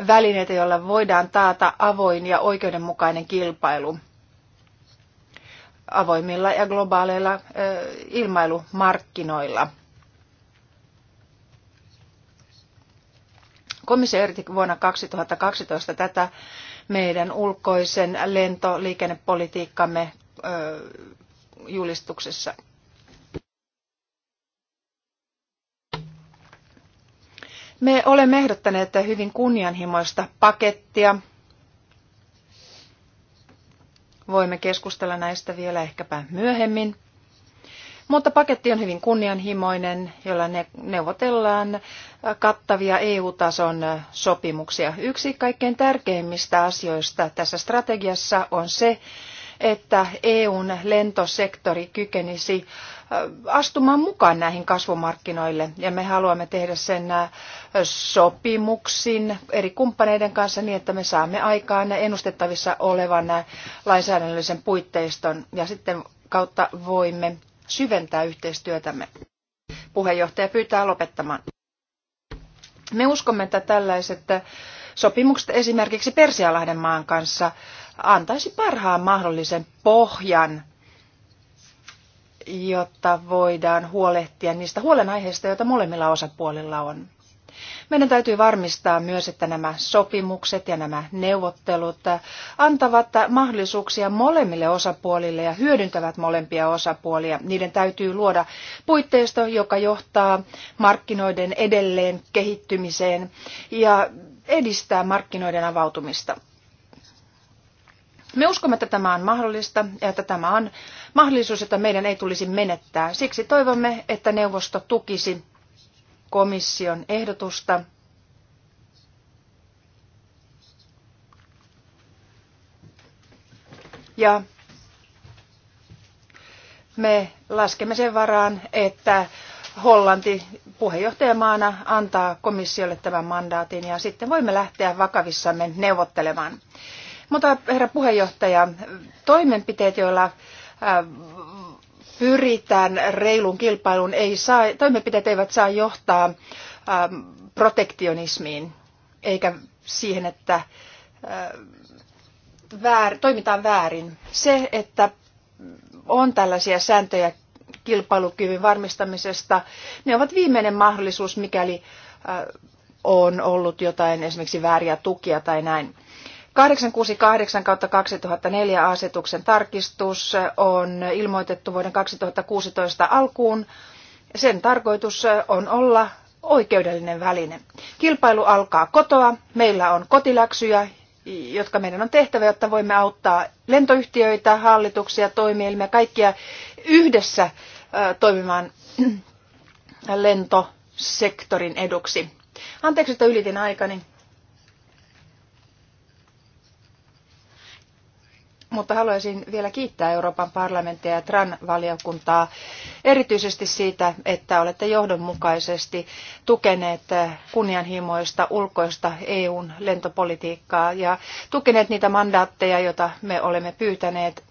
välineitä, joilla voidaan taata avoin ja oikeudenmukainen kilpailu avoimilla ja globaaleilla ilmailumarkkinoilla – Komissio eritti vuonna 2012 tätä meidän ulkoisen lentoliikennepolitiikkamme julistuksessa. Me olemme ehdottaneet hyvin kunnianhimoista pakettia. Voimme keskustella näistä vielä ehkäpä myöhemmin. Mutta paketti on hyvin kunnianhimoinen, jolla ne neuvotellaan kattavia EU-tason sopimuksia. Yksi kaikkein tärkeimmistä asioista tässä strategiassa on se, että EUn lentosektori kykenisi äh, astumaan mukaan näihin kasvumarkkinoille ja me haluamme tehdä sen äh, sopimuksin eri kumppaneiden kanssa niin, että me saamme aikaan ennustettavissa olevan äh, lainsäädännöllisen puitteiston ja sitten kautta voimme syventää yhteistyötämme. Puheenjohtaja pyytää lopettamaan. Me uskomme, että tällaiset sopimukset esimerkiksi Persialahden maan kanssa antaisi parhaan mahdollisen pohjan, jotta voidaan huolehtia niistä huolenaiheista, joita molemmilla osapuolilla on. Meidän täytyy varmistaa myös, että nämä sopimukset ja nämä neuvottelut antavat mahdollisuuksia molemmille osapuolille ja hyödyntävät molempia osapuolia. Niiden täytyy luoda puitteisto, joka johtaa markkinoiden edelleen kehittymiseen ja edistää markkinoiden avautumista. Me uskomme, että tämä on mahdollista ja että tämä on mahdollisuus, että meidän ei tulisi menettää. Siksi toivomme, että neuvosto tukisi komission ehdotusta. Ja me laskemme sen varaan, että Hollanti puheenjohtajamaana antaa komissiolle tämän mandaatin ja sitten voimme lähteä vakavissamme neuvottelemaan. Mutta herra puheenjohtaja, toimenpiteet, joilla äh, pyritään reilun kilpailuun, ei saa, toimenpiteet eivät saa johtaa ähm, protektionismiin eikä siihen, että äh, väär, toimitaan väärin. Se, että on tällaisia sääntöjä kilpailukyvyn varmistamisesta, ne ovat viimeinen mahdollisuus, mikäli äh, on ollut jotain esimerkiksi vääriä tukia tai näin. 868 2004 asetuksen tarkistus on ilmoitettu vuoden 2016 alkuun. Sen tarkoitus on olla oikeudellinen väline. Kilpailu alkaa kotoa. Meillä on kotiläksyjä, jotka meidän on tehtävä, jotta voimme auttaa lentoyhtiöitä, hallituksia, toimielimiä, kaikkia yhdessä toimimaan lentosektorin eduksi. Anteeksi, että ylitin aikani. mutta haluaisin vielä kiittää Euroopan parlamenttia ja TRAN-valiokuntaa erityisesti siitä, että olette johdonmukaisesti tukeneet kunnianhimoista ulkoista EUn lentopolitiikkaa ja tukeneet niitä mandaatteja, joita me olemme pyytäneet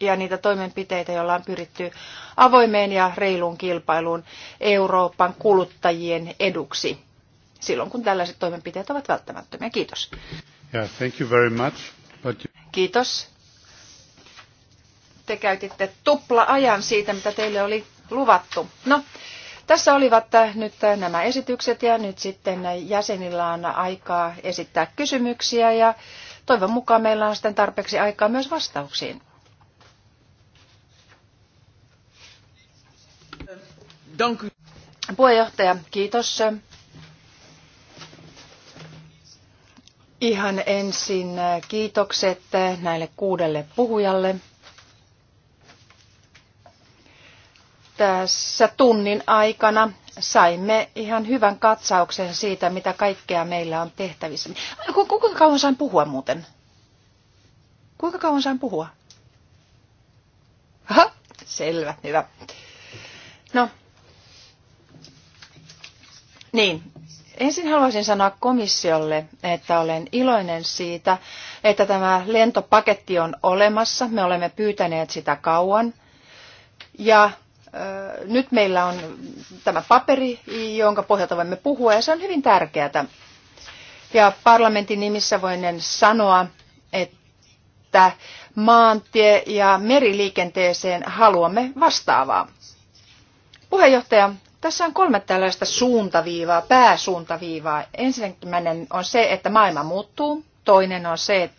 ja niitä toimenpiteitä, joilla on pyritty avoimeen ja reiluun kilpailuun Euroopan kuluttajien eduksi silloin, kun tällaiset toimenpiteet ovat välttämättömiä. Kiitos.
Yeah, thank you very much.
Kiitos. Te käytitte tupla ajan siitä, mitä teille oli luvattu. No, tässä olivat äh, nyt äh, nämä esitykset ja nyt sitten äh, jäsenillä on aikaa esittää kysymyksiä ja toivon mukaan meillä on sitten tarpeeksi aikaa myös vastauksiin. Puheenjohtaja, kiitos. Ihan ensin äh, kiitokset äh, näille kuudelle puhujalle. Tässä tunnin aikana saimme ihan hyvän katsauksen siitä, mitä kaikkea meillä on tehtävissä. Kuinka kauan sain puhua muuten? Kuinka kauan sain puhua? Aha, selvä, hyvä. No, niin, Ensin haluaisin sanoa komissiolle, että olen iloinen siitä, että tämä lentopaketti on olemassa. Me olemme pyytäneet sitä kauan. Ja nyt meillä on tämä paperi, jonka pohjalta voimme puhua, ja se on hyvin tärkeää. Ja parlamentin nimissä voin sanoa, että maantie- ja meriliikenteeseen haluamme vastaavaa. Puheenjohtaja, tässä on kolme tällaista suuntaviivaa, pääsuuntaviivaa. Ensimmäinen on se, että maailma muuttuu. Toinen on se,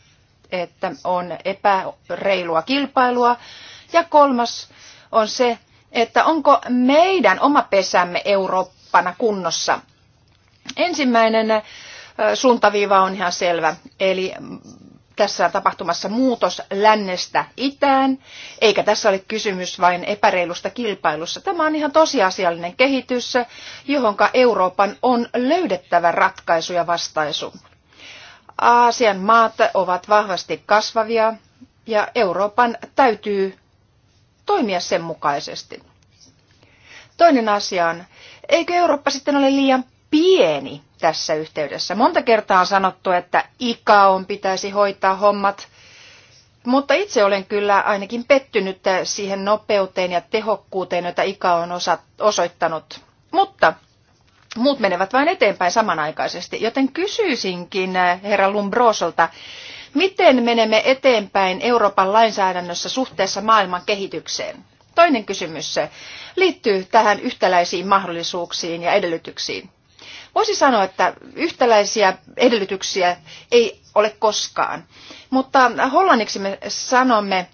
että on epäreilua kilpailua. Ja kolmas on se, että onko meidän oma pesämme Eurooppana kunnossa. Ensimmäinen suuntaviiva on ihan selvä, eli tässä on tapahtumassa muutos lännestä itään, eikä tässä ole kysymys vain epäreilusta kilpailussa. Tämä on ihan tosiasiallinen kehitys, johon Euroopan on löydettävä ratkaisu ja vastaisu. Aasian maat ovat vahvasti kasvavia ja Euroopan täytyy toimia sen mukaisesti. Toinen asia on, eikö Eurooppa sitten ole liian pieni tässä yhteydessä. Monta kertaa on sanottu, että ikaon pitäisi hoitaa hommat, mutta itse olen kyllä ainakin pettynyt siihen nopeuteen ja tehokkuuteen, jota IKA on osa, osoittanut. Mutta muut menevät vain eteenpäin samanaikaisesti, joten kysyisinkin herra Lumbrosolta, miten menemme eteenpäin Euroopan lainsäädännössä suhteessa maailman kehitykseen? Toinen kysymys liittyy tähän yhtäläisiin mahdollisuuksiin ja edellytyksiin. Voisi sanoa, että yhtäläisiä edellytyksiä ei ole koskaan. Mutta hollanniksi me sanomme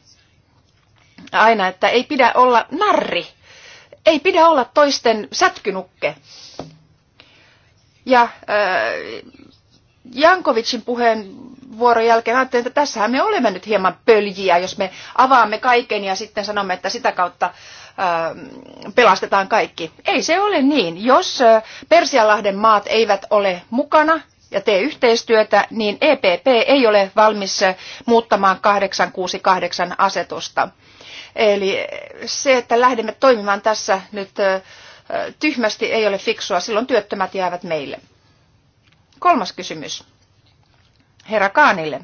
aina, että ei pidä olla narri, ei pidä olla toisten sätkynukke. Ja äh, Jankovicin puheen vuoron jälkeen ajattelin, että tässähän me olemme nyt hieman pöljiä, jos me avaamme kaiken ja sitten sanomme, että sitä kautta Ähm, pelastetaan kaikki. Ei se ole niin. Jos Persianlahden maat eivät ole mukana ja tee yhteistyötä, niin EPP ei ole valmis muuttamaan 868 asetusta. Eli se, että lähdemme toimimaan tässä nyt tyhmästi ei ole fiksua, silloin työttömät jäävät meille. Kolmas kysymys. Herra Kaanille.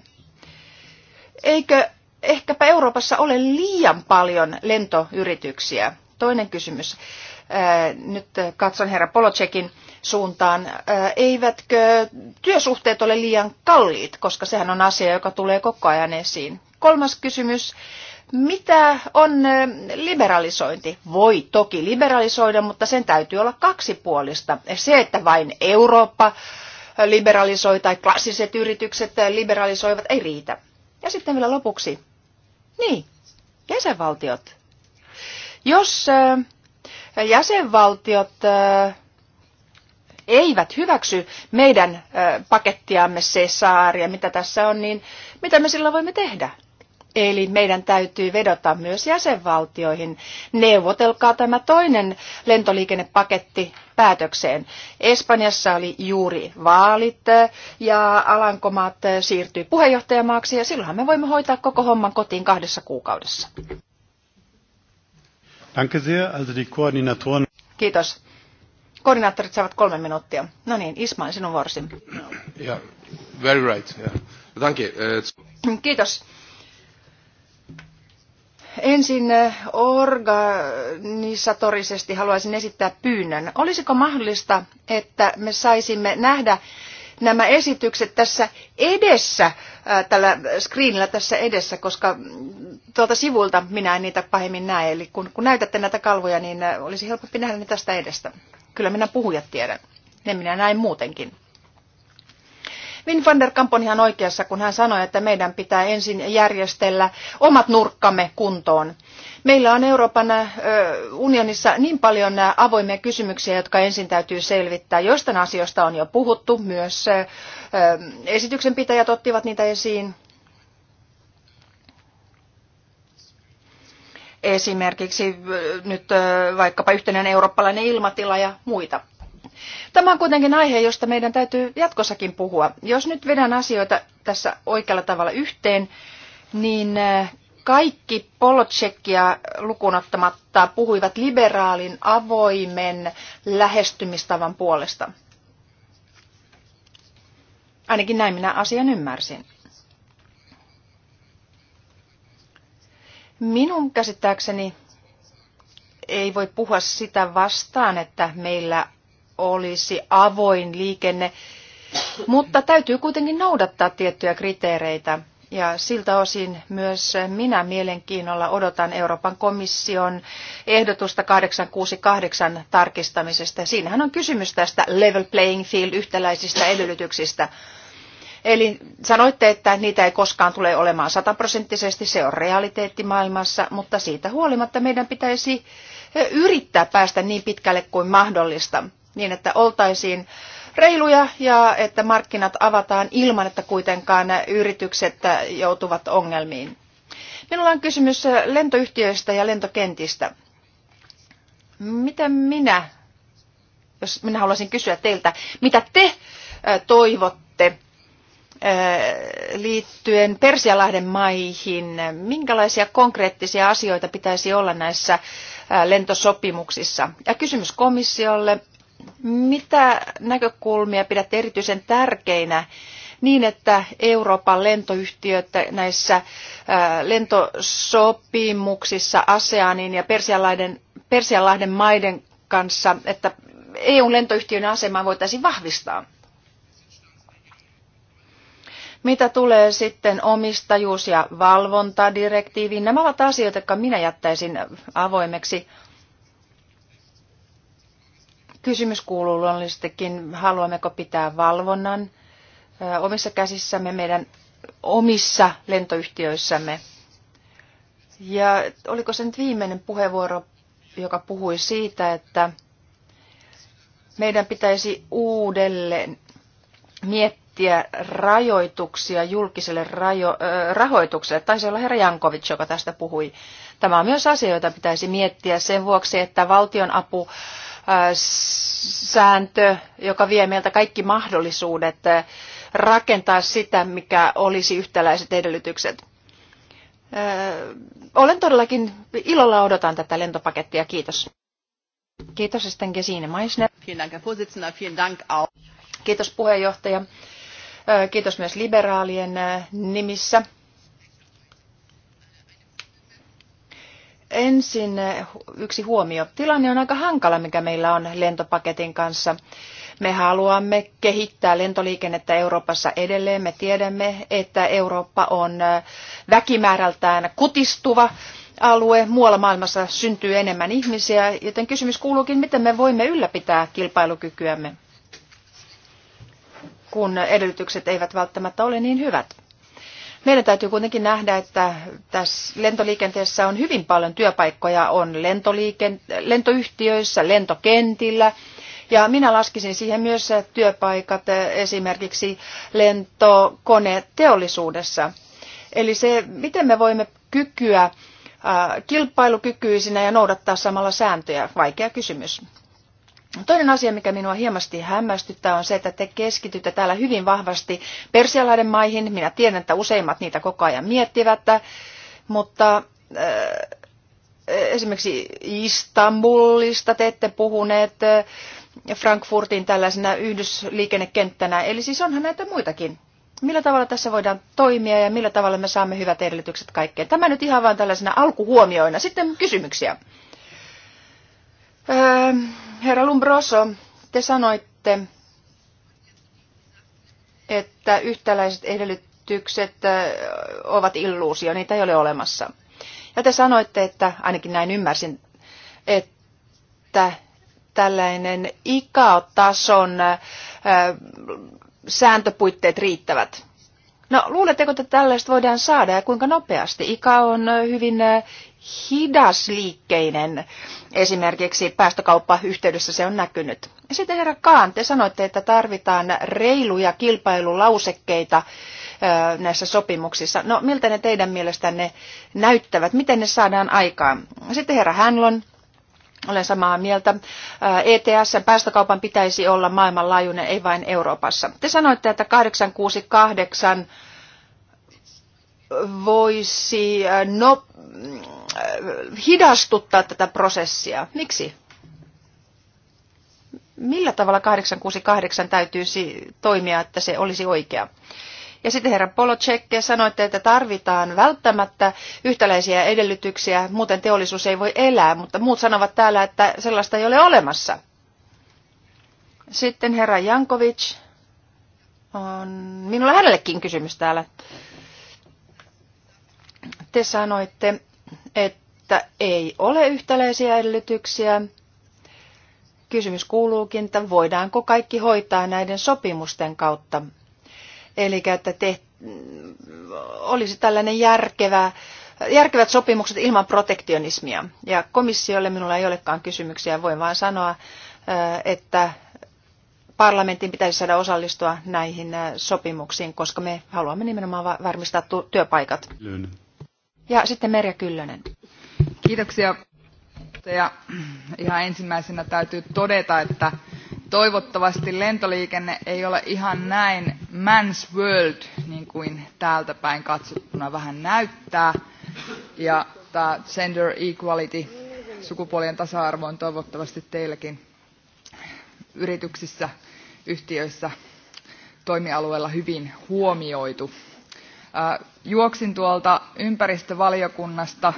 Eikö ehkäpä Euroopassa ole liian paljon lentoyrityksiä. Toinen kysymys. Äh, nyt katson herra Polochekin suuntaan. Äh, eivätkö työsuhteet ole liian kalliit, koska sehän on asia, joka tulee koko ajan esiin. Kolmas kysymys. Mitä on äh, liberalisointi? Voi toki liberalisoida, mutta sen täytyy olla kaksipuolista. Se, että vain Eurooppa liberalisoi tai klassiset yritykset liberalisoivat, ei riitä. Ja sitten vielä lopuksi. Niin, jäsenvaltiot. Jos jäsenvaltiot eivät hyväksy meidän pakettiamme ja mitä tässä on, niin mitä me sillä voimme tehdä? Eli meidän täytyy vedota myös jäsenvaltioihin. Neuvotelkaa tämä toinen lentoliikennepaketti päätökseen. Espanjassa oli juuri vaalit äh, ja Alankomaat äh, siirtyi puheenjohtajamaaksi ja silloinhan me voimme hoitaa koko homman kotiin kahdessa kuukaudessa. Kiitos. Koordinaattorit saavat kolme minuuttia. No niin, Ismail, sinun vuorosi.
Yeah, very right. Yeah. Äh,
Kiitos. Ensin eh, organisatorisesti haluaisin esittää pyynnön. Olisiko mahdollista, että me saisimme nähdä nämä esitykset tässä edessä, eh, tällä screenillä tässä edessä, koska tuolta sivulta minä en niitä pahemmin näe. Eli kun, kun näytätte näitä kalvoja, niin eh, olisi helpompi nähdä ne tästä edestä. Kyllä minä puhujat tiedän. Ne minä näin muutenkin. Vin van der Kamp on ihan oikeassa, kun hän sanoi, että meidän pitää ensin järjestellä omat nurkkamme kuntoon. Meillä on Euroopan unionissa niin paljon avoimia kysymyksiä, jotka ensin täytyy selvittää. Joistain asioista on jo puhuttu, myös esityksen pitäjät ottivat niitä esiin. Esimerkiksi nyt vaikkapa yhtenäinen eurooppalainen ilmatila ja muita. Tämä on kuitenkin aihe, josta meidän täytyy jatkossakin puhua. Jos nyt vedän asioita tässä oikealla tavalla yhteen, niin äh, kaikki polotsekkia lukunottamatta puhuivat liberaalin avoimen lähestymistavan puolesta. Ainakin näin minä asian ymmärsin. Minun käsittääkseni ei voi puhua sitä vastaan, että meillä olisi avoin liikenne, mutta täytyy kuitenkin noudattaa tiettyjä kriteereitä. Ja siltä osin myös minä mielenkiinnolla odotan Euroopan komission ehdotusta 868 tarkistamisesta. Siinähän on kysymys tästä level playing field yhtäläisistä edellytyksistä. Eli sanoitte, että niitä ei koskaan tule olemaan sataprosenttisesti, se on realiteetti maailmassa, mutta siitä huolimatta meidän pitäisi yrittää päästä niin pitkälle kuin mahdollista niin, että oltaisiin reiluja ja että markkinat avataan ilman, että kuitenkaan yritykset joutuvat ongelmiin. Minulla on kysymys lentoyhtiöistä ja lentokentistä. Miten minä, jos minä haluaisin kysyä teiltä, mitä te toivotte liittyen Persialahden maihin, minkälaisia konkreettisia asioita pitäisi olla näissä lentosopimuksissa? Ja kysymys komissiolle, mitä näkökulmia pidät erityisen tärkeinä niin, että Euroopan lentoyhtiöt näissä äh, lentosopimuksissa ASEANin ja Persianlahden, Persianlahden maiden kanssa, että EUn lentoyhtiön asemaa voitaisiin vahvistaa? Mitä tulee sitten omistajuus- ja valvontadirektiiviin, nämä ovat asioita, jotka minä jättäisin avoimeksi Kysymys kuuluu luonnollisestikin, haluammeko pitää valvonnan omissa käsissämme meidän omissa lentoyhtiöissämme. Ja oliko se nyt viimeinen puheenvuoro, joka puhui siitä, että meidän pitäisi uudelleen miettiä rajoituksia julkiselle rajo, äh, rahoitukselle. Taisi olla herra Jankovic, joka tästä puhui. Tämä on myös asia, jota pitäisi miettiä sen vuoksi, että valtion apu äh, sääntö, joka vie meiltä kaikki mahdollisuudet rakentaa sitä, mikä olisi yhtäläiset edellytykset. Olen todellakin ilolla odotan tätä lentopakettia. Kiitos. Kiitos sitten Gesine Meissner. Kiitos puheenjohtaja. Kiitos myös liberaalien nimissä Ensin eh, yksi huomio. Tilanne on aika hankala, mikä meillä on lentopaketin kanssa. Me haluamme kehittää lentoliikennettä Euroopassa edelleen. Me tiedämme, että Eurooppa on eh, väkimäärältään kutistuva alue. Muualla maailmassa syntyy enemmän ihmisiä, joten kysymys kuuluukin, miten me voimme ylläpitää kilpailukykyämme, kun edellytykset eivät välttämättä ole niin hyvät. Meidän täytyy kuitenkin nähdä, että tässä lentoliikenteessä on hyvin paljon työpaikkoja, on lentoyhtiöissä, lentokentillä, ja minä laskisin siihen myös työpaikat eh, esimerkiksi lentokoneteollisuudessa. Eli se, miten me voimme kykyä eh, kilpailukykyisinä ja noudattaa samalla sääntöjä, vaikea kysymys. Toinen asia, mikä minua hieman hämmästyttää, on se, että te keskitytte täällä hyvin vahvasti persialaiden maihin. Minä tiedän, että useimmat niitä koko ajan miettivät, mutta äh, esimerkiksi Istanbulista te ette puhuneet, äh, Frankfurtin tällaisena yhdysliikennekenttänä, eli siis onhan näitä muitakin. Millä tavalla tässä voidaan toimia ja millä tavalla me saamme hyvät edellytykset kaikkeen? Tämä nyt ihan vain tällaisena alkuhuomioina. Sitten kysymyksiä. Ähm, herra Lumbroso, te sanoitte, että yhtäläiset edellytykset äh, ovat illuusio, niitä ei ole olemassa. Ja te sanoitte, että ainakin näin ymmärsin, että tällainen ikaotason äh, sääntöpuitteet riittävät. No, luuletteko, että tällaista voidaan saada ja kuinka nopeasti? Ika on äh, hyvin hidasliikkeinen. Esimerkiksi päästökauppayhteydessä se on näkynyt. Ja sitten herra Kaan, te sanoitte, että tarvitaan reiluja kilpailulausekkeita näissä sopimuksissa. No miltä ne teidän mielestänne näyttävät? Miten ne saadaan aikaan? Sitten herra Hänlon, olen samaa mieltä. ETS päästökaupan pitäisi olla maailmanlaajuinen, ei vain Euroopassa. Te sanoitte, että 868 voisi äh, no, äh, hidastuttaa tätä prosessia. Miksi? Millä tavalla 868 täytyisi toimia, että se olisi oikea? Ja sitten herra Polocek, sanoitte, että tarvitaan välttämättä yhtäläisiä edellytyksiä, muuten teollisuus ei voi elää, mutta muut sanovat täällä, että sellaista ei ole olemassa. Sitten herra Jankovic, on minulla hänellekin kysymys täällä te sanoitte, että ei ole yhtäläisiä edellytyksiä. Kysymys kuuluukin, että voidaanko kaikki hoitaa näiden sopimusten kautta. Eli että te, olisi tällainen järkevä, järkevät sopimukset ilman protektionismia. Ja komissiolle minulla ei olekaan kysymyksiä, voin vain sanoa, että parlamentin pitäisi saada osallistua näihin sopimuksiin, koska me haluamme nimenomaan varmistaa työpaikat. Ja sitten Merja
Kyllönen. Kiitoksia. Ja ihan ensimmäisenä täytyy todeta, että toivottavasti lentoliikenne ei ole ihan näin man's world, niin kuin täältä päin katsottuna vähän näyttää. Ja tämä gender equality, sukupuolien tasa-arvo on toivottavasti teilläkin yrityksissä, yhtiöissä, toimialueella hyvin huomioitu juoksin tuolta ympäristövaliokunnasta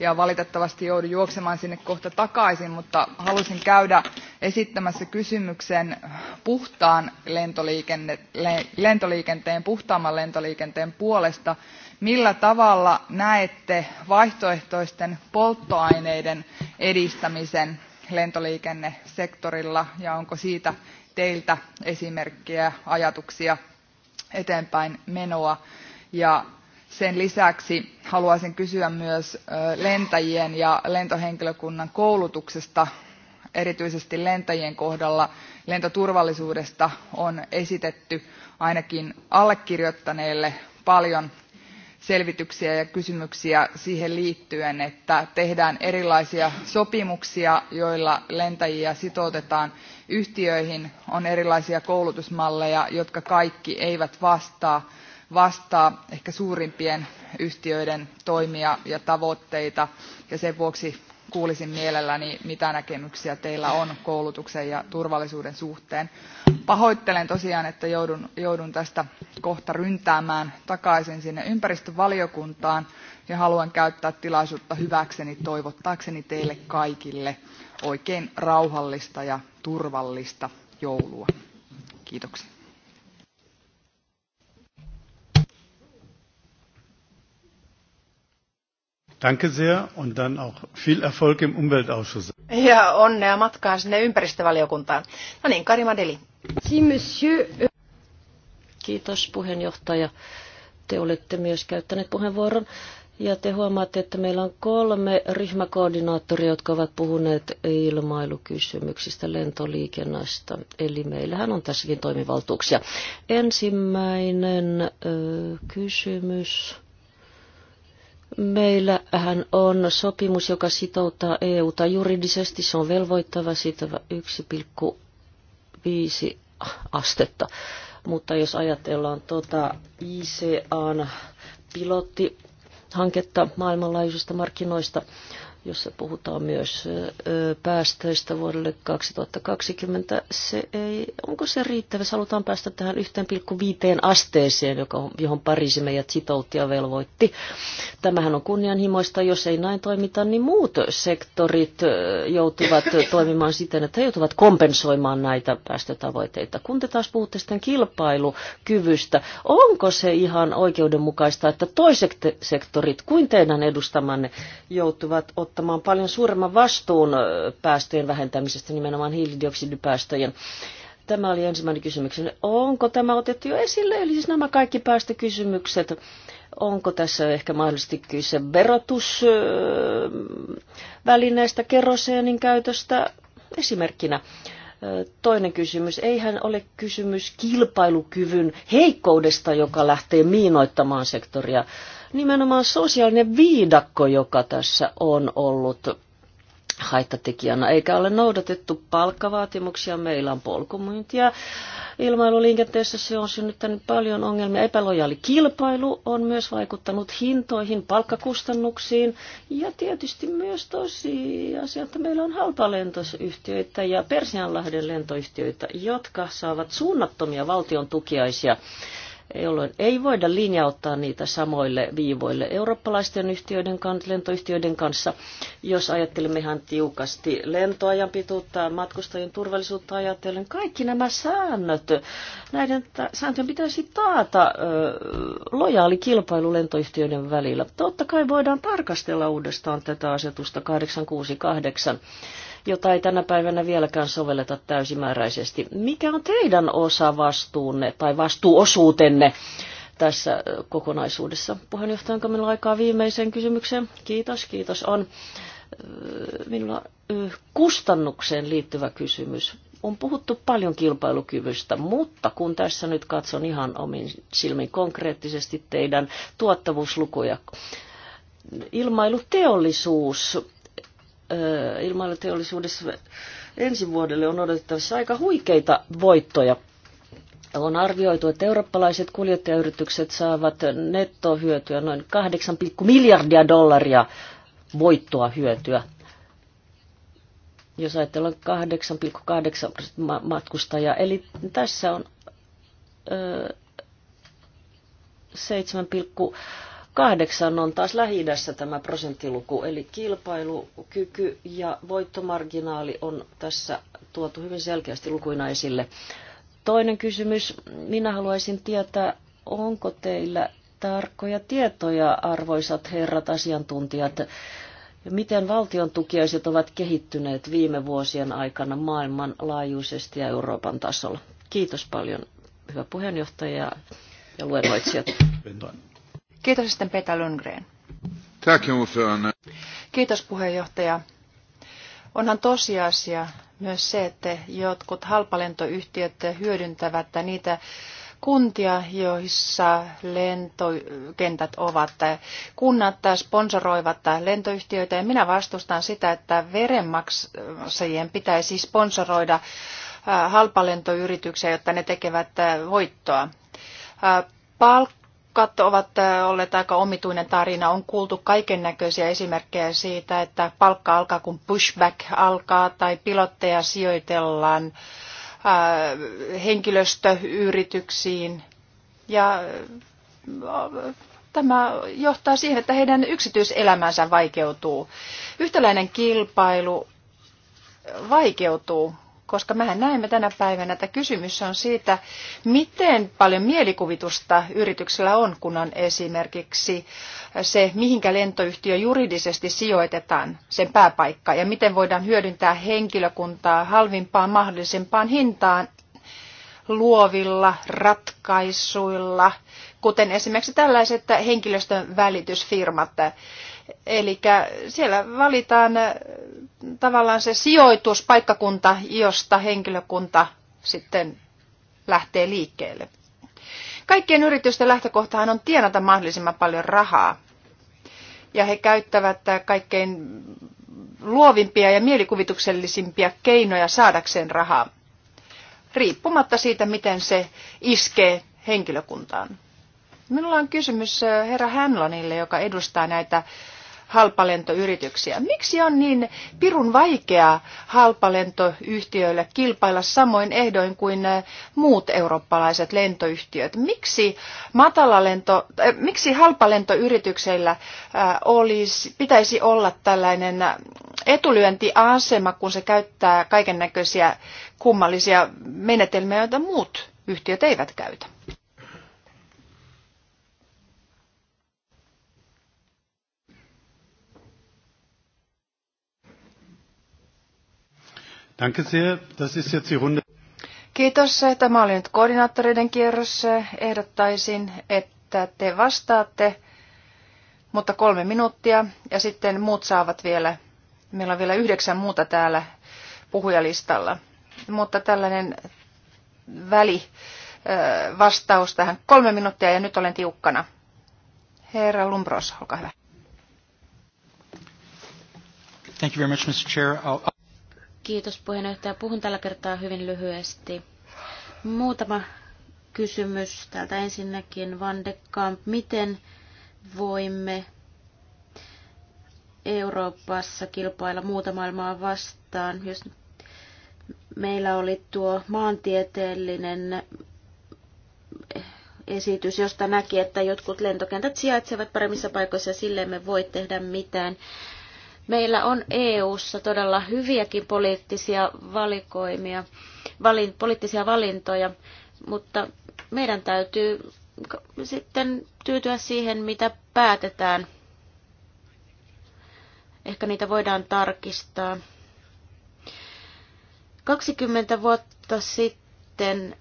ja valitettavasti joudun juoksemaan sinne kohta takaisin, mutta halusin käydä esittämässä kysymyksen puhtaan lentoliikenteen, puhtaamman lentoliikenteen puolesta. Millä tavalla näette vaihtoehtoisten polttoaineiden edistämisen lentoliikennesektorilla ja onko siitä teiltä esimerkkejä, ajatuksia eteenpäin menoa? ja sen lisäksi haluaisin kysyä myös lentäjien ja lentohenkilökunnan koulutuksesta erityisesti lentäjien kohdalla lentoturvallisuudesta on esitetty ainakin allekirjoittaneelle paljon selvityksiä ja kysymyksiä siihen liittyen että tehdään erilaisia sopimuksia joilla lentäjiä sitoutetaan yhtiöihin on erilaisia koulutusmalleja jotka kaikki eivät vastaa vastaa ehkä suurimpien yhtiöiden toimia ja tavoitteita ja sen vuoksi kuulisin mielelläni, mitä näkemyksiä teillä on koulutuksen ja turvallisuuden suhteen. Pahoittelen tosiaan, että joudun, joudun tästä kohta ryntäämään takaisin sinne ympäristövaliokuntaan ja haluan käyttää tilaisuutta hyväkseni toivottaakseni teille kaikille oikein rauhallista ja turvallista joulua. Kiitoksia.
Danke sehr und dann auch viel Erfolg im Umweltausschuss.
Ja onnea matkaa sinne ympäristövaliokuntaan. No niin, Karima Deli. Kiitos
puheenjohtaja. Te olette myös käyttäneet puheenvuoron. Ja te huomaatte, että meillä on kolme ryhmäkoordinaattoria, jotka ovat puhuneet ilmailukysymyksistä lentoliikennasta. Eli meillähän on tässäkin toimivaltuuksia. Ensimmäinen ö, kysymys Meillähän on sopimus, joka sitouttaa EUta juridisesti. Se on velvoittava sitova 1,5 astetta. Mutta jos ajatellaan tuota ICAn pilottihanketta maailmanlaajuisista markkinoista, jossa puhutaan myös päästöistä vuodelle 2020. Se ei, onko se riittävä, jos halutaan päästä tähän 1,5 asteeseen, joka, johon Pariisi meidät sitoutti ja velvoitti. Tämähän on kunnianhimoista, jos ei näin toimita, niin muut sektorit joutuvat toimimaan siten, että he joutuvat kompensoimaan näitä päästötavoitteita. Kun te taas puhutte sitten kilpailukyvystä, onko se ihan oikeudenmukaista, että toiset sektorit kuin teidän edustamanne joutuvat ottamaan ottamaan paljon suuremman vastuun päästöjen vähentämisestä, nimenomaan hiilidioksidipäästöjen. Tämä oli ensimmäinen kysymys, Onko tämä otettu jo esille? Eli siis nämä kaikki päästökysymykset. Onko tässä ehkä mahdollisesti kyse verotusvälineistä, keroseenin käytöstä esimerkkinä? Toinen kysymys. Eihän ole kysymys kilpailukyvyn heikkoudesta, joka lähtee miinoittamaan sektoria nimenomaan sosiaalinen viidakko, joka tässä on ollut haittatekijänä, eikä ole noudatettu palkkavaatimuksia. Meillä on polkumyyntiä. Ilmailuliikenteessä se on synnyttänyt paljon ongelmia. Epälojaali kilpailu on myös vaikuttanut hintoihin, palkkakustannuksiin ja tietysti myös tosiasia, että meillä on halpalentoyhtiöitä ja Persianlahden lentoyhtiöitä, jotka saavat suunnattomia valtion tukiaisia jolloin ei voida linjauttaa niitä samoille viivoille eurooppalaisten yhtiöiden, lentoyhtiöiden kanssa, jos ajattelemme ihan tiukasti lentoajan pituutta, matkustajien turvallisuutta ajatellen. Kaikki nämä säännöt, näiden sääntöjen pitäisi taata ö, lojaali kilpailu lentoyhtiöiden välillä. Totta kai voidaan tarkastella uudestaan tätä asetusta 868 jota ei tänä päivänä vieläkään sovelleta täysimääräisesti. Mikä on teidän osa vastuunne tai vastuuosuutenne tässä kokonaisuudessa? Puheenjohtajanko minulla aikaa viimeiseen kysymykseen? Kiitos, kiitos. On minulla kustannukseen liittyvä kysymys. On puhuttu paljon kilpailukyvystä, mutta kun tässä nyt katson ihan omin silmin konkreettisesti teidän tuottavuuslukuja, ilmailuteollisuus ilmailuteollisuudessa ensi vuodelle on odotettavissa aika huikeita voittoja. On arvioitu, että eurooppalaiset kuljettajayritykset saavat nettohyötyä noin 8, miljardia dollaria voittoa hyötyä. Jos ajatellaan 8,8 matkustajaa, eli tässä on 7, Kahdeksan on taas lähi tämä prosenttiluku, eli kilpailukyky ja voittomarginaali on tässä tuotu hyvin selkeästi lukuina esille. Toinen kysymys, minä haluaisin tietää, onko teillä tarkkoja tietoja, arvoisat herrat asiantuntijat, miten valtion tukiaiset ovat kehittyneet viime vuosien aikana maailmanlaajuisesti ja Euroopan tasolla. Kiitos paljon, hyvä puheenjohtaja ja luennoitsijat.
Kiitos sitten Peter Lundgren. Kiitos puheenjohtaja. Onhan tosiasia myös se, että jotkut halpalentoyhtiöt hyödyntävät niitä kuntia, joissa lentokentät ovat. Kunnat sponsoroivat lentoyhtiöitä ja minä vastustan sitä, että verenmaksajien pitäisi sponsoroida äh, halpalentoyrityksiä, jotta ne tekevät äh, voittoa. Äh, palk Kukkat ovat olleet aika omituinen tarina. On kuultu kaiken näköisiä esimerkkejä siitä, että palkka alkaa kun pushback alkaa tai pilotteja sijoitellaan henkilöstöyrityksiin. Ja tämä johtaa siihen, että heidän yksityiselämänsä vaikeutuu. Yhtäläinen kilpailu vaikeutuu koska mehän näemme tänä päivänä, että kysymys on siitä, miten paljon mielikuvitusta yrityksellä on, kun on esimerkiksi se, mihinkä lentoyhtiö juridisesti sijoitetaan, sen pääpaikka, ja miten voidaan hyödyntää henkilökuntaa halvimpaan mahdollisempaan hintaan luovilla ratkaisuilla, kuten esimerkiksi tällaiset henkilöstön välitysfirmat, Eli siellä valitaan eh, tavallaan se sijoituspaikkakunta, josta henkilökunta sitten lähtee liikkeelle. Kaikkien yritysten lähtökohtahan on tienata mahdollisimman paljon rahaa. Ja he käyttävät eh, kaikkein luovimpia ja mielikuvituksellisimpia keinoja saadakseen rahaa, riippumatta siitä, miten se iskee henkilökuntaan. Minulla on kysymys eh, herra Hänlonille, joka edustaa näitä halpalentoyrityksiä. Miksi on niin pirun vaikeaa halpalentoyhtiöille kilpailla samoin ehdoin kuin äh, muut eurooppalaiset lentoyhtiöt? Miksi, matalalento, äh, miksi halpalentoyrityksillä äh, olisi, pitäisi olla tällainen äh, etulyöntiasema, kun se käyttää kaiken näköisiä kummallisia menetelmiä, joita muut yhtiöt eivät käytä?
Danke sehr. Das ist jetzt die Runde.
Kiitos. Tämä oli nyt koordinaattoreiden kierros. Ehdottaisin, että te vastaatte, mutta kolme minuuttia ja sitten muut saavat vielä. Meillä on vielä yhdeksän muuta täällä puhujalistalla. Mutta tällainen väli äh, vastaus tähän kolme minuuttia ja nyt olen tiukkana. Herra Lumbros, olkaa hyvä.
Thank you very much, Mr. Chair. I'll...
Kiitos puheenjohtaja. Puhun tällä
kertaa hyvin lyhyesti. Muutama kysymys täältä ensinnäkin Van de Kamp. Miten voimme Euroopassa kilpailla muuta maailmaa vastaan, jos meillä oli tuo maantieteellinen esitys, josta näki, että jotkut lentokentät sijaitsevat paremmissa paikoissa ja sille emme voi tehdä mitään. Meillä on EU:ssa todella hyviäkin poliittisia valikoimia, valin, poliittisia valintoja, mutta meidän täytyy sitten tyytyä siihen, mitä päätetään. Ehkä niitä voidaan tarkistaa. 20 vuotta sitten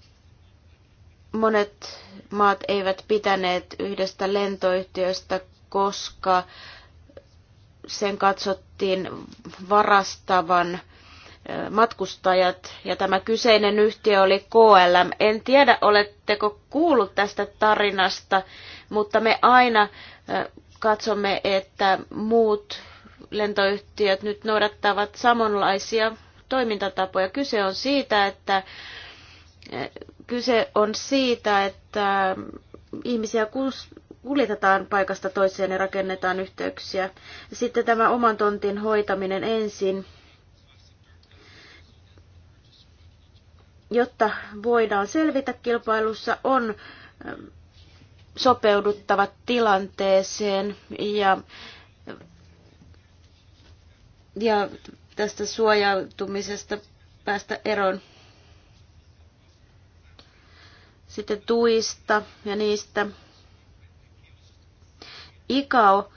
monet maat eivät pitäneet yhdestä lentoyhtiöstä, koska sen katsottiin varastavan matkustajat ja tämä kyseinen yhtiö oli KLM. En tiedä, oletteko kuullut tästä tarinasta, mutta me aina katsomme, että muut lentoyhtiöt nyt noudattavat samanlaisia toimintatapoja. Kyse on siitä, että kyse on siitä, että ihmisiä kuljetetaan paikasta toiseen ja rakennetaan yhteyksiä. Sitten tämä oman tontin hoitaminen ensin, jotta voidaan selvitä kilpailussa, on ähm, sopeuduttava tilanteeseen ja, ja tästä suojautumisesta päästä eroon sitten tuista ja niistä ICAO,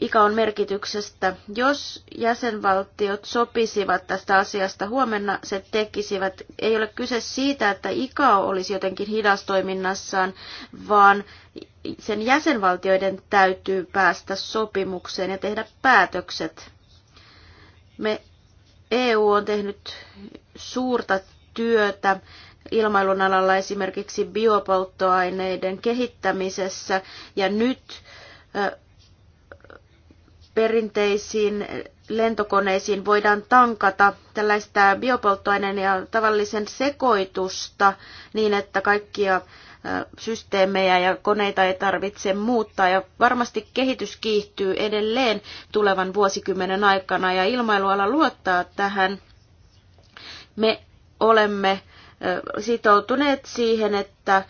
ICAOn merkityksestä. Jos jäsenvaltiot sopisivat tästä asiasta huomenna, se tekisivät. Ei ole kyse siitä, että ICAO olisi jotenkin hidas toiminnassaan, vaan sen jäsenvaltioiden täytyy päästä sopimukseen ja tehdä päätökset. Me EU on tehnyt suurta työtä ilmailun alalla esimerkiksi biopolttoaineiden kehittämisessä ja nyt perinteisiin lentokoneisiin voidaan tankata tällaista biopolttoaineen ja tavallisen sekoitusta niin, että kaikkia systeemejä ja koneita ei tarvitse muuttaa. Ja varmasti kehitys kiihtyy edelleen tulevan vuosikymmenen aikana ja ilmailuala luottaa tähän. Me olemme sitoutuneet siihen, että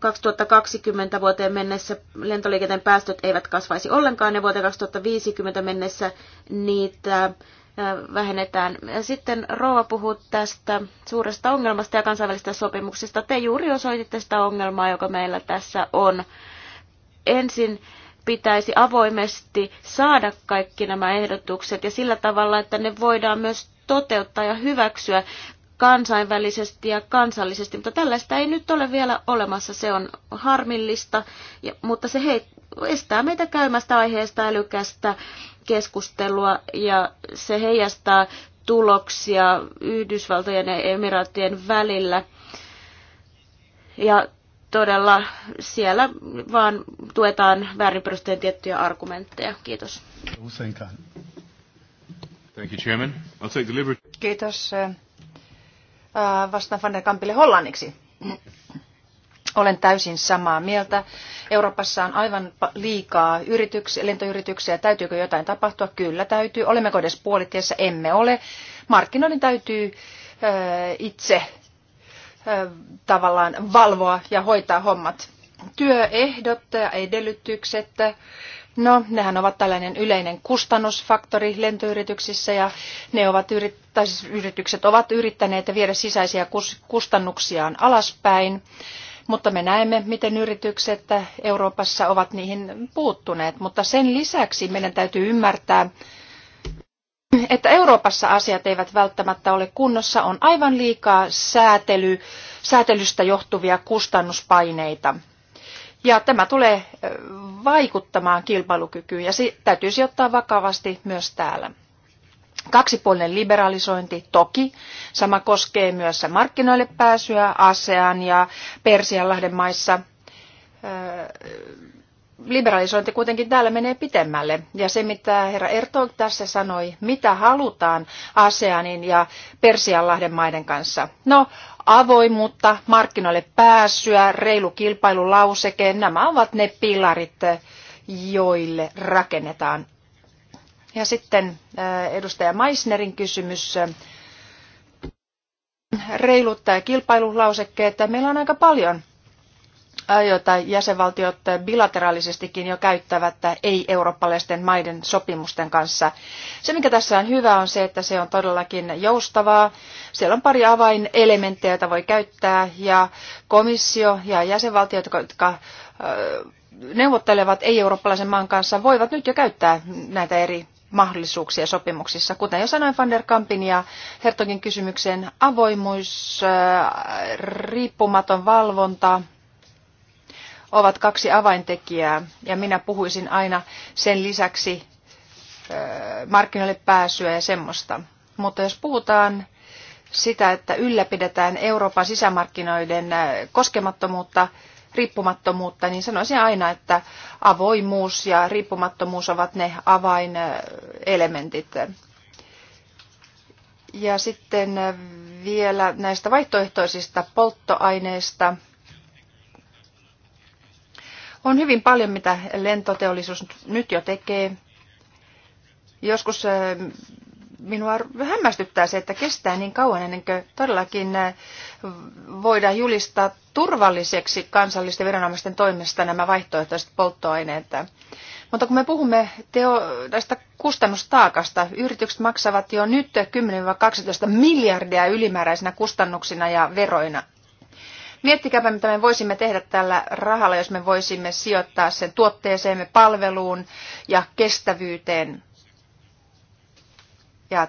2020 vuoteen mennessä lentoliikenteen päästöt eivät kasvaisi ollenkaan ja vuoteen 2050 mennessä niitä vähennetään. Sitten Rova puhuu tästä suuresta ongelmasta ja kansainvälisestä sopimuksesta. Te juuri osoititte sitä ongelmaa, joka meillä tässä on. Ensin pitäisi avoimesti saada kaikki nämä ehdotukset ja sillä tavalla, että ne voidaan myös toteuttaa ja hyväksyä kansainvälisesti ja kansallisesti, mutta tällaista ei nyt ole vielä olemassa. Se on harmillista, mutta se hei, estää meitä käymästä aiheesta älykästä keskustelua ja se heijastaa tuloksia Yhdysvaltojen ja Emiraattien välillä. Ja todella siellä vaan tuetaan väärinperusteen tiettyjä argumentteja. Kiitos.
Kiitos. Äh, vastaan Van der Kampille hollanniksi. Olen täysin samaa mieltä. Euroopassa on aivan liikaa yrityksiä, lentoyrityksiä. Täytyykö jotain tapahtua? Kyllä täytyy. Olemmeko edes puolitiessä? Emme ole. Markkinoiden täytyy ö, äh, itse ö, äh, tavallaan valvoa ja hoitaa hommat. Työehdot ja edellytykset No, nehän ovat tällainen yleinen kustannusfaktori lentoyrityksissä ja ne ovat yrit, siis yritykset ovat yrittäneet viedä sisäisiä kustannuksiaan alaspäin, mutta me näemme, miten yritykset Euroopassa ovat niihin puuttuneet. Mutta sen lisäksi meidän täytyy ymmärtää, että Euroopassa asiat eivät välttämättä ole kunnossa, on aivan liikaa säätely, säätelystä johtuvia kustannuspaineita. Ja tämä tulee vaikuttamaan kilpailukykyyn ja se täytyisi ottaa vakavasti myös täällä. Kaksipuolinen liberalisointi toki. Sama koskee myös markkinoille pääsyä ASEAN ja Persianlahden maissa liberalisointi kuitenkin täällä menee pitemmälle. Ja se, mitä herra Erto tässä sanoi, mitä halutaan ASEANin ja Persianlahden maiden kanssa. No, avoimuutta, markkinoille pääsyä, reilu kilpailulauseke, nämä ovat ne pilarit, joille rakennetaan. Ja sitten äh, edustaja Meissnerin kysymys. Reilut äh, kilpailulausekkeet, meillä on aika paljon joita jäsenvaltiot bilateraalisestikin jo käyttävät ei-eurooppalaisten maiden sopimusten kanssa. Se, mikä tässä on hyvä, on se, että se on todellakin joustavaa. Siellä on pari avainelementtejä, joita voi käyttää, ja komissio ja jäsenvaltiot, jotka neuvottelevat ei-eurooppalaisen maan kanssa, voivat nyt jo käyttää näitä eri mahdollisuuksia sopimuksissa. Kuten jo sanoin Van der Kampin ja Hertogin kysymykseen, avoimuus, riippumaton valvonta, ovat kaksi avaintekijää ja minä puhuisin aina sen lisäksi markkinoille pääsyä ja semmoista. Mutta jos puhutaan sitä, että ylläpidetään Euroopan sisämarkkinoiden koskemattomuutta, riippumattomuutta, niin sanoisin aina, että avoimuus ja riippumattomuus ovat ne avainelementit. Ja sitten vielä näistä vaihtoehtoisista polttoaineista – on hyvin paljon, mitä lentoteollisuus nyt jo tekee. Joskus äh, minua hämmästyttää se, että kestää niin kauan ennen kuin todellakin äh, voidaan julistaa turvalliseksi kansallisten viranomaisten toimesta nämä vaihtoehtoiset polttoaineet. Mutta kun me puhumme teo, tästä kustannustaakasta, yritykset maksavat jo nyt 10-12 miljardia ylimääräisinä kustannuksina ja veroina. Miettikääpä, mitä me voisimme tehdä tällä rahalla, jos me voisimme sijoittaa sen tuotteeseemme, palveluun ja kestävyyteen. Ja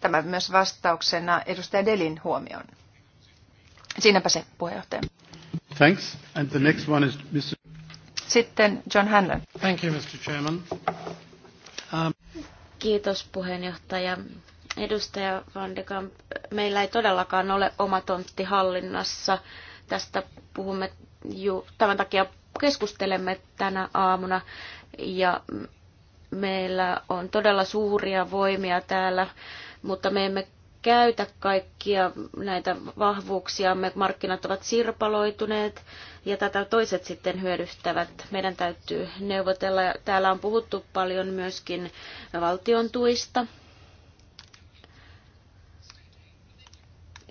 tämä myös vastauksena edustaja Delin huomioon. Siinäpä se, puheenjohtaja.
Thanks. And the next one is Mr.
Sitten John Hanlon.
Thank you, Mr. Chairman. Um...
Kiitos puheenjohtaja. Edustaja Van de Kamp, meillä ei todellakaan ole oma tontti hallinnassa. Tästä puhumme, ju, tämän takia keskustelemme tänä aamuna ja meillä on todella suuria voimia täällä, mutta me emme käytä kaikkia näitä vahvuuksia, me Markkinat ovat sirpaloituneet ja tätä toiset sitten hyödyttävät. Meidän täytyy neuvotella. Täällä on puhuttu paljon myöskin valtion tuista.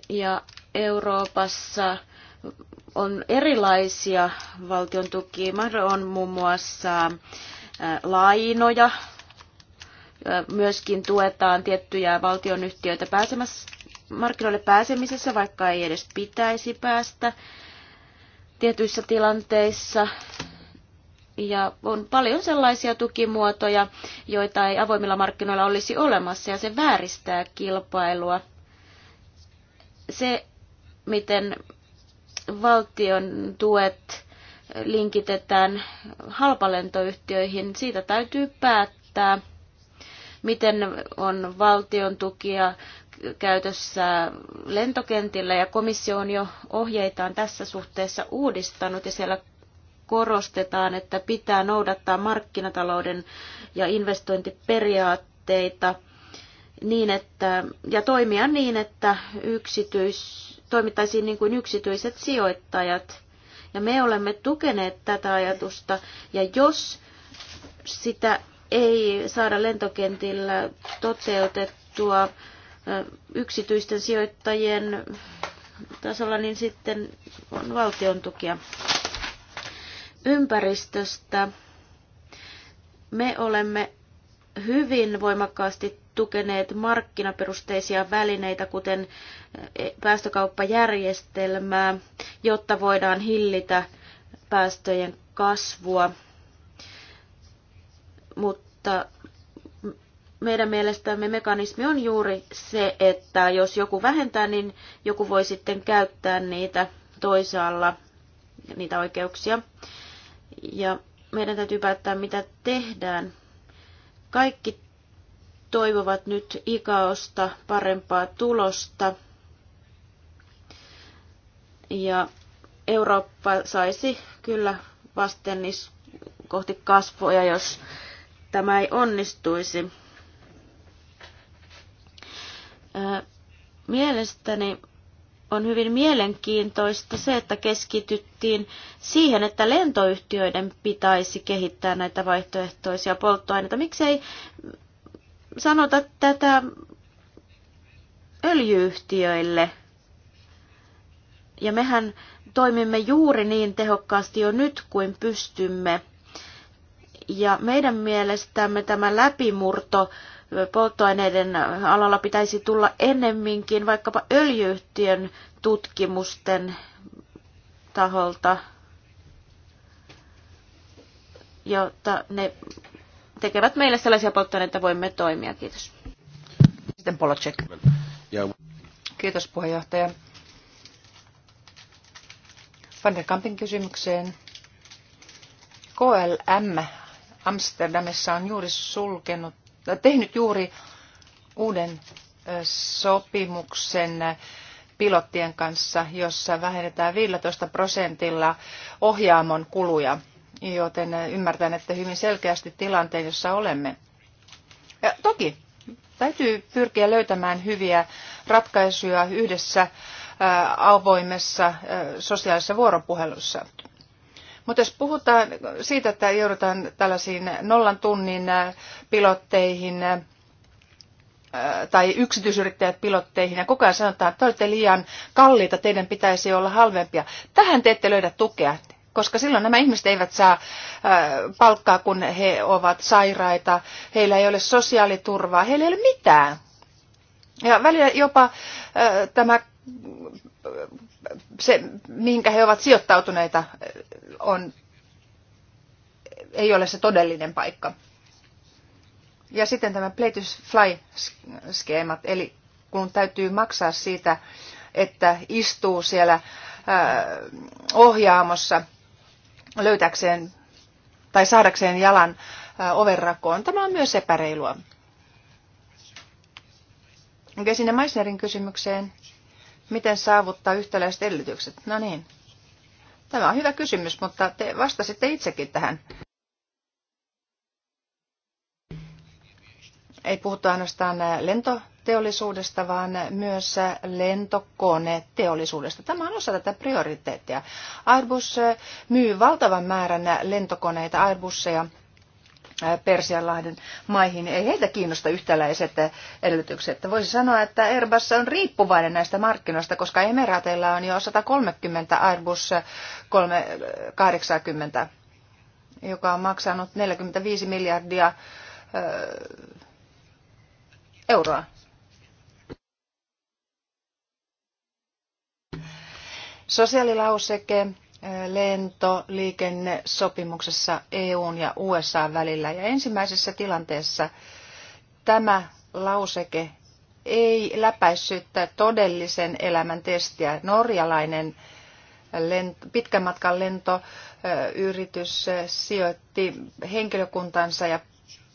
Ja Euroopassa on erilaisia valtion tukia. On muun muassa lainoja, myöskin tuetaan tiettyjä valtionyhtiöitä pääsemässä, markkinoille pääsemisessä, vaikka ei edes pitäisi päästä tietyissä tilanteissa. Ja on paljon sellaisia tukimuotoja, joita ei avoimilla markkinoilla olisi olemassa, ja se vääristää kilpailua. Se, miten valtion tuet linkitetään halpalentoyhtiöihin, siitä täytyy päättää, miten on valtion tukia käytössä lentokentillä ja komissio on jo ohjeitaan tässä suhteessa uudistanut ja siellä korostetaan, että pitää noudattaa markkinatalouden ja investointiperiaatteita niin, että, ja toimia niin, että yksityis toimittaisiin niin kuin yksityiset sijoittajat. Ja me olemme tukeneet tätä ajatusta. Ja jos sitä ei saada lentokentillä toteutettua yksityisten sijoittajien tasolla, niin sitten on valtion tukia. Ympäristöstä me olemme hyvin voimakkaasti tukeneet markkinaperusteisia välineitä, kuten eh, päästökauppajärjestelmää, jotta voidaan hillitä päästöjen kasvua. Mutta meidän mielestämme mekanismi on juuri se, että jos joku vähentää, niin joku voi sitten käyttää niitä toisaalla, niitä oikeuksia. Ja meidän täytyy päättää, mitä tehdään. Kaikki toivovat nyt ikaosta parempaa tulosta. Ja Eurooppa saisi kyllä vasten kohti kasvoja, jos tämä ei onnistuisi. Mielestäni on hyvin mielenkiintoista se, että keskityttiin siihen, että lentoyhtiöiden pitäisi kehittää näitä vaihtoehtoisia polttoaineita. Miksei sanota tätä öljyyhtiöille. Ja mehän toimimme juuri niin tehokkaasti jo nyt kuin pystymme. Ja meidän mielestämme tämä läpimurto polttoaineiden alalla pitäisi tulla ennemminkin vaikkapa öljyyhtiön tutkimusten taholta, jotta ne tekevät meille sellaisia polttoaineita, että voimme
toimia. Kiitos. Sitten Polacek. Kiitos puheenjohtaja. Van der Kampin kysymykseen. KLM Amsterdamissa on juuri sulkenut, äh, tehnyt juuri uuden äh, sopimuksen äh, pilottien kanssa, jossa vähennetään 15 prosentilla ohjaamon kuluja joten ymmärtän, että hyvin selkeästi tilanteen, jossa olemme. Ja toki täytyy pyrkiä löytämään hyviä ratkaisuja yhdessä avoimessa sosiaalisessa vuoropuhelussa. Mutta jos puhutaan siitä, että joudutaan tällaisiin nollan tunnin pilotteihin tai yksityisyrittäjät pilotteihin ja koko ajan sanotaan, että te olette liian kalliita, teidän pitäisi olla halvempia. Tähän te ette löydä tukea koska silloin nämä ihmiset eivät saa palkkaa, kun he ovat sairaita, heillä ei ole sosiaaliturvaa, heillä ei ole mitään. Ja välillä jopa tämä, se, minkä he ovat sijoittautuneita, on, ei ole se todellinen paikka. Ja sitten tämä play to fly-skeemat, eli kun täytyy maksaa siitä, että istuu siellä ohjaamossa löytäkseen tai saadakseen jalan ovenrakoon. Tämä on myös epäreilua. Okei, sinne Meissnerin kysymykseen. Miten saavuttaa yhtäläiset edellytykset? No niin. Tämä on hyvä kysymys, mutta te vastasitte itsekin tähän. Ei puhuta ainoastaan lento teollisuudesta, vaan myös lentokoneteollisuudesta. Tämä on osa tätä prioriteettia. Airbus myy valtavan määrän lentokoneita, Airbusseja äh, Persianlahden maihin. Ei heitä kiinnosta yhtäläiset äh, edellytykset. Voisi sanoa, että Airbus on riippuvainen näistä markkinoista, koska Emirateilla on jo 130 Airbus 380, joka on maksanut 45 miljardia äh, euroa. Sosiaalilauseke lentoliikennesopimuksessa EUn ja USA välillä. Ja ensimmäisessä tilanteessa tämä lauseke ei läpäissyt todellisen elämän testiä. Norjalainen lento, pitkän matkan lentoyritys sijoitti henkilökuntansa ja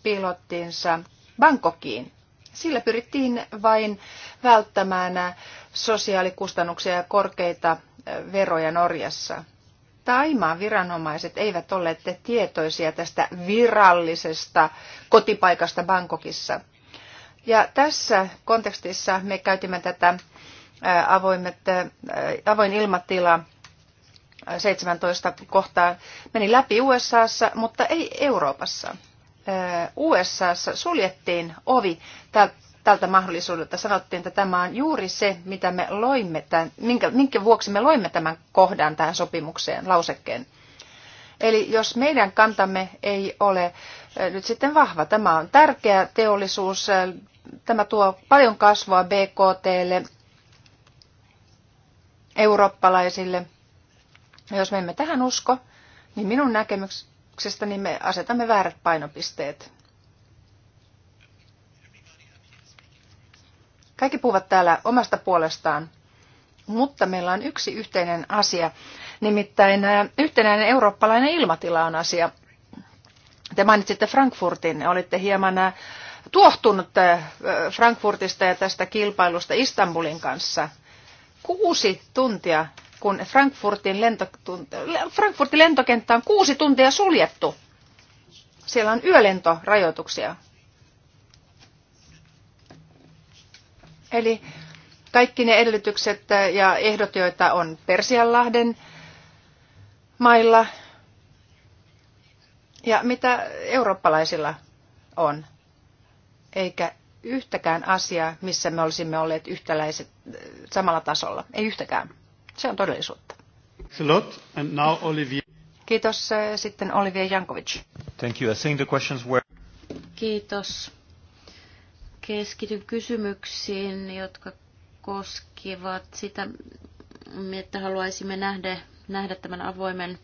pilottinsa Bangkokiin. Sillä pyrittiin vain välttämään sosiaalikustannuksia ja korkeita veroja Norjassa. Taimaan viranomaiset eivät olleet tietoisia tästä virallisesta kotipaikasta Bangkokissa. Ja tässä kontekstissa me käytimme tätä avoimet, avoin ilmatila 17 kohtaa meni läpi USAssa, mutta ei Euroopassa. USAssa suljettiin ovi tältä mahdollisuudelta. Sanottiin, että tämä on juuri se, mitä me loimme tämän, minkä, minkä vuoksi me loimme tämän kohdan tähän sopimukseen, lausekkeen. Eli jos meidän kantamme ei ole eh, nyt sitten vahva, tämä on tärkeä teollisuus, eh, tämä tuo paljon kasvua BKTlle, eurooppalaisille. Ja Jos me emme tähän usko, niin minun näkemyksestäni me asetamme väärät painopisteet. Kaikki puhuvat täällä omasta puolestaan, mutta meillä on yksi yhteinen asia, nimittäin yhtenäinen eurooppalainen ilmatila on asia. Te mainitsitte Frankfurtin, olitte hieman tuohtunut Frankfurtista ja tästä kilpailusta Istanbulin kanssa. Kuusi tuntia, kun Frankfurtin, lentok- Frankfurtin lentokenttä on kuusi tuntia suljettu. Siellä on yölentorajoituksia. Eli kaikki ne edellytykset ja ehdot, joita on Persianlahden mailla ja mitä eurooppalaisilla on. Eikä yhtäkään asiaa, missä me olisimme olleet yhtäläiset äh, samalla tasolla. Ei yhtäkään. Se on todellisuutta. Kiitos. Äh, sitten Olivier Jankovic.
Thank you. I think the questions were...
Kiitos
keskityn kysymyksiin, jotka koskivat sitä, että haluaisimme nähdä, nähdä tämän avoimen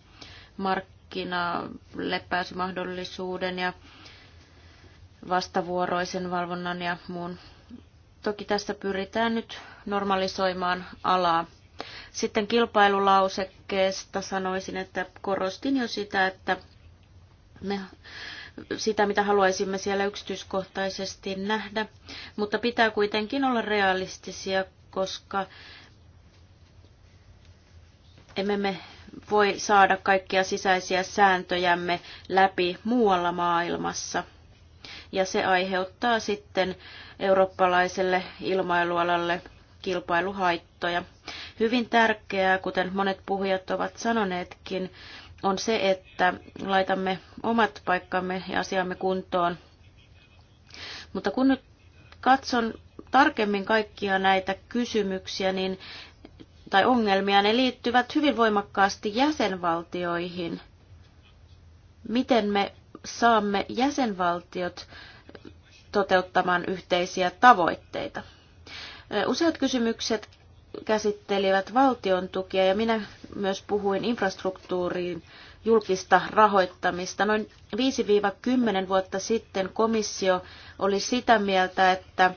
markkinalepääsymahdollisuuden ja vastavuoroisen valvonnan ja muun. Toki tässä pyritään nyt normalisoimaan alaa. Sitten kilpailulausekkeesta sanoisin, että korostin jo sitä, että me sitä, mitä haluaisimme siellä yksityiskohtaisesti nähdä, mutta pitää kuitenkin olla realistisia, koska emme me voi saada kaikkia sisäisiä sääntöjämme läpi muualla maailmassa. Ja se aiheuttaa sitten eurooppalaiselle ilmailualalle kilpailuhaittoja. Hyvin tärkeää, kuten monet puhujat ovat sanoneetkin, on se, että laitamme omat paikkamme ja asiamme kuntoon. Mutta kun nyt katson tarkemmin kaikkia näitä kysymyksiä niin, tai ongelmia, ne liittyvät hyvin voimakkaasti jäsenvaltioihin. Miten me saamme jäsenvaltiot toteuttamaan yhteisiä tavoitteita? Useat kysymykset käsittelivät valtion tukia ja minä myös puhuin infrastruktuuriin julkista rahoittamista. Noin 5-10 vuotta sitten komissio oli sitä mieltä, että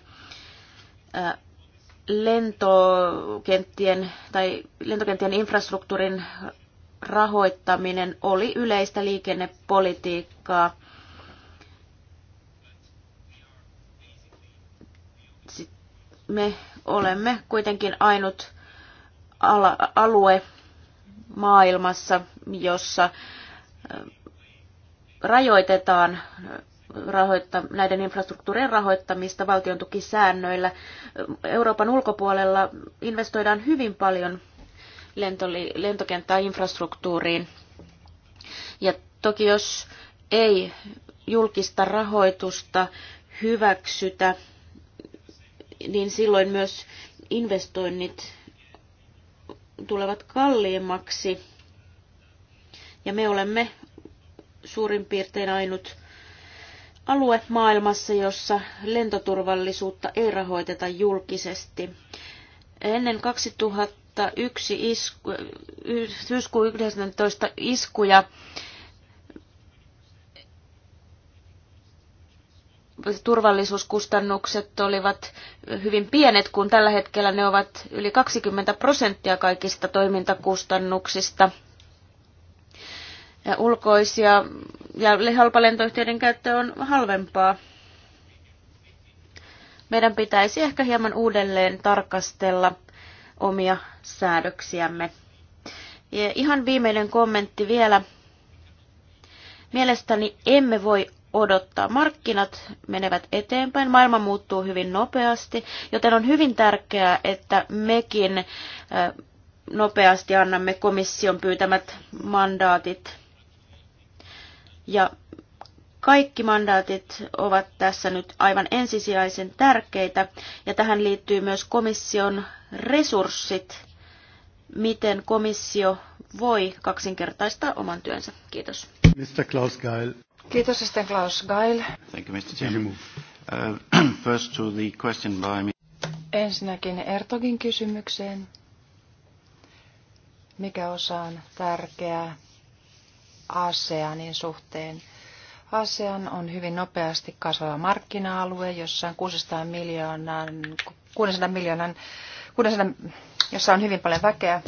lentokenttien tai lentokenttien infrastruktuurin rahoittaminen oli yleistä liikennepolitiikkaa. me olemme kuitenkin ainut alue maailmassa, jossa rajoitetaan rahoitta, näiden infrastruktuurien rahoittamista valtion tukisäännöillä. Euroopan ulkopuolella investoidaan hyvin paljon lentoli, lentokenttää infrastruktuuriin. Ja toki jos ei julkista rahoitusta hyväksytä niin silloin myös investoinnit tulevat kalliimmaksi. Ja me olemme suurin piirtein ainut alue maailmassa, jossa lentoturvallisuutta ei rahoiteta julkisesti. Ennen 2001 isku, syyskuun 19 iskuja turvallisuuskustannukset olivat hyvin pienet, kun tällä hetkellä ne ovat yli 20 prosenttia kaikista toimintakustannuksista. Ja ulkoisia ja halpalentoyhtiöiden käyttö on halvempaa. Meidän pitäisi ehkä hieman uudelleen tarkastella omia säädöksiämme. Ja ihan viimeinen kommentti vielä. Mielestäni emme voi odottaa. Markkinat menevät eteenpäin, maailma muuttuu hyvin nopeasti, joten on hyvin tärkeää, että mekin nopeasti annamme komission pyytämät mandaatit. Ja kaikki mandaatit ovat tässä nyt aivan ensisijaisen tärkeitä, ja tähän liittyy myös komission resurssit, miten komissio voi kaksinkertaistaa oman työnsä. Kiitos.
Mr. Klaus Geil.
Kiitos sitten Klaus Geil.
Thank you, Mr. Chairman. Uh, first to the question by me.
Ensinnäkin Ertogin kysymykseen. Mikä osa on tärkeä ASEANin suhteen? ASEAN on hyvin nopeasti kasvava markkina-alue, jossa on 600 miljoonan, 600 miljoonan 600, jossa on hyvin paljon väkeä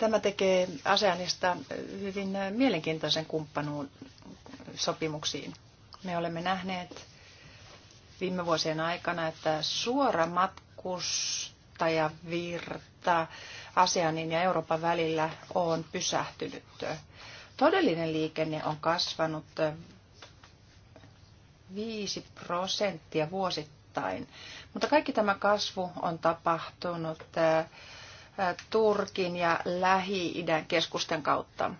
Tämä tekee ASEANista hyvin mielenkiintoisen kumppanuun sopimuksiin. Me olemme nähneet viime vuosien aikana, että suora matkustajavirta ASEANin ja Euroopan välillä on pysähtynyt. Todellinen liikenne on kasvanut 5 prosenttia vuosittain, mutta kaikki tämä kasvu on tapahtunut Turkin ja Lähi-idän keskusten kautta.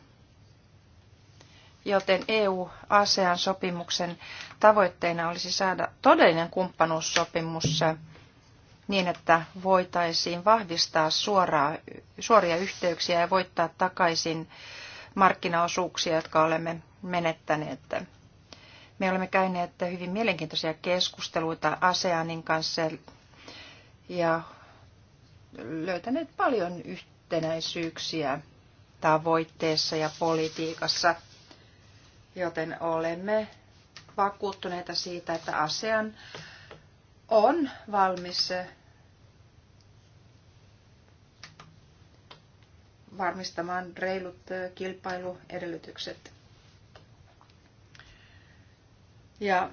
Joten EU-ASEAN sopimuksen tavoitteena olisi saada todellinen kumppanuussopimus niin, että voitaisiin vahvistaa suoraa, suoria yhteyksiä ja voittaa takaisin markkinaosuuksia, jotka olemme menettäneet. Me olemme käyneet hyvin mielenkiintoisia keskusteluita ASEANin kanssa ja löytäneet paljon yhtenäisyyksiä tavoitteessa ja politiikassa, joten olemme vakuuttuneita siitä, että ASEAN on valmis varmistamaan reilut kilpailuedellytykset. Ja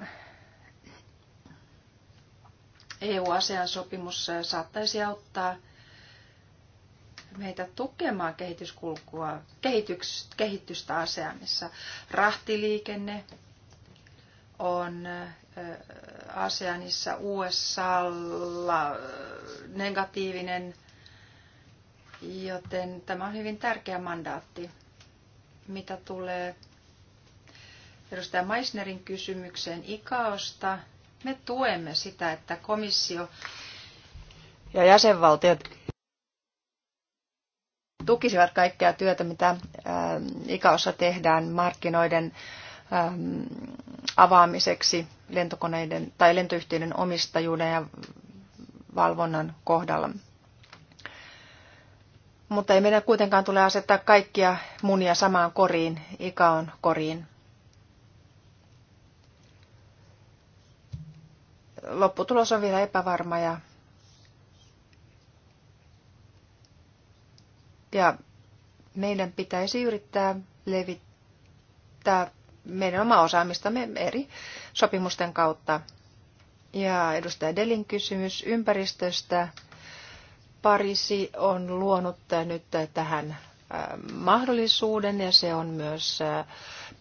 EU-ASEAN sopimus saattaisi auttaa – meitä tukemaan kehityskulkua, kehityks, kehitystä ASEAMissa. Rahtiliikenne on ASEANissa USAlla negatiivinen, joten tämä on hyvin tärkeä mandaatti. Mitä tulee edustaja Meissnerin kysymykseen ICAOsta, me tuemme sitä, että komissio ja jäsenvaltiot tukisivat kaikkea työtä, mitä ikaossa tehdään markkinoiden avaamiseksi lentokoneiden tai lentoyhtiöiden omistajuuden ja valvonnan kohdalla. Mutta ei meidän kuitenkaan tule asettaa kaikkia munia samaan koriin, ikaon koriin. Lopputulos on vielä epävarma ja Ja meidän pitäisi yrittää levittää meidän omaa osaamistamme eri sopimusten kautta. Ja edustaja Delin kysymys ympäristöstä. Pariisi on luonut nyt tähän mahdollisuuden ja se on myös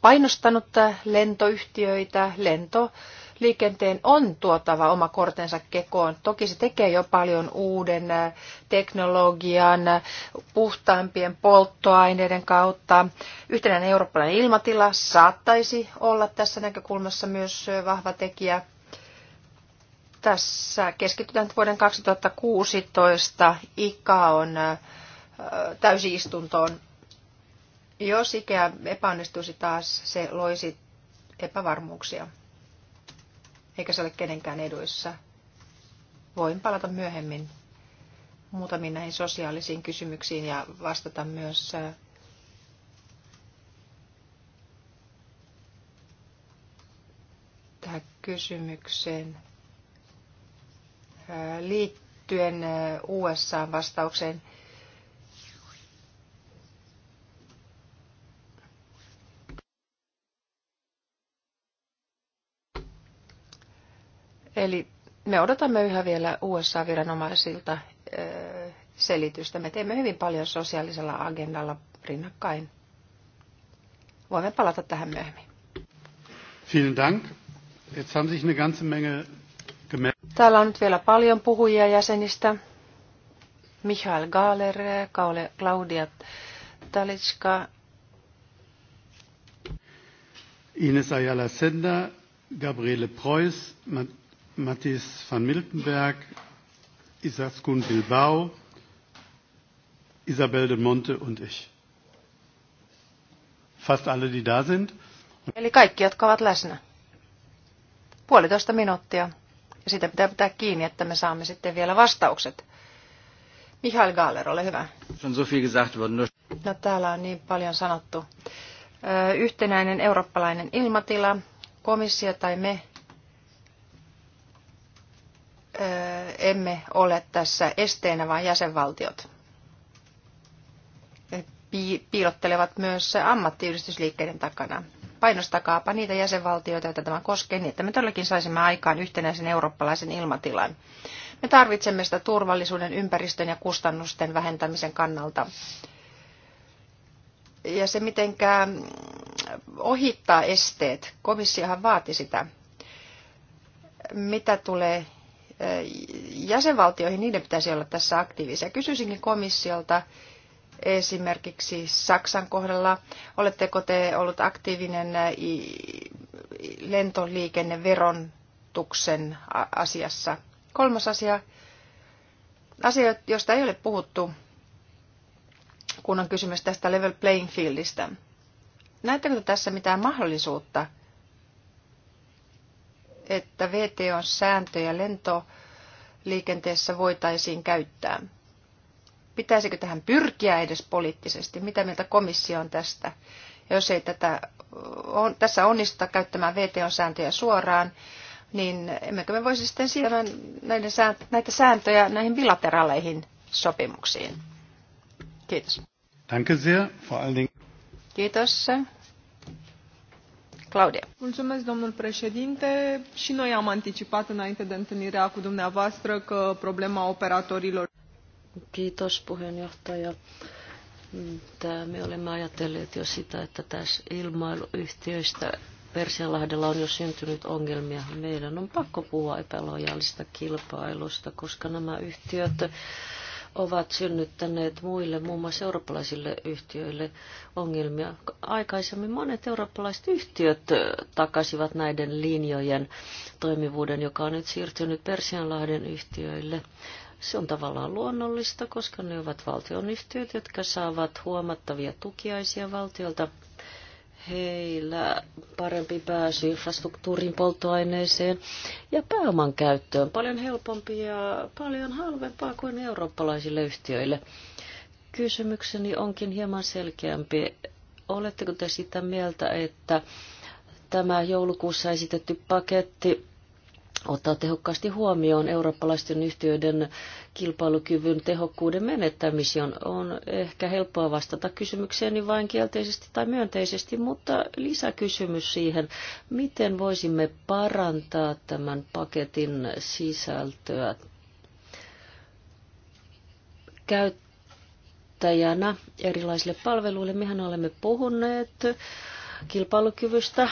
painostanut lentoyhtiöitä, lento liikenteen on tuotava oma kortensa kekoon. Toki se tekee jo paljon uuden äh, teknologian, äh, puhtaampien polttoaineiden kautta. Yhtenäinen eurooppalainen ilmatila saattaisi olla tässä näkökulmassa myös äh, vahva tekijä. Tässä keskitytään vuoden 2016 on täysistuntoon jos ikää epäonnistuisi taas, se loisi epävarmuuksia eikä se ole kenenkään eduissa. Voin palata myöhemmin muutamiin näihin sosiaalisiin kysymyksiin ja vastata myös äh, tähän kysymykseen äh, liittyen äh, USA vastaukseen – Eli me odotamme yhä vielä USA-viranomaisilta selitystä. Me teemme hyvin paljon sosiaalisella agendalla rinnakkain. Voimme palata tähän myöhemmin.
Vielen Dank. Jetzt haben sich eine ganze Menge
Täällä on nyt vielä paljon puhujia jäsenistä. Michael Gahler, Kaule, Claudia Talitska,
Ines Ayala Sender, Gabriele Preuss, Matthias van Miltenberg, Isaskun Bilbao, Isabel de Monte und ich. Fast alle, die da sind.
Eli kaikki, jotka ovat läsnä. Puolitoista minuuttia. Ja sitä pitää pitää kiinni, että me saamme sitten vielä vastaukset. Mihail Galler, ole hyvä. No täällä on niin paljon sanottu. Yhtenäinen eurooppalainen ilmatila, komissio tai me emme ole tässä esteenä, vaan jäsenvaltiot piilottelevat myös ammattiyhdistysliikkeiden takana. Painostakaapa niitä jäsenvaltioita, joita tämä koskee, niin että me todellakin saisimme aikaan yhtenäisen eurooppalaisen ilmatilan. Me tarvitsemme sitä turvallisuuden, ympäristön ja kustannusten vähentämisen kannalta. Ja se mitenkään ohittaa esteet, komissiohan vaati sitä. Mitä tulee jäsenvaltioihin, niiden pitäisi olla tässä aktiivisia. Kysyisinkin komissiolta esimerkiksi Saksan kohdalla, oletteko te ollut aktiivinen lentoliikenneveron asiassa. Kolmas asia, asia, josta ei ole puhuttu, kun on kysymys tästä level playing fieldistä. Näettekö tässä mitään mahdollisuutta että VTOn sääntöjä lentoliikenteessä voitaisiin käyttää? Pitäisikö tähän pyrkiä edes poliittisesti? Mitä mieltä komissio on tästä? Ja jos ei tätä on, tässä onnistuta käyttämään VTOn sääntöjä suoraan, niin emmekö me voisi sitten siirtää näiden, näitä sääntöjä näihin bilateraaleihin sopimuksiin? Kiitos.
Danke sehr, vor allen Dingen.
Kiitos. Claudia. Mulțumesc, domnul președinte. Și noi am anticipat înainte de întâlnirea cu dumneavoastră că problema operatorilor...
Kiitos, puheenjohtaja. Tämä me olemme ajatelleet jo sitä, että tässä ilmailuyhtiöistä Persianlahdella on jo syntynyt ongelmia. Meidän on pakko puhua epälojaalista kilpailusta, koska nämä yhtiöt ovat synnyttäneet muille, muun muassa eurooppalaisille yhtiöille, ongelmia. Aikaisemmin monet eurooppalaiset yhtiöt takasivat näiden linjojen toimivuuden, joka on nyt siirtynyt Persianlahden yhtiöille. Se on tavallaan luonnollista, koska ne ovat valtionyhtiöt, jotka saavat huomattavia tukiaisia valtiolta heillä parempi pääsy infrastruktuurin polttoaineeseen ja pääoman käyttöön paljon helpompi ja paljon halvempaa kuin eurooppalaisille yhtiöille. Kysymykseni onkin hieman selkeämpi. Oletteko te sitä mieltä, että tämä joulukuussa esitetty paketti ottaa tehokkaasti huomioon eurooppalaisten yhtiöiden kilpailukyvyn tehokkuuden menettämisen. On ehkä helppoa vastata kysymykseeni vain kielteisesti tai myönteisesti, mutta lisäkysymys siihen, miten voisimme parantaa tämän paketin sisältöä käyttäjänä erilaisille palveluille. Mehän olemme puhuneet kilpailukyvystä,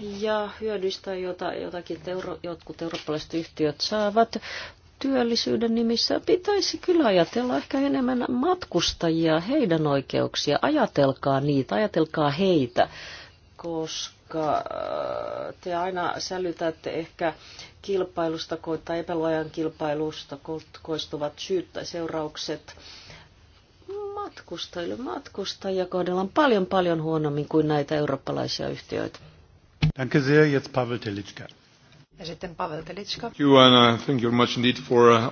ja hyödyistä, jota jotakin teuro, jotkut eurooppalaiset yhtiöt saavat. Työllisyyden nimissä pitäisi kyllä ajatella ehkä enemmän matkustajia, heidän oikeuksia. Ajatelkaa niitä, ajatelkaa heitä, koska äh, te aina sälytätte ehkä kilpailusta tai epäloajan kilpailusta koistuvat syyt tai seuraukset matkustajille. Matkustajia kohdellaan paljon paljon huonommin kuin näitä eurooppalaisia yhtiöitä.
Danke sehr, jetzt Pavel Telitschka.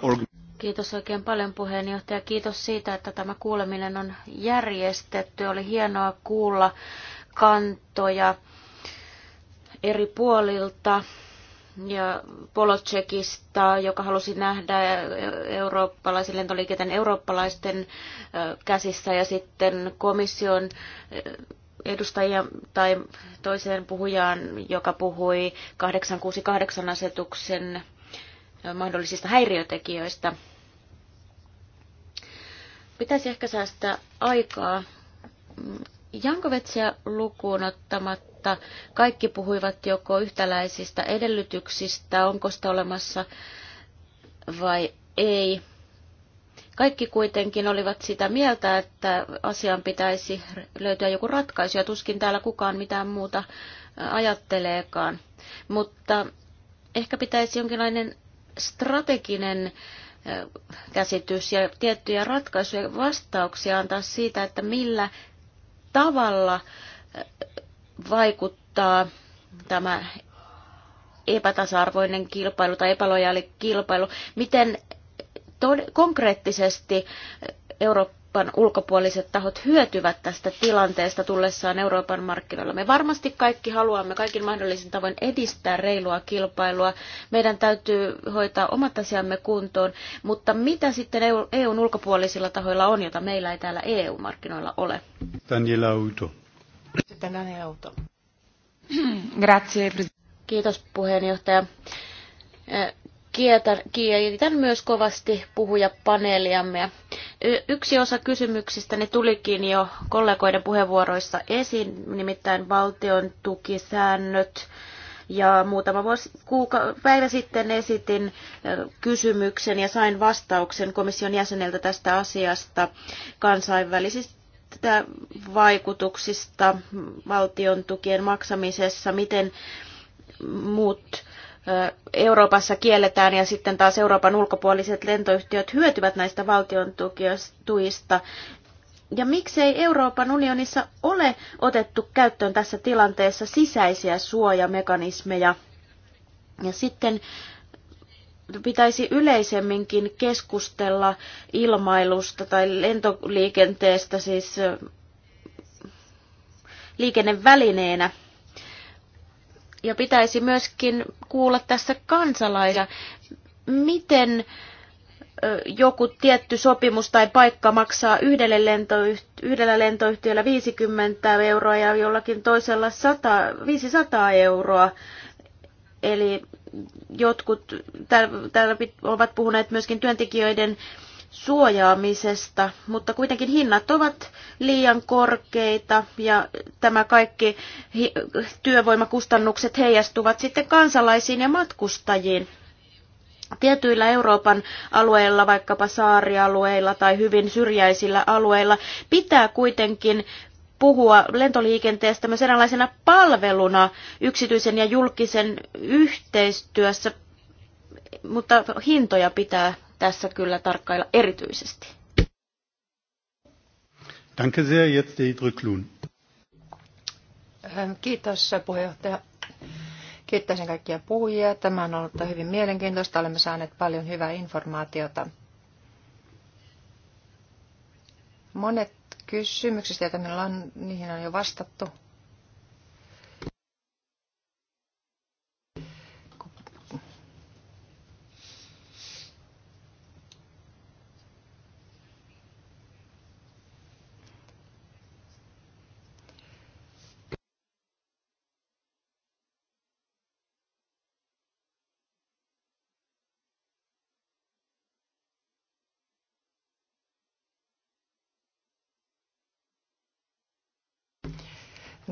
Uh,
Kiitos oikein
paljon puheenjohtaja. Kiitos siitä, että tämä kuuleminen on järjestetty. Oli hienoa kuulla kantoja eri puolilta ja Polotsekista, joka halusi nähdä eurooppalaisen lentoliikenteen eurooppalaisten käsissä ja sitten komission edustajia tai toiseen puhujaan, joka puhui 868 asetuksen mahdollisista häiriötekijöistä. Pitäisi ehkä säästää aikaa. Jankovetsia lukuun ottamatta kaikki puhuivat joko yhtäläisistä edellytyksistä, onko sitä olemassa vai ei. Kaikki kuitenkin olivat sitä mieltä, että asiaan pitäisi löytyä joku ratkaisu, ja tuskin täällä kukaan mitään muuta ajatteleekaan. Mutta ehkä pitäisi jonkinlainen strateginen käsitys ja tiettyjä ratkaisuja ja vastauksia antaa siitä, että millä tavalla vaikuttaa tämä epätasa-arvoinen kilpailu tai epälojaali kilpailu, miten konkreettisesti Euroopan ulkopuoliset tahot hyötyvät tästä tilanteesta tullessaan Euroopan markkinoilla. Me varmasti kaikki haluamme kaikin mahdollisin tavoin edistää reilua kilpailua. Meidän täytyy hoitaa omat asiamme kuntoon, mutta mitä sitten EUn ulkopuolisilla tahoilla on, jota meillä ei täällä EU-markkinoilla ole?
Daniela Auto.
Sitten Daniela Auto. Grazie. Kiitos puheenjohtaja kiitän myös kovasti puhujapaneeliamme. Yksi osa kysymyksistä ne tulikin jo kollegoiden puheenvuoroissa esiin, nimittäin valtion tukisäännöt. Ja muutama vuosi, kuuka, päivä sitten esitin kysymyksen ja sain vastauksen komission jäseneltä tästä asiasta kansainvälisistä vaikutuksista valtion tukien maksamisessa, miten muut Euroopassa kielletään ja sitten taas Euroopan ulkopuoliset lentoyhtiöt hyötyvät näistä valtion tuista. Ja miksei Euroopan unionissa ole otettu käyttöön tässä tilanteessa sisäisiä suojamekanismeja? Ja sitten pitäisi yleisemminkin keskustella ilmailusta tai lentoliikenteestä siis liikennevälineenä – ja pitäisi myöskin kuulla tässä kansalaisia, miten joku tietty sopimus tai paikka maksaa yhdelle lentoyhti- yhdellä lentoyhtiöllä 50 euroa ja jollakin toisella 100, 500 euroa. Eli jotkut täällä ovat puhuneet myöskin työntekijöiden suojaamisesta, mutta kuitenkin hinnat ovat liian korkeita ja tämä kaikki työvoimakustannukset heijastuvat sitten kansalaisiin ja matkustajiin. Tietyillä Euroopan alueilla, vaikkapa saarialueilla tai hyvin syrjäisillä alueilla, pitää kuitenkin puhua lentoliikenteestä myös eräänlaisena palveluna yksityisen ja julkisen yhteistyössä, mutta hintoja pitää tässä kyllä tarkkailla
erityisesti.
Danke sehr, jetzt
ähm, Kiitos puheenjohtaja. Kiittäisin kaikkia puhujia. Tämä on ollut hyvin mielenkiintoista. Olemme saaneet paljon hyvää informaatiota. Monet kysymyksistä, joita minulla on, niihin on jo vastattu.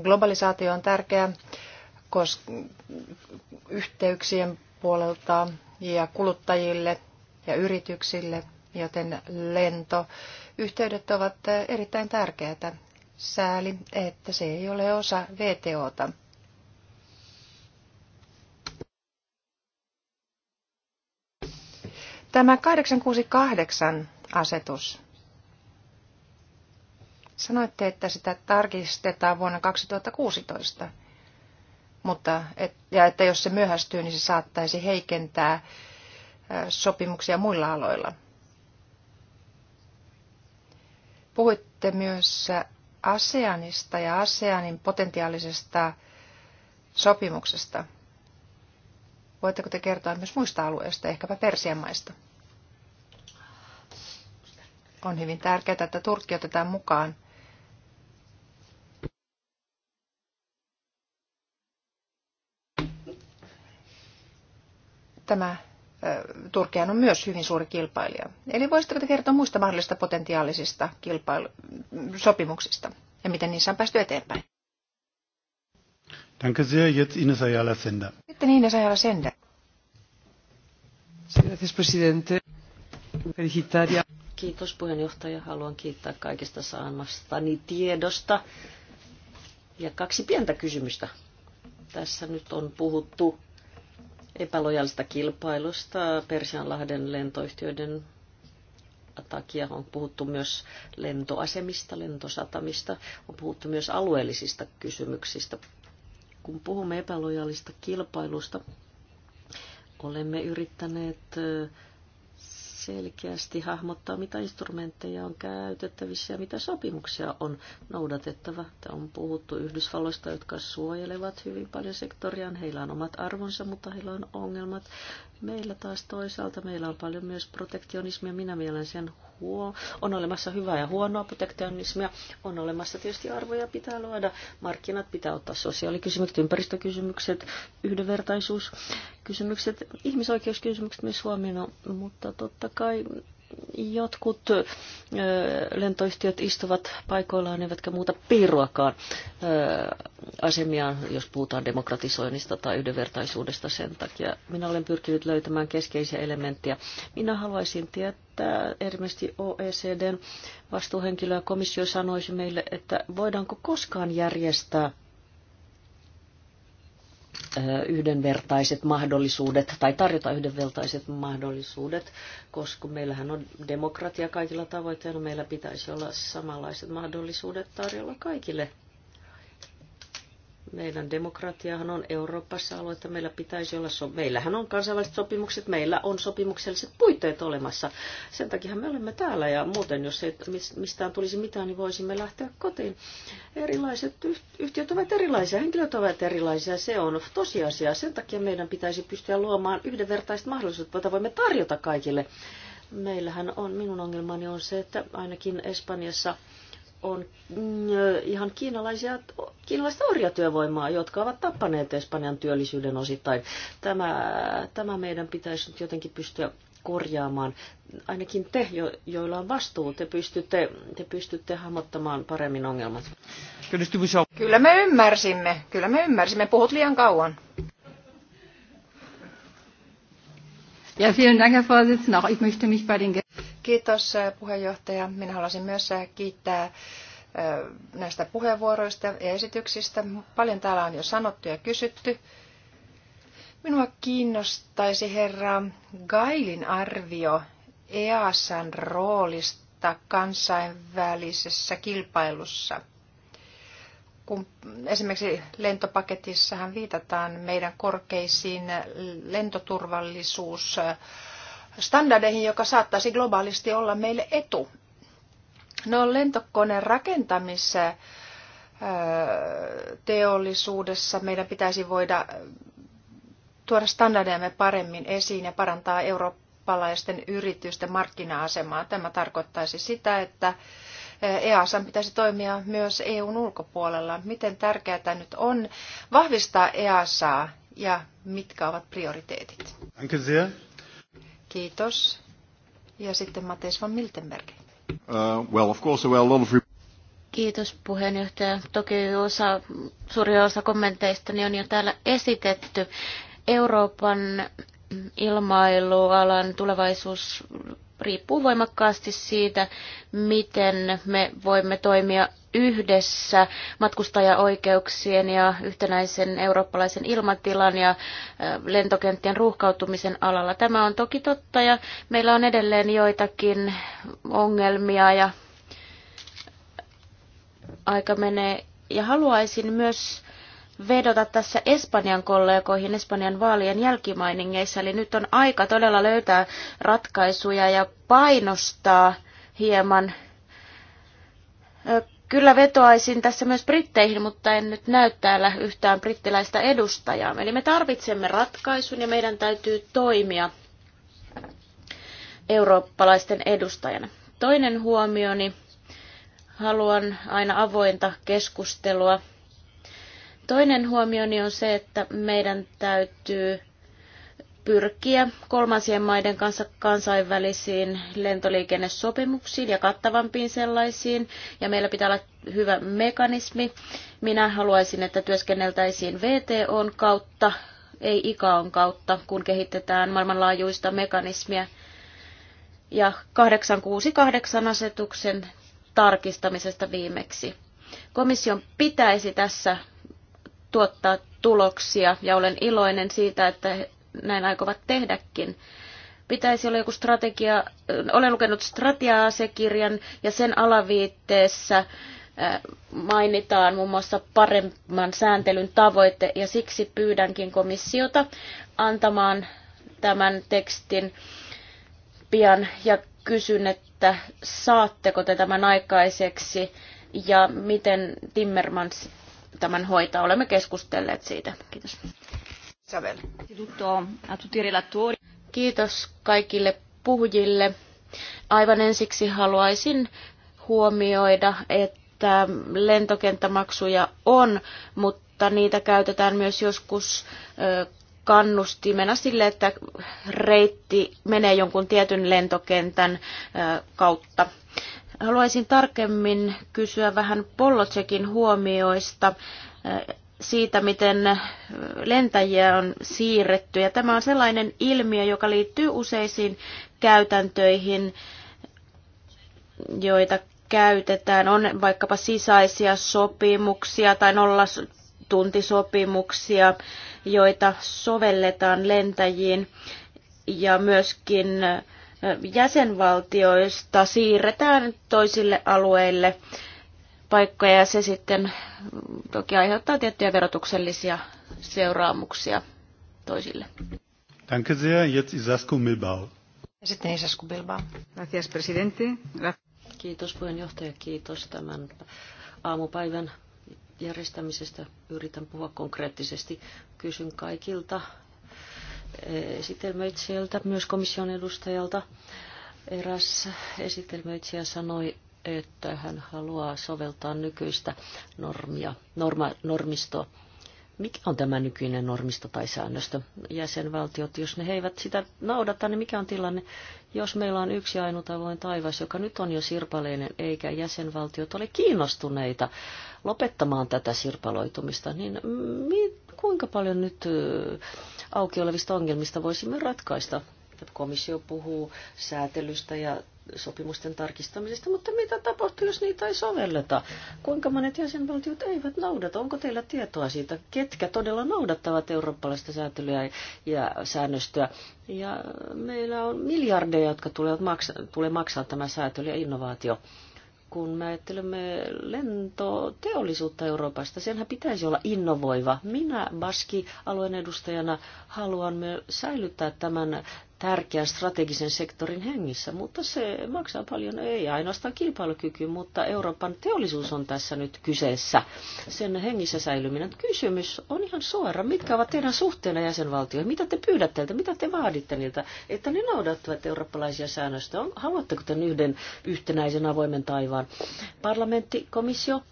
Globalisaatio on tärkeä koska yhteyksien puolelta ja kuluttajille ja yrityksille, joten lentoyhteydet ovat erittäin tärkeätä. Sääli, että se ei ole osa VTOta. Tämä 868 asetus Sanoitte, että sitä tarkistetaan vuonna 2016, mutta et, ja että jos se myöhästyy, niin se saattaisi heikentää sopimuksia muilla aloilla. Puhuitte myös ASEANista ja ASEANin potentiaalisesta sopimuksesta. Voitteko te kertoa myös muista alueista, ehkäpä Persian maista? On hyvin tärkeää, että Turkki otetaan mukaan tämä Turkian on myös hyvin suuri kilpailija. Eli voisitteko te kertoa muista mahdollisista potentiaalisista kilpailu- sopimuksista ja miten niissä on päästy eteenpäin?
Danke sehr. Jetzt Ines Ayala Sender.
Sitten Ines Ayala Sender. presidente. Felicitaria.
Kiitos puheenjohtaja. Haluan kiittää kaikista saamastani tiedosta. Ja kaksi pientä kysymystä. Tässä nyt on puhuttu epälojaalista kilpailusta Persianlahden lentoyhtiöiden takia. On puhuttu myös lentoasemista, lentosatamista, on puhuttu myös alueellisista kysymyksistä. Kun puhumme epälojaalista kilpailusta, olemme yrittäneet selkeästi hahmottaa, mitä instrumentteja on käytettävissä ja mitä sopimuksia on noudatettava. Tämä on puhuttu Yhdysvalloista, jotka suojelevat hyvin paljon sektoriaan. Heillä on omat arvonsa, mutta heillä on ongelmat. Meillä taas toisaalta meillä on paljon myös protektionismia. Minä mielen sen huo. On olemassa hyvää ja huonoa protektionismia. On olemassa tietysti arvoja pitää luoda. Markkinat pitää ottaa sosiaalikysymykset, ympäristökysymykset, yhdenvertaisuus kysymykset, ihmisoikeuskysymykset myös huomioon, no, mutta totta kai jotkut lentoyhtiöt istuvat paikoillaan eivätkä muuta piiruakaan asemiaan, jos puhutaan demokratisoinnista tai yhdenvertaisuudesta sen takia. Minä olen pyrkinyt löytämään keskeisiä elementtejä. Minä haluaisin tietää, erityisesti OECDn vastuuhenkilö ja komissio sanoisi meille, että voidaanko koskaan järjestää Eh, yhdenvertaiset mahdollisuudet tai tarjota yhdenvertaiset mahdollisuudet, koska meillähän on demokratia kaikilla tavoitteilla, meillä pitäisi olla samanlaiset mahdollisuudet tarjolla kaikille meidän demokratiahan on Euroopassa alue, että meillä pitäisi olla, so- meillähän on kansainväliset sopimukset, meillä on sopimukselliset puitteet olemassa. Sen takia me olemme täällä ja muuten, jos ei mistään tulisi mitään, niin voisimme lähteä kotiin. Erilaiset yhtiöt ovat erilaisia, henkilöt ovat erilaisia, se on tosiasia. Sen takia meidän pitäisi pystyä luomaan yhdenvertaiset mahdollisuudet, joita voimme tarjota kaikille. Meillähän on, minun ongelmani on se, että ainakin Espanjassa on mm, ihan kiinalaisia, kiinalaista orjatyövoimaa, jotka ovat tappaneet Espanjan työllisyyden osittain. Tämä, tämä meidän pitäisi nyt jotenkin pystyä korjaamaan. Ainakin te, jo, joilla on vastuu, te pystytte, te pystytte hahmottamaan paremmin ongelmat.
Kyllä me ymmärsimme, kyllä me ymmärsimme. Puhut liian kauan. Ja, vielen Dank, Herr Vorsitzender. Auch ich möchte mich bei den Kiitos eh, puheenjohtaja. Minä haluaisin myös eh, kiittää eh, näistä puheenvuoroista ja esityksistä. Paljon täällä on jo sanottu ja kysytty. Minua kiinnostaisi herra Gailin arvio EASan roolista kansainvälisessä kilpailussa. Kun esimerkiksi lentopaketissahan viitataan meidän korkeisiin lentoturvallisuus standardeihin, joka saattaisi globaalisti olla meille etu. No lentokoneen rakentamissa teollisuudessa meidän pitäisi voida tuoda standardejamme paremmin esiin ja parantaa eurooppalaisten yritysten markkina-asemaa. Tämä tarkoittaisi sitä, että EASA pitäisi toimia myös EUn ulkopuolella. Miten tärkeää nyt on vahvistaa EASaa ja mitkä ovat prioriteetit? Danke sehr. Kiitos. Ja sitten Mates van Miltenberg.
Uh, well, of course there were a lot of...
Kiitos puheenjohtaja. Toki
osa, suuri osa kommenteistani niin on jo täällä esitetty. Euroopan ilmailualan tulevaisuus riippuu voimakkaasti siitä, miten me voimme toimia yhdessä matkustajaoikeuksien ja yhtenäisen eurooppalaisen ilmatilan ja lentokenttien ruuhkautumisen alalla. Tämä on toki totta ja meillä on edelleen joitakin ongelmia ja aika menee. Ja haluaisin myös vedota tässä Espanjan kollegoihin Espanjan vaalien jälkimainingeissa, eli nyt on aika todella löytää ratkaisuja ja painostaa hieman. Kyllä vetoaisin tässä myös britteihin, mutta en nyt näy täällä yhtään brittiläistä edustajaa. Eli me tarvitsemme ratkaisun ja meidän täytyy toimia eurooppalaisten edustajana. Toinen huomioni, haluan aina avointa keskustelua Toinen huomioni on se, että meidän täytyy pyrkiä kolmansien maiden kanssa kansainvälisiin lentoliikennesopimuksiin ja kattavampiin sellaisiin, ja meillä pitää olla hyvä mekanismi. Minä haluaisin, että työskenneltäisiin VTOn kautta, ei ICAOn kautta, kun kehitetään maailmanlaajuista mekanismia. Ja 868 asetuksen tarkistamisesta viimeksi. Komission pitäisi tässä tuottaa tuloksia ja olen iloinen siitä, että näin aikovat tehdäkin. Pitäisi olla joku strategia, olen lukenut strategia-asekirjan ja sen alaviitteessä äh, mainitaan muun muassa paremman sääntelyn tavoite ja siksi pyydänkin komissiota antamaan tämän tekstin pian ja kysyn, että saatteko te tämän aikaiseksi ja miten Timmermans tämän hoitaa. Olemme keskustelleet siitä. Kiitos. Kiitos kaikille puhujille. Aivan ensiksi haluaisin huomioida, että lentokenttämaksuja on, mutta niitä käytetään myös joskus kannustimena sille, että reitti menee jonkun tietyn lentokentän kautta Haluaisin tarkemmin kysyä vähän Pollocekin huomioista eh, siitä, miten eh, lentäjiä on siirretty. Ja tämä on sellainen ilmiö, joka liittyy useisiin käytäntöihin, joita käytetään. On vaikkapa sisäisiä sopimuksia tai nollatuntisopimuksia, joita sovelletaan lentäjiin ja myöskin eh, jäsenvaltioista siirretään toisille alueille paikkoja ja se sitten toki aiheuttaa tiettyjä verotuksellisia seuraamuksia toisille.
Danke sehr. Jetzt Isasku
Ja sitten Isasku Bilbao. Gracias, presidente.
Kiitos puheenjohtaja, kiitos tämän aamupäivän järjestämisestä. Yritän puhua konkreettisesti. Kysyn kaikilta esitelmöitsijältä, myös komission edustajalta. Eräs esitelmöitsijä sanoi, että hän haluaa soveltaa nykyistä normia, norma, normistoa. Mikä on tämä nykyinen normisto tai säännöstö? Jäsenvaltiot, jos ne eivät sitä noudata, niin mikä on tilanne? Jos meillä on yksi ainut avoin taivas, joka nyt on jo sirpaleinen, eikä jäsenvaltiot ole kiinnostuneita lopettamaan tätä sirpaloitumista, niin mit, Kuinka paljon nyt auki olevista ongelmista voisimme ratkaista? Komissio puhuu säätelystä ja sopimusten tarkistamisesta, mutta mitä tapahtuu, jos niitä ei sovelleta? Kuinka monet jäsenvaltiot eivät noudata? Onko teillä tietoa siitä, ketkä todella noudattavat eurooppalaista säätelyä ja säännöstöä? Ja meillä on miljardeja, jotka tulevat maksaa, tulee maksaa tämä säätely ja innovaatio kun me ajattelemme lentoteollisuutta Euroopasta, senhän pitäisi olla innovoiva. Minä Baski-alueen edustajana haluan säilyttää tämän tärkeän strategisen sektorin hengissä, mutta se maksaa paljon, ei ainoastaan kilpailukyky, mutta Euroopan teollisuus on tässä nyt kyseessä. Sen hengissä säilyminen. Kysymys on ihan suora. Mitkä ovat teidän suhteena jäsenvaltioihin? Mitä te pyydätte teiltä? Mitä te vaaditte niiltä? Että ne noudattavat eurooppalaisia säännöstä? Haluatteko te yhden yhtenäisen avoimen taivaan? Parlamentti, komissio,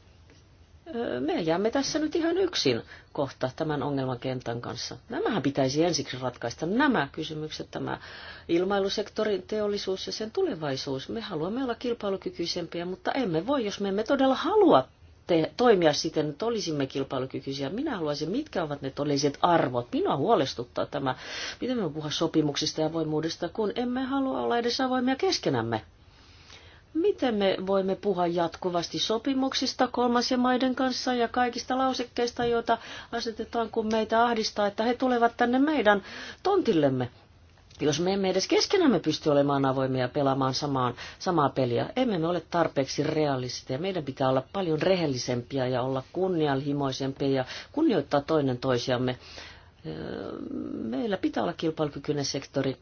me jäämme tässä nyt ihan yksin kohta tämän ongelmakentän kanssa. Nämähän pitäisi ensiksi ratkaista. Nämä kysymykset, tämä ilmailusektorin teollisuus ja sen tulevaisuus. Me haluamme olla kilpailukykyisempiä, mutta emme voi, jos me emme todella halua te- toimia siten, että olisimme kilpailukykyisiä. Minä haluaisin, mitkä ovat ne todelliset arvot. Minua huolestuttaa tämä, miten me puhua sopimuksista ja voimuudesta, kun emme halua olla edes avoimia keskenämme. Miten me voimme puhua jatkuvasti sopimuksista kolmansien maiden kanssa ja kaikista lausekkeista, joita asetetaan, kun meitä ahdistaa, että he tulevat tänne meidän tontillemme? Jos me emme edes keskenämme pysty olemaan avoimia ja pelaamaan samaan, samaa peliä, emme me ole tarpeeksi realistia. Meidän pitää olla paljon rehellisempiä ja olla kunnianhimoisempia ja kunnioittaa toinen toisiamme. Öö, meillä pitää olla kilpailukykyinen sektori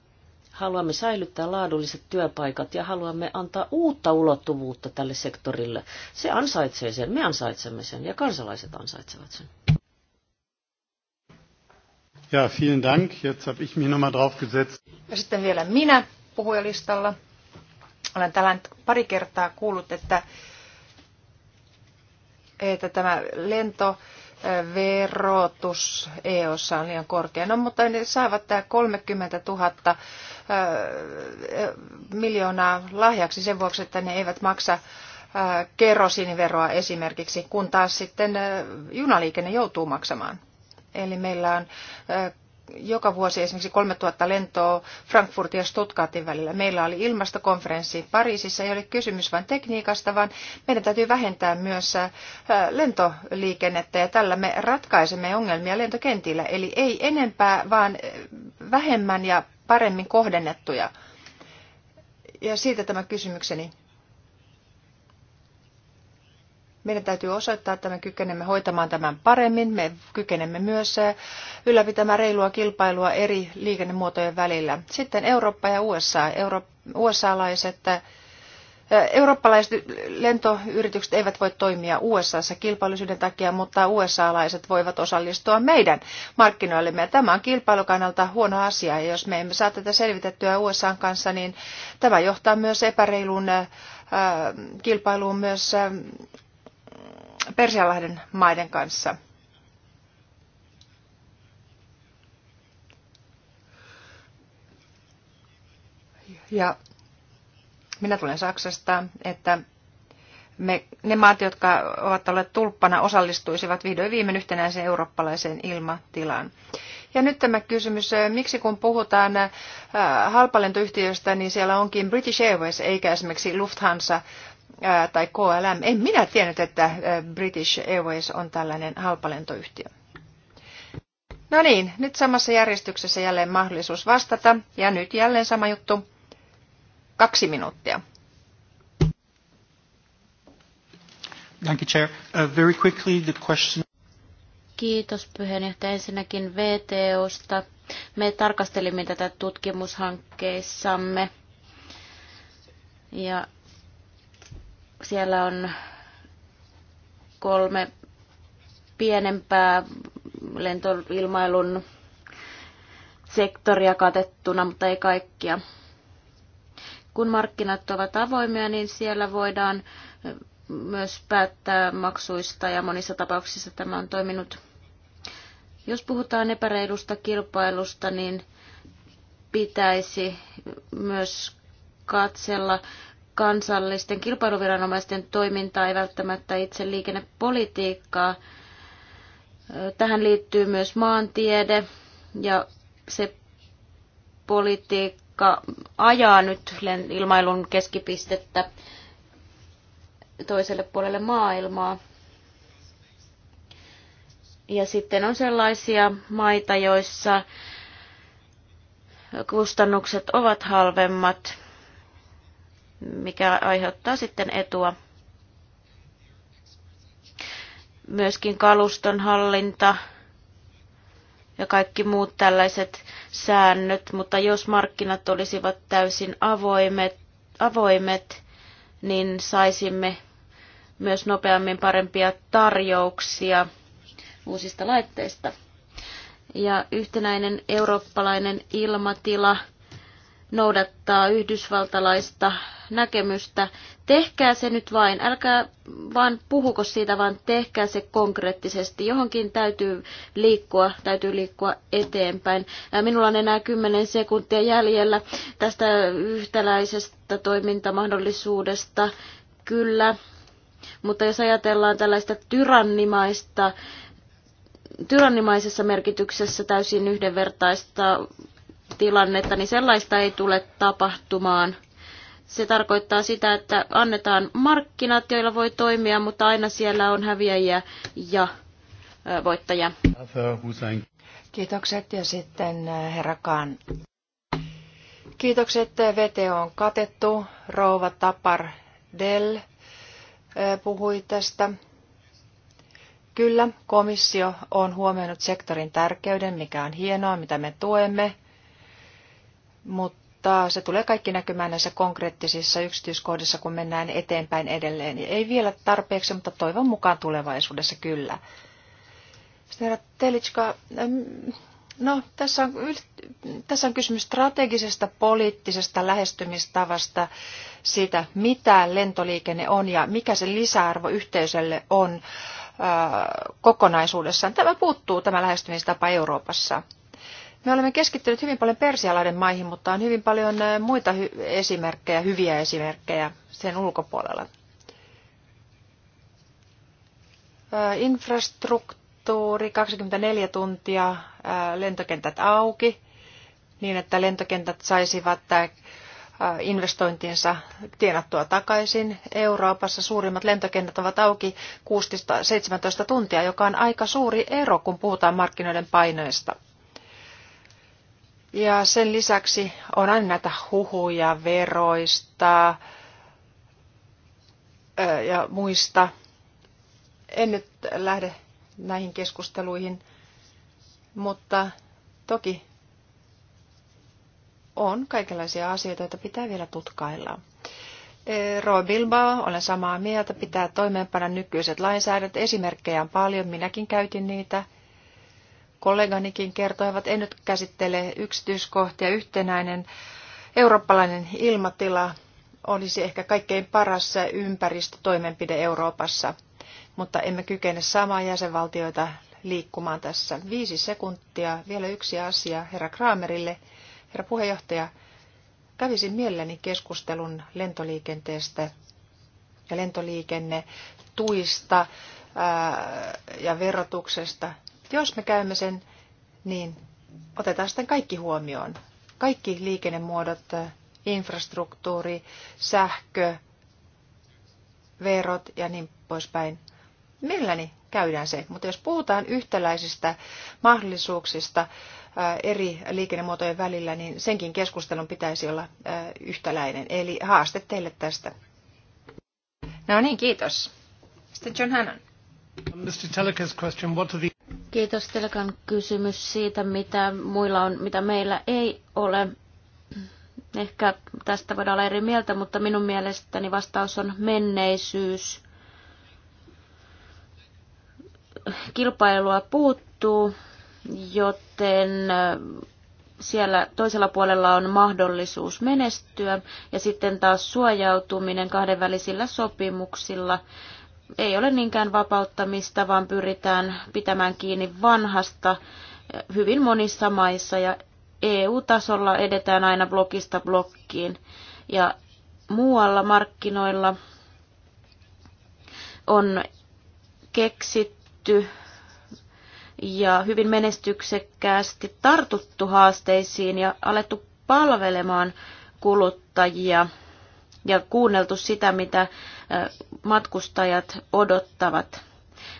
Haluamme säilyttää laadulliset työpaikat ja haluamme antaa uutta ulottuvuutta tälle sektorille. Se ansaitsee sen, me ansaitsemme sen ja kansalaiset ansaitsevat sen.
Ja, vielen Dank. Jetzt habe ich mich nochmal drauf gesetzt.
Ja sitten vielä minä puhujalistalla. Olen tällä pari kertaa kuullut, että, että tämä lento verotus EU:ssa on liian korkea. No, mutta ne saavat tämä 30 000 miljoonaa lahjaksi sen vuoksi, että ne eivät maksa kerosiniveroa esimerkiksi, kun taas sitten junaliikenne joutuu maksamaan. Eli meillä on joka vuosi esimerkiksi 3000 lentoa Frankfurtin ja Stuttgartin välillä. Meillä oli ilmastokonferenssi Pariisissa, ei ole kysymys vain tekniikasta, vaan meidän täytyy vähentää myös äh, lentoliikennettä ja tällä me ratkaisemme ongelmia lentokentillä. Eli ei enempää, vaan äh, vähemmän ja paremmin kohdennettuja. Ja siitä tämä kysymykseni. Meidän täytyy osoittaa, että me kykenemme hoitamaan tämän paremmin. Me kykenemme myös eh, ylläpitämään reilua kilpailua eri liikennemuotojen välillä. Sitten Eurooppa ja USA. Euro- USA-laiset eh, Eurooppalaiset lentoyritykset eivät voi toimia USA kilpailusyyden takia, mutta USA-laiset voivat osallistua meidän markkinoillemme. Tämä on kilpailukannalta huono asia, ja jos me emme saa tätä selvitettyä USA kanssa, niin tämä johtaa myös epäreiluun eh, kilpailuun myös Persianlahden maiden kanssa. Ja minä tulen Saksasta, että me, ne maat, jotka ovat olleet tulppana, osallistuisivat vihdoin viimein yhtenäiseen eurooppalaiseen ilmatilaan. Ja nyt tämä kysymys, miksi kun puhutaan äh, halpalentoyhtiöistä, niin siellä onkin British Airways eikä esimerkiksi Lufthansa tai KLM. En minä tiennyt, että British Airways on tällainen halpalentoyhtiö. No niin, nyt samassa järjestyksessä jälleen mahdollisuus vastata. Ja nyt jälleen sama juttu. Kaksi minuuttia.
Thank you, Chair. Uh, very quickly, the question...
Kiitos puheenjohtaja. Ensinnäkin VTOsta. Me tarkastelimme tätä tutkimushankkeissamme. Ja siellä on kolme pienempää lentoilmailun sektoria katettuna, mutta ei kaikkia. Kun markkinat ovat avoimia, niin siellä voidaan myös päättää maksuista ja monissa tapauksissa tämä on toiminut. Jos puhutaan epäreilusta kilpailusta, niin pitäisi myös katsella kansallisten kilpailuviranomaisten toimintaa, ei välttämättä itse liikennepolitiikkaa. Tähän liittyy myös maantiede ja se politiikka ajaa nyt ilmailun keskipistettä toiselle puolelle maailmaa. Ja sitten on sellaisia maita, joissa kustannukset ovat halvemmat mikä aiheuttaa sitten etua. Myöskin kaluston hallinta ja kaikki muut tällaiset säännöt, mutta jos markkinat olisivat täysin avoimet, avoimet niin saisimme myös nopeammin parempia tarjouksia uusista laitteista. Ja yhtenäinen eurooppalainen ilmatila – noudattaa yhdysvaltalaista näkemystä. Tehkää se nyt vain, älkää vaan puhuko siitä, vaan tehkää se konkreettisesti. Johonkin täytyy liikkua, täytyy liikkua eteenpäin. Minulla on enää 10 sekuntia jäljellä tästä yhtäläisestä toimintamahdollisuudesta. Kyllä, mutta jos ajatellaan tällaista tyrannimaista tyrannimaisessa merkityksessä täysin yhdenvertaista tilannetta, niin sellaista ei tule tapahtumaan. Se tarkoittaa sitä, että annetaan markkinat, joilla voi toimia, mutta aina siellä on häviäjiä ja
voittajia. Kiitokset ja sitten herra Kaan. Kiitokset. VTO on katettu. Rouva Tapar Dell puhui tästä. Kyllä, komissio on huomioinut sektorin tärkeyden, mikä on hienoa, mitä me tuemme – mutta se tulee kaikki näkymään näissä konkreettisissa yksityiskohdissa, kun mennään eteenpäin edelleen. Ei vielä tarpeeksi, mutta toivon mukaan tulevaisuudessa kyllä. herra Telitska, no, tässä, on, tässä on kysymys strategisesta poliittisesta lähestymistavasta siitä, mitä lentoliikenne on ja mikä se lisäarvo yhteisölle on kokonaisuudessaan. Tämä puuttuu tämä lähestymistapa Euroopassa. Me olemme keskittyneet hyvin paljon persialaiden maihin, mutta on hyvin paljon muita hy- esimerkkejä, hyviä esimerkkejä sen ulkopuolella. Infrastruktuuri, 24 tuntia lentokentät auki, niin että lentokentät saisivat investointinsa tienattua takaisin. Euroopassa suurimmat lentokentät ovat auki 16-17 tuntia, joka on aika suuri ero, kun puhutaan markkinoiden painoista. Ja sen lisäksi on aina näitä huhuja veroista ja muista. En nyt lähde näihin keskusteluihin, mutta toki on kaikenlaisia asioita, joita pitää vielä tutkailla. Roy Bilbao, olen samaa mieltä, pitää toimeenpana nykyiset lainsäädännöt. Esimerkkejä on paljon, minäkin käytin niitä – kolleganikin kertoivat, en nyt käsittele yksityiskohtia. Yhtenäinen eurooppalainen ilmatila olisi ehkä kaikkein paras ympäristötoimenpide Euroopassa, mutta emme kykene samaa jäsenvaltioita liikkumaan tässä. Viisi sekuntia, vielä yksi asia herra Kramerille, Herra puheenjohtaja, kävisin mielelläni keskustelun lentoliikenteestä ja lentoliikenne tuista ja verotuksesta jos me käymme sen, niin otetaan sitten kaikki huomioon. Kaikki liikennemuodot, infrastruktuuri, sähkö, verot ja niin poispäin. Mielelläni käydään se, mutta jos puhutaan yhtäläisistä mahdollisuuksista äh, eri liikennemuotojen välillä, niin senkin keskustelun pitäisi olla äh, yhtäläinen. Eli haaste teille tästä. No niin, kiitos. Sitten John Hannon.
Mr. Telekas question, what are the...
Kiitos Telkan kysymys siitä, mitä muilla on, mitä meillä ei ole. Ehkä tästä voidaan olla eri mieltä, mutta minun mielestäni vastaus on menneisyys. Kilpailua puuttuu, joten äh, siellä toisella puolella on mahdollisuus menestyä ja sitten taas suojautuminen kahdenvälisillä sopimuksilla ei ole niinkään vapauttamista, vaan pyritään pitämään kiinni vanhasta hyvin monissa maissa ja EU-tasolla edetään aina blokista blokkiin. Ja muualla markkinoilla on keksitty ja hyvin menestyksekkäästi tartuttu haasteisiin ja alettu palvelemaan kuluttajia – ja kuunneltu sitä, mitä matkustajat odottavat.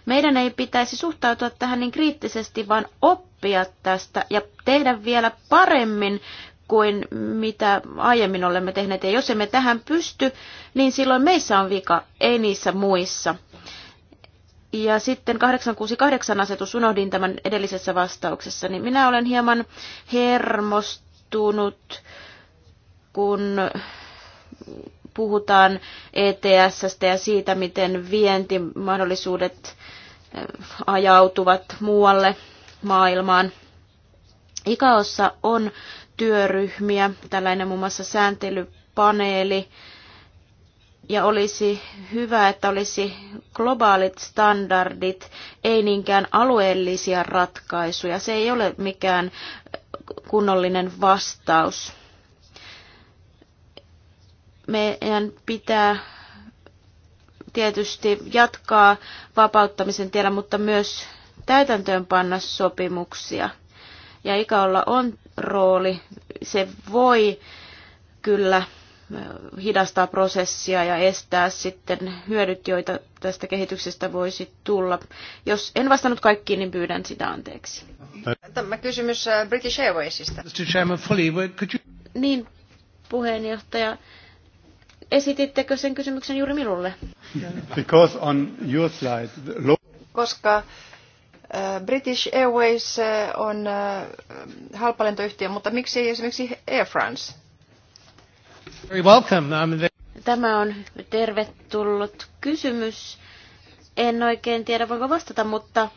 Meidän ei pitäisi suhtautua tähän niin kriittisesti, vaan oppia tästä ja tehdä vielä paremmin kuin mitä aiemmin olemme tehneet. Ja jos emme tähän pysty, niin silloin meissä on vika, ei niissä muissa. Ja sitten 868 asetus, unohdin tämän edellisessä vastauksessa, niin minä olen hieman hermostunut, kun puhutaan ETSstä ja siitä, miten vientimahdollisuudet eh, ajautuvat muualle maailmaan. Ikaossa on työryhmiä, tällainen muun mm. muassa sääntelypaneeli, ja olisi hyvä, että olisi globaalit standardit, ei niinkään alueellisia ratkaisuja. Se ei ole mikään kunnollinen vastaus meidän pitää tietysti jatkaa vapauttamisen tiellä, mutta myös täytäntöönpanna sopimuksia. Ja ikäolla on rooli. Se voi kyllä hidastaa prosessia ja estää sitten hyödyt, joita tästä kehityksestä voisi tulla. Jos en vastannut kaikkiin, niin pyydän sitä anteeksi.
Tämä kysymys äh, British Airwaysista.
Niin, puheenjohtaja. Esitittekö sen kysymyksen
juuri minulle?
Because on your slide, the...
Koska äh, British Airways äh, on äh, halpalentoyhtiö, mutta miksi ei esimerkiksi Air France?
Very welcome. Tämä on tervetullut kysymys. En oikein tiedä, voiko vastata, mutta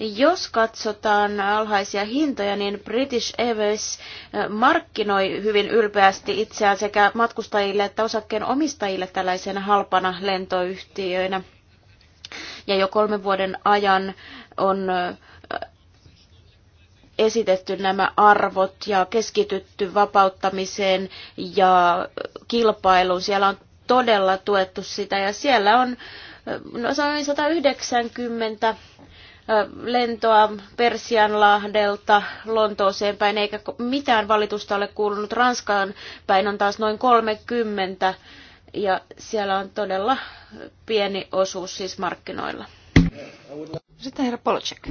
jos katsotaan alhaisia hintoja, niin British Airways eh, markkinoi hyvin ylpeästi itseään sekä matkustajille että osakkeen omistajille tällaisena halpana lentoyhtiöinä. Ja jo kolmen vuoden ajan on eh, esitetty nämä arvot ja keskitytty vapauttamiseen ja kilpailuun. Siellä on todella tuettu sitä ja siellä on eh, no, 190 lentoa Persianlahdelta Lontooseen päin, eikä mitään valitusta ole kuulunut. Ranskaan päin on taas noin 30, ja siellä on todella pieni osuus siis markkinoilla. Sitten herra Polacek.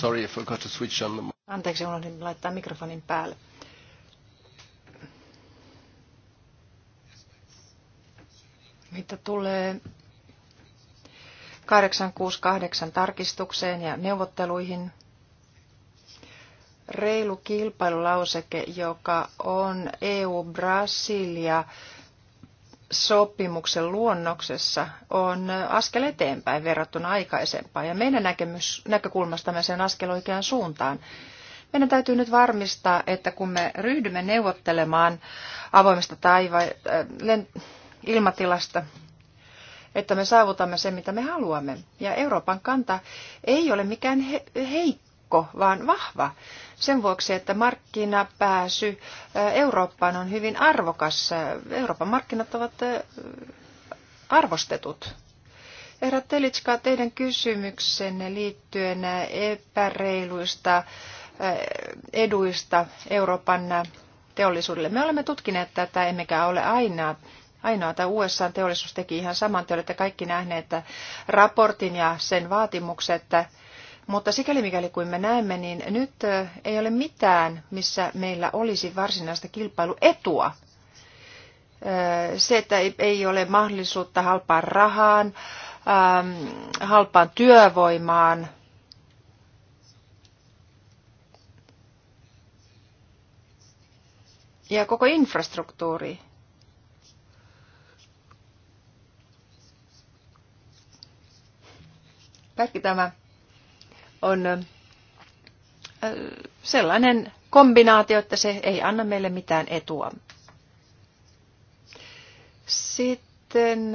Sorry, I forgot to switch on the...
Anteeksi, unohdin laittaa mikrofonin päälle. Mitä tulee 868 tarkistukseen ja neuvotteluihin. Reilu kilpailulauseke, joka on EU-Brasilia sopimuksen luonnoksessa on askel eteenpäin verrattuna aikaisempaan ja meidän näkemys, näkökulmastamme sen askel oikeaan suuntaan. Meidän täytyy nyt varmistaa, että kun me ryhdymme neuvottelemaan avoimesta taiva, äh, ilmatilasta, että me saavutamme sen, mitä me haluamme. Ja Euroopan kanta ei ole mikään he- heikko, vaan vahva. Sen vuoksi, että markkinapääsy Eurooppaan on hyvin arvokas. Euroopan markkinat ovat arvostetut. Herra Telitska, teidän kysymyksenne liittyen epäreiluista eduista Euroopan teollisuudelle. Me olemme tutkineet tätä, emmekä ole aina Ainoa, että USA teollisuus teki ihan saman, te olette kaikki nähneet että raportin ja sen vaatimukset, mutta sikäli mikäli kuin me näemme, niin nyt ei ole mitään, missä meillä olisi varsinaista kilpailuetua. Se, että ei ole mahdollisuutta halpaan rahaan, halpaan työvoimaan, ja koko infrastruktuuri Kaikki tämä on sellainen kombinaatio, että se ei anna meille mitään etua. Sitten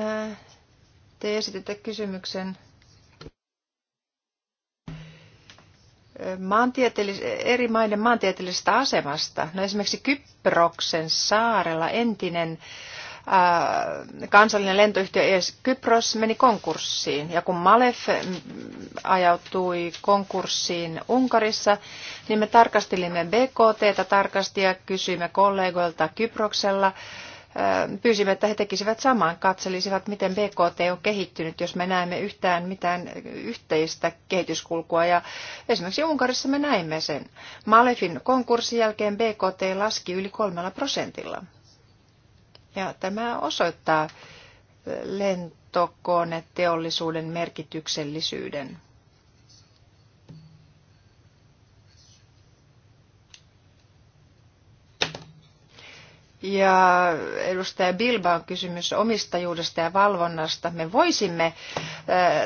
te esititte kysymyksen eri maiden maantieteellisestä asemasta. No esimerkiksi Kyproksen saarella entinen äh, kansallinen lentoyhtiö ES Kypros meni konkurssiin. Ja kun Malef mm, ajautui konkurssiin Unkarissa, niin me tarkastelimme BKTtä tarkasti ja kysyimme kollegoilta Kyproksella, pyysimme, että he tekisivät saman, katselisivat, miten BKT on kehittynyt, jos me näemme yhtään mitään yhteistä kehityskulkua. Ja esimerkiksi Unkarissa me näimme sen. Malefin konkurssin jälkeen BKT laski yli kolmella prosentilla. Ja tämä osoittaa lentokoneteollisuuden merkityksellisyyden. Ja edustaja Bilbaan kysymys omistajuudesta ja valvonnasta. Me voisimme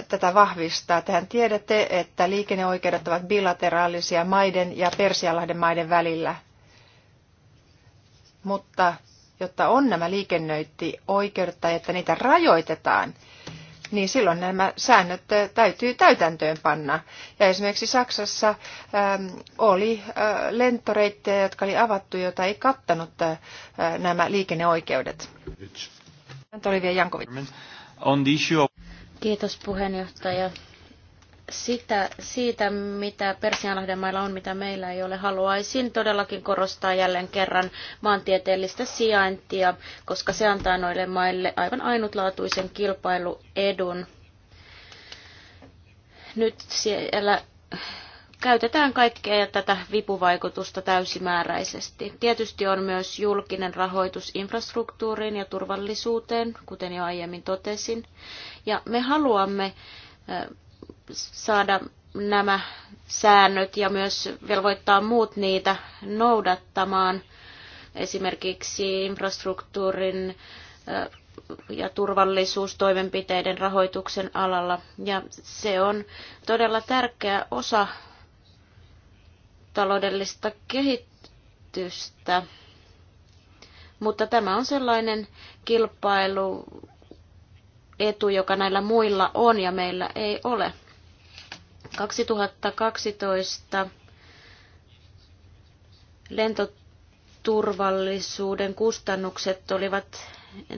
tätä vahvistaa. Tähän tiedätte, että liikenneoikeudet ovat bilateraalisia maiden ja Persialahden maiden välillä. Mutta jotta on nämä liikennöintioikeudet tai että niitä rajoitetaan, niin silloin nämä säännöt täytyy täytäntöön panna. Ja esimerkiksi Saksassa äm, oli ä, äh, lentoreittejä, jotka oli avattu, jota ei kattanut ä, äh, nämä liikenneoikeudet. Kiitos puheenjohtaja
sitä, siitä, mitä Persianlahden mailla on, mitä meillä ei ole. Haluaisin todellakin korostaa jälleen kerran maantieteellistä sijaintia, koska se antaa noille maille aivan ainutlaatuisen kilpailuedun. Nyt siellä käytetään kaikkea ja tätä vipuvaikutusta täysimääräisesti. Tietysti on myös julkinen rahoitus infrastruktuuriin ja turvallisuuteen, kuten jo aiemmin totesin. Ja me haluamme saada nämä säännöt ja myös velvoittaa muut niitä noudattamaan esimerkiksi infrastruktuurin ja turvallisuustoimenpiteiden rahoituksen alalla. Ja se on todella tärkeä osa taloudellista kehitystä. Mutta tämä on sellainen kilpailu, etu, joka näillä muilla on ja meillä ei ole. 2012 lentoturvallisuuden kustannukset olivat 4,4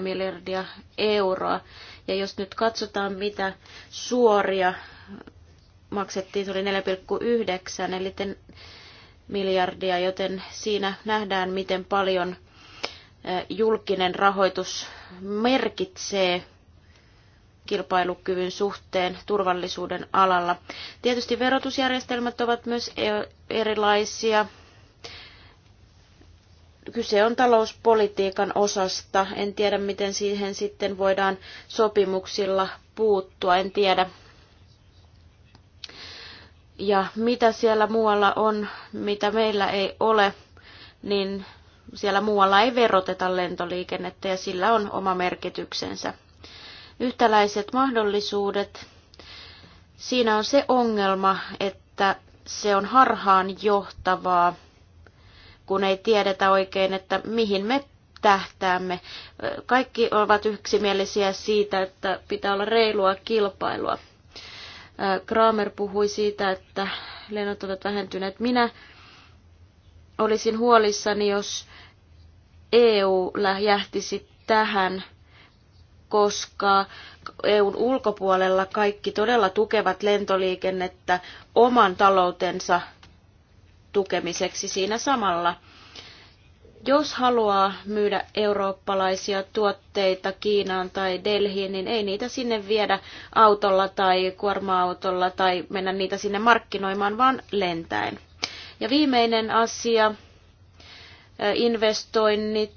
miljardia euroa. Ja jos nyt katsotaan, mitä suoria maksettiin, se oli 4,9 eli miljardia, joten siinä nähdään, miten paljon julkinen rahoitus merkitsee kilpailukyvyn suhteen turvallisuuden alalla. Tietysti verotusjärjestelmät ovat myös e- erilaisia. Kyse on talouspolitiikan osasta. En tiedä, miten siihen sitten voidaan sopimuksilla puuttua. En tiedä. Ja mitä siellä muualla on, mitä meillä ei ole, niin siellä muualla ei veroteta lentoliikennettä ja sillä on oma merkityksensä. Yhtäläiset mahdollisuudet. Siinä on se ongelma, että se on harhaan johtavaa, kun ei tiedetä oikein, että mihin me tähtäämme. Kaikki ovat yksimielisiä siitä, että pitää olla reilua kilpailua. Kramer puhui siitä, että lennot ovat vähentyneet. Minä olisin huolissani, jos EU läjähtisi tähän, koska EUn ulkopuolella kaikki todella tukevat lentoliikennettä oman taloutensa tukemiseksi siinä samalla. Jos haluaa myydä eurooppalaisia tuotteita Kiinaan tai Delhiin, niin ei niitä sinne viedä autolla tai kuorma-autolla tai mennä niitä sinne markkinoimaan, vaan lentäen. Ja viimeinen asia, investoinnit,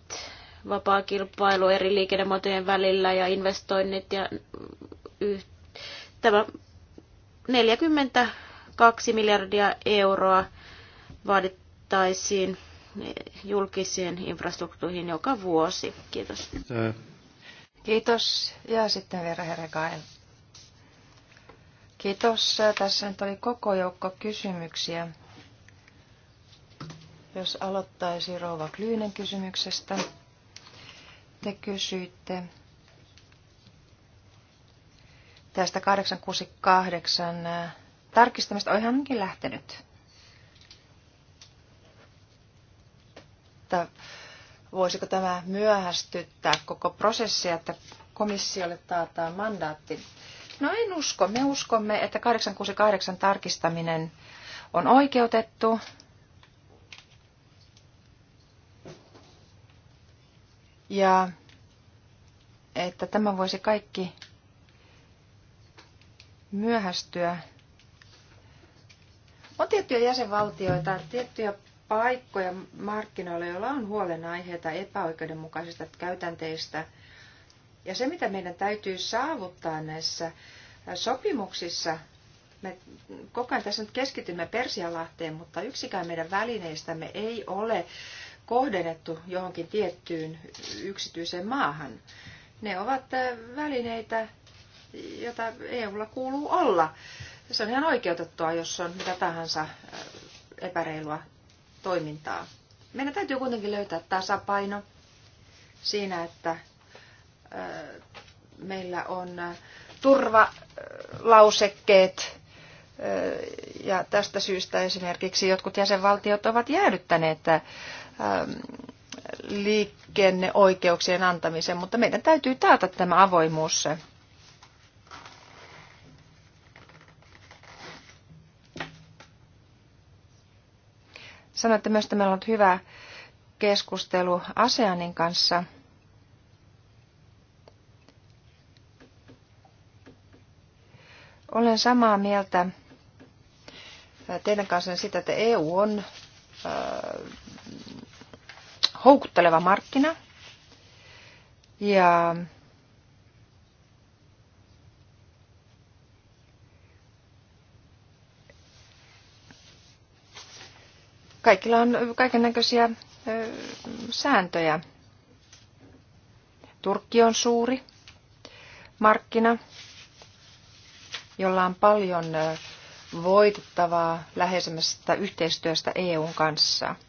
vapaa kilpailu eri liikennemuotojen välillä ja investoinnit ja mm, tämä 42 miljardia euroa vaadittaisiin e, julkisiin infrastruktuihin joka vuosi.
Kiitos. Kiitos. Ja sitten vielä herra Gael. Kiitos. Tässä nyt oli koko joukko kysymyksiä. Jos aloittaisi Rouva Klyynen kysymyksestä. Te kysyitte tästä 868 äh, tarkistamista. Olihan hänkin lähtenyt. Että voisiko tämä myöhästyttää koko prosessia, että komissiolle taataan mandaatti. No en usko. Me uskomme, että 868 tarkistaminen on oikeutettu Ja että tämä voisi kaikki myöhästyä. On tiettyjä jäsenvaltioita, tiettyjä paikkoja markkinoilla, joilla on huolenaiheita epäoikeudenmukaisista käytänteistä. Ja se, mitä meidän täytyy saavuttaa näissä sopimuksissa, me koko ajan tässä nyt keskitymme Persialahteen, mutta yksikään meidän välineistämme ei ole kohdennettu johonkin tiettyyn yksityiseen maahan. Ne ovat äh, välineitä, joita EUlla kuuluu olla. Se on ihan oikeutettua, jos on mitä tahansa äh, epäreilua toimintaa. Meidän täytyy kuitenkin löytää tasapaino siinä, että äh, meillä on turvalausekkeet. Ja tästä syystä esimerkiksi jotkut jäsenvaltiot ovat jäädyttäneet Ähm, liikenneoikeuksien antamisen, mutta meidän täytyy taata tämä avoimuus. Sanoitte myös, että meillä on ollut hyvä keskustelu ASEANin kanssa. Olen samaa mieltä teidän kanssanne sitä, että EU on äh, houkutteleva markkina. Ja kaikilla on kaiken näköisiä sääntöjä. Turkki on suuri markkina, jolla on paljon voitettavaa läheisemmästä yhteistyöstä EUn kanssa –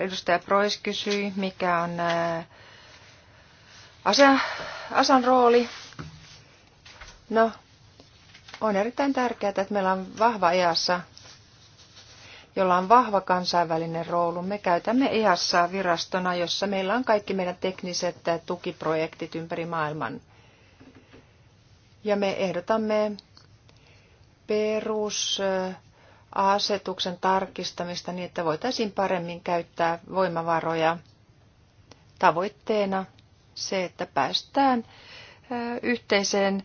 Edustaja Prois kysyi, mikä on äh, Asa, Asan rooli. No, on erittäin tärkeää, että meillä on vahva EASA, jolla on vahva kansainvälinen rooli. Me käytämme EASA virastona, jossa meillä on kaikki meidän tekniset äh, tukiprojektit ympäri maailman. Ja me ehdotamme perus äh, asetuksen tarkistamista niin, että voitaisiin paremmin käyttää voimavaroja tavoitteena se, että päästään yhteiseen,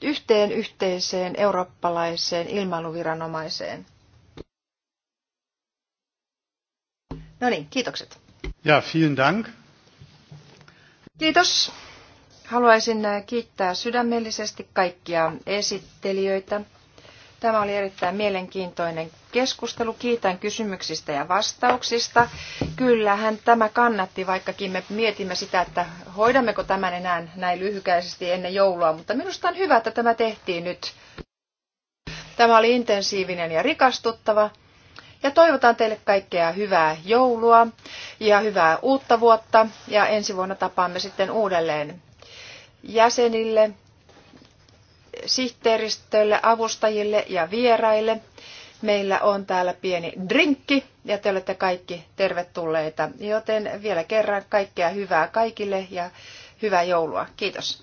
yhteen yhteiseen eurooppalaiseen ilmailuviranomaiseen. No niin, kiitokset.
Ja, vielen dank.
Kiitos. Haluaisin kiittää sydämellisesti kaikkia esittelijöitä. Tämä oli erittäin mielenkiintoinen keskustelu. Kiitän kysymyksistä ja vastauksista. Kyllähän tämä kannatti, vaikkakin me mietimme sitä, että hoidammeko tämän enää näin lyhykäisesti ennen joulua, mutta minusta on hyvä, että tämä tehtiin nyt. Tämä oli intensiivinen ja rikastuttava. Ja toivotan teille kaikkea hyvää joulua ja hyvää uutta vuotta ja ensi vuonna tapaamme sitten uudelleen jäsenille sihteeristölle, avustajille ja vieraille. Meillä on täällä pieni drinkki ja te olette kaikki tervetulleita. Joten vielä kerran kaikkea hyvää kaikille ja hyvää joulua. Kiitos.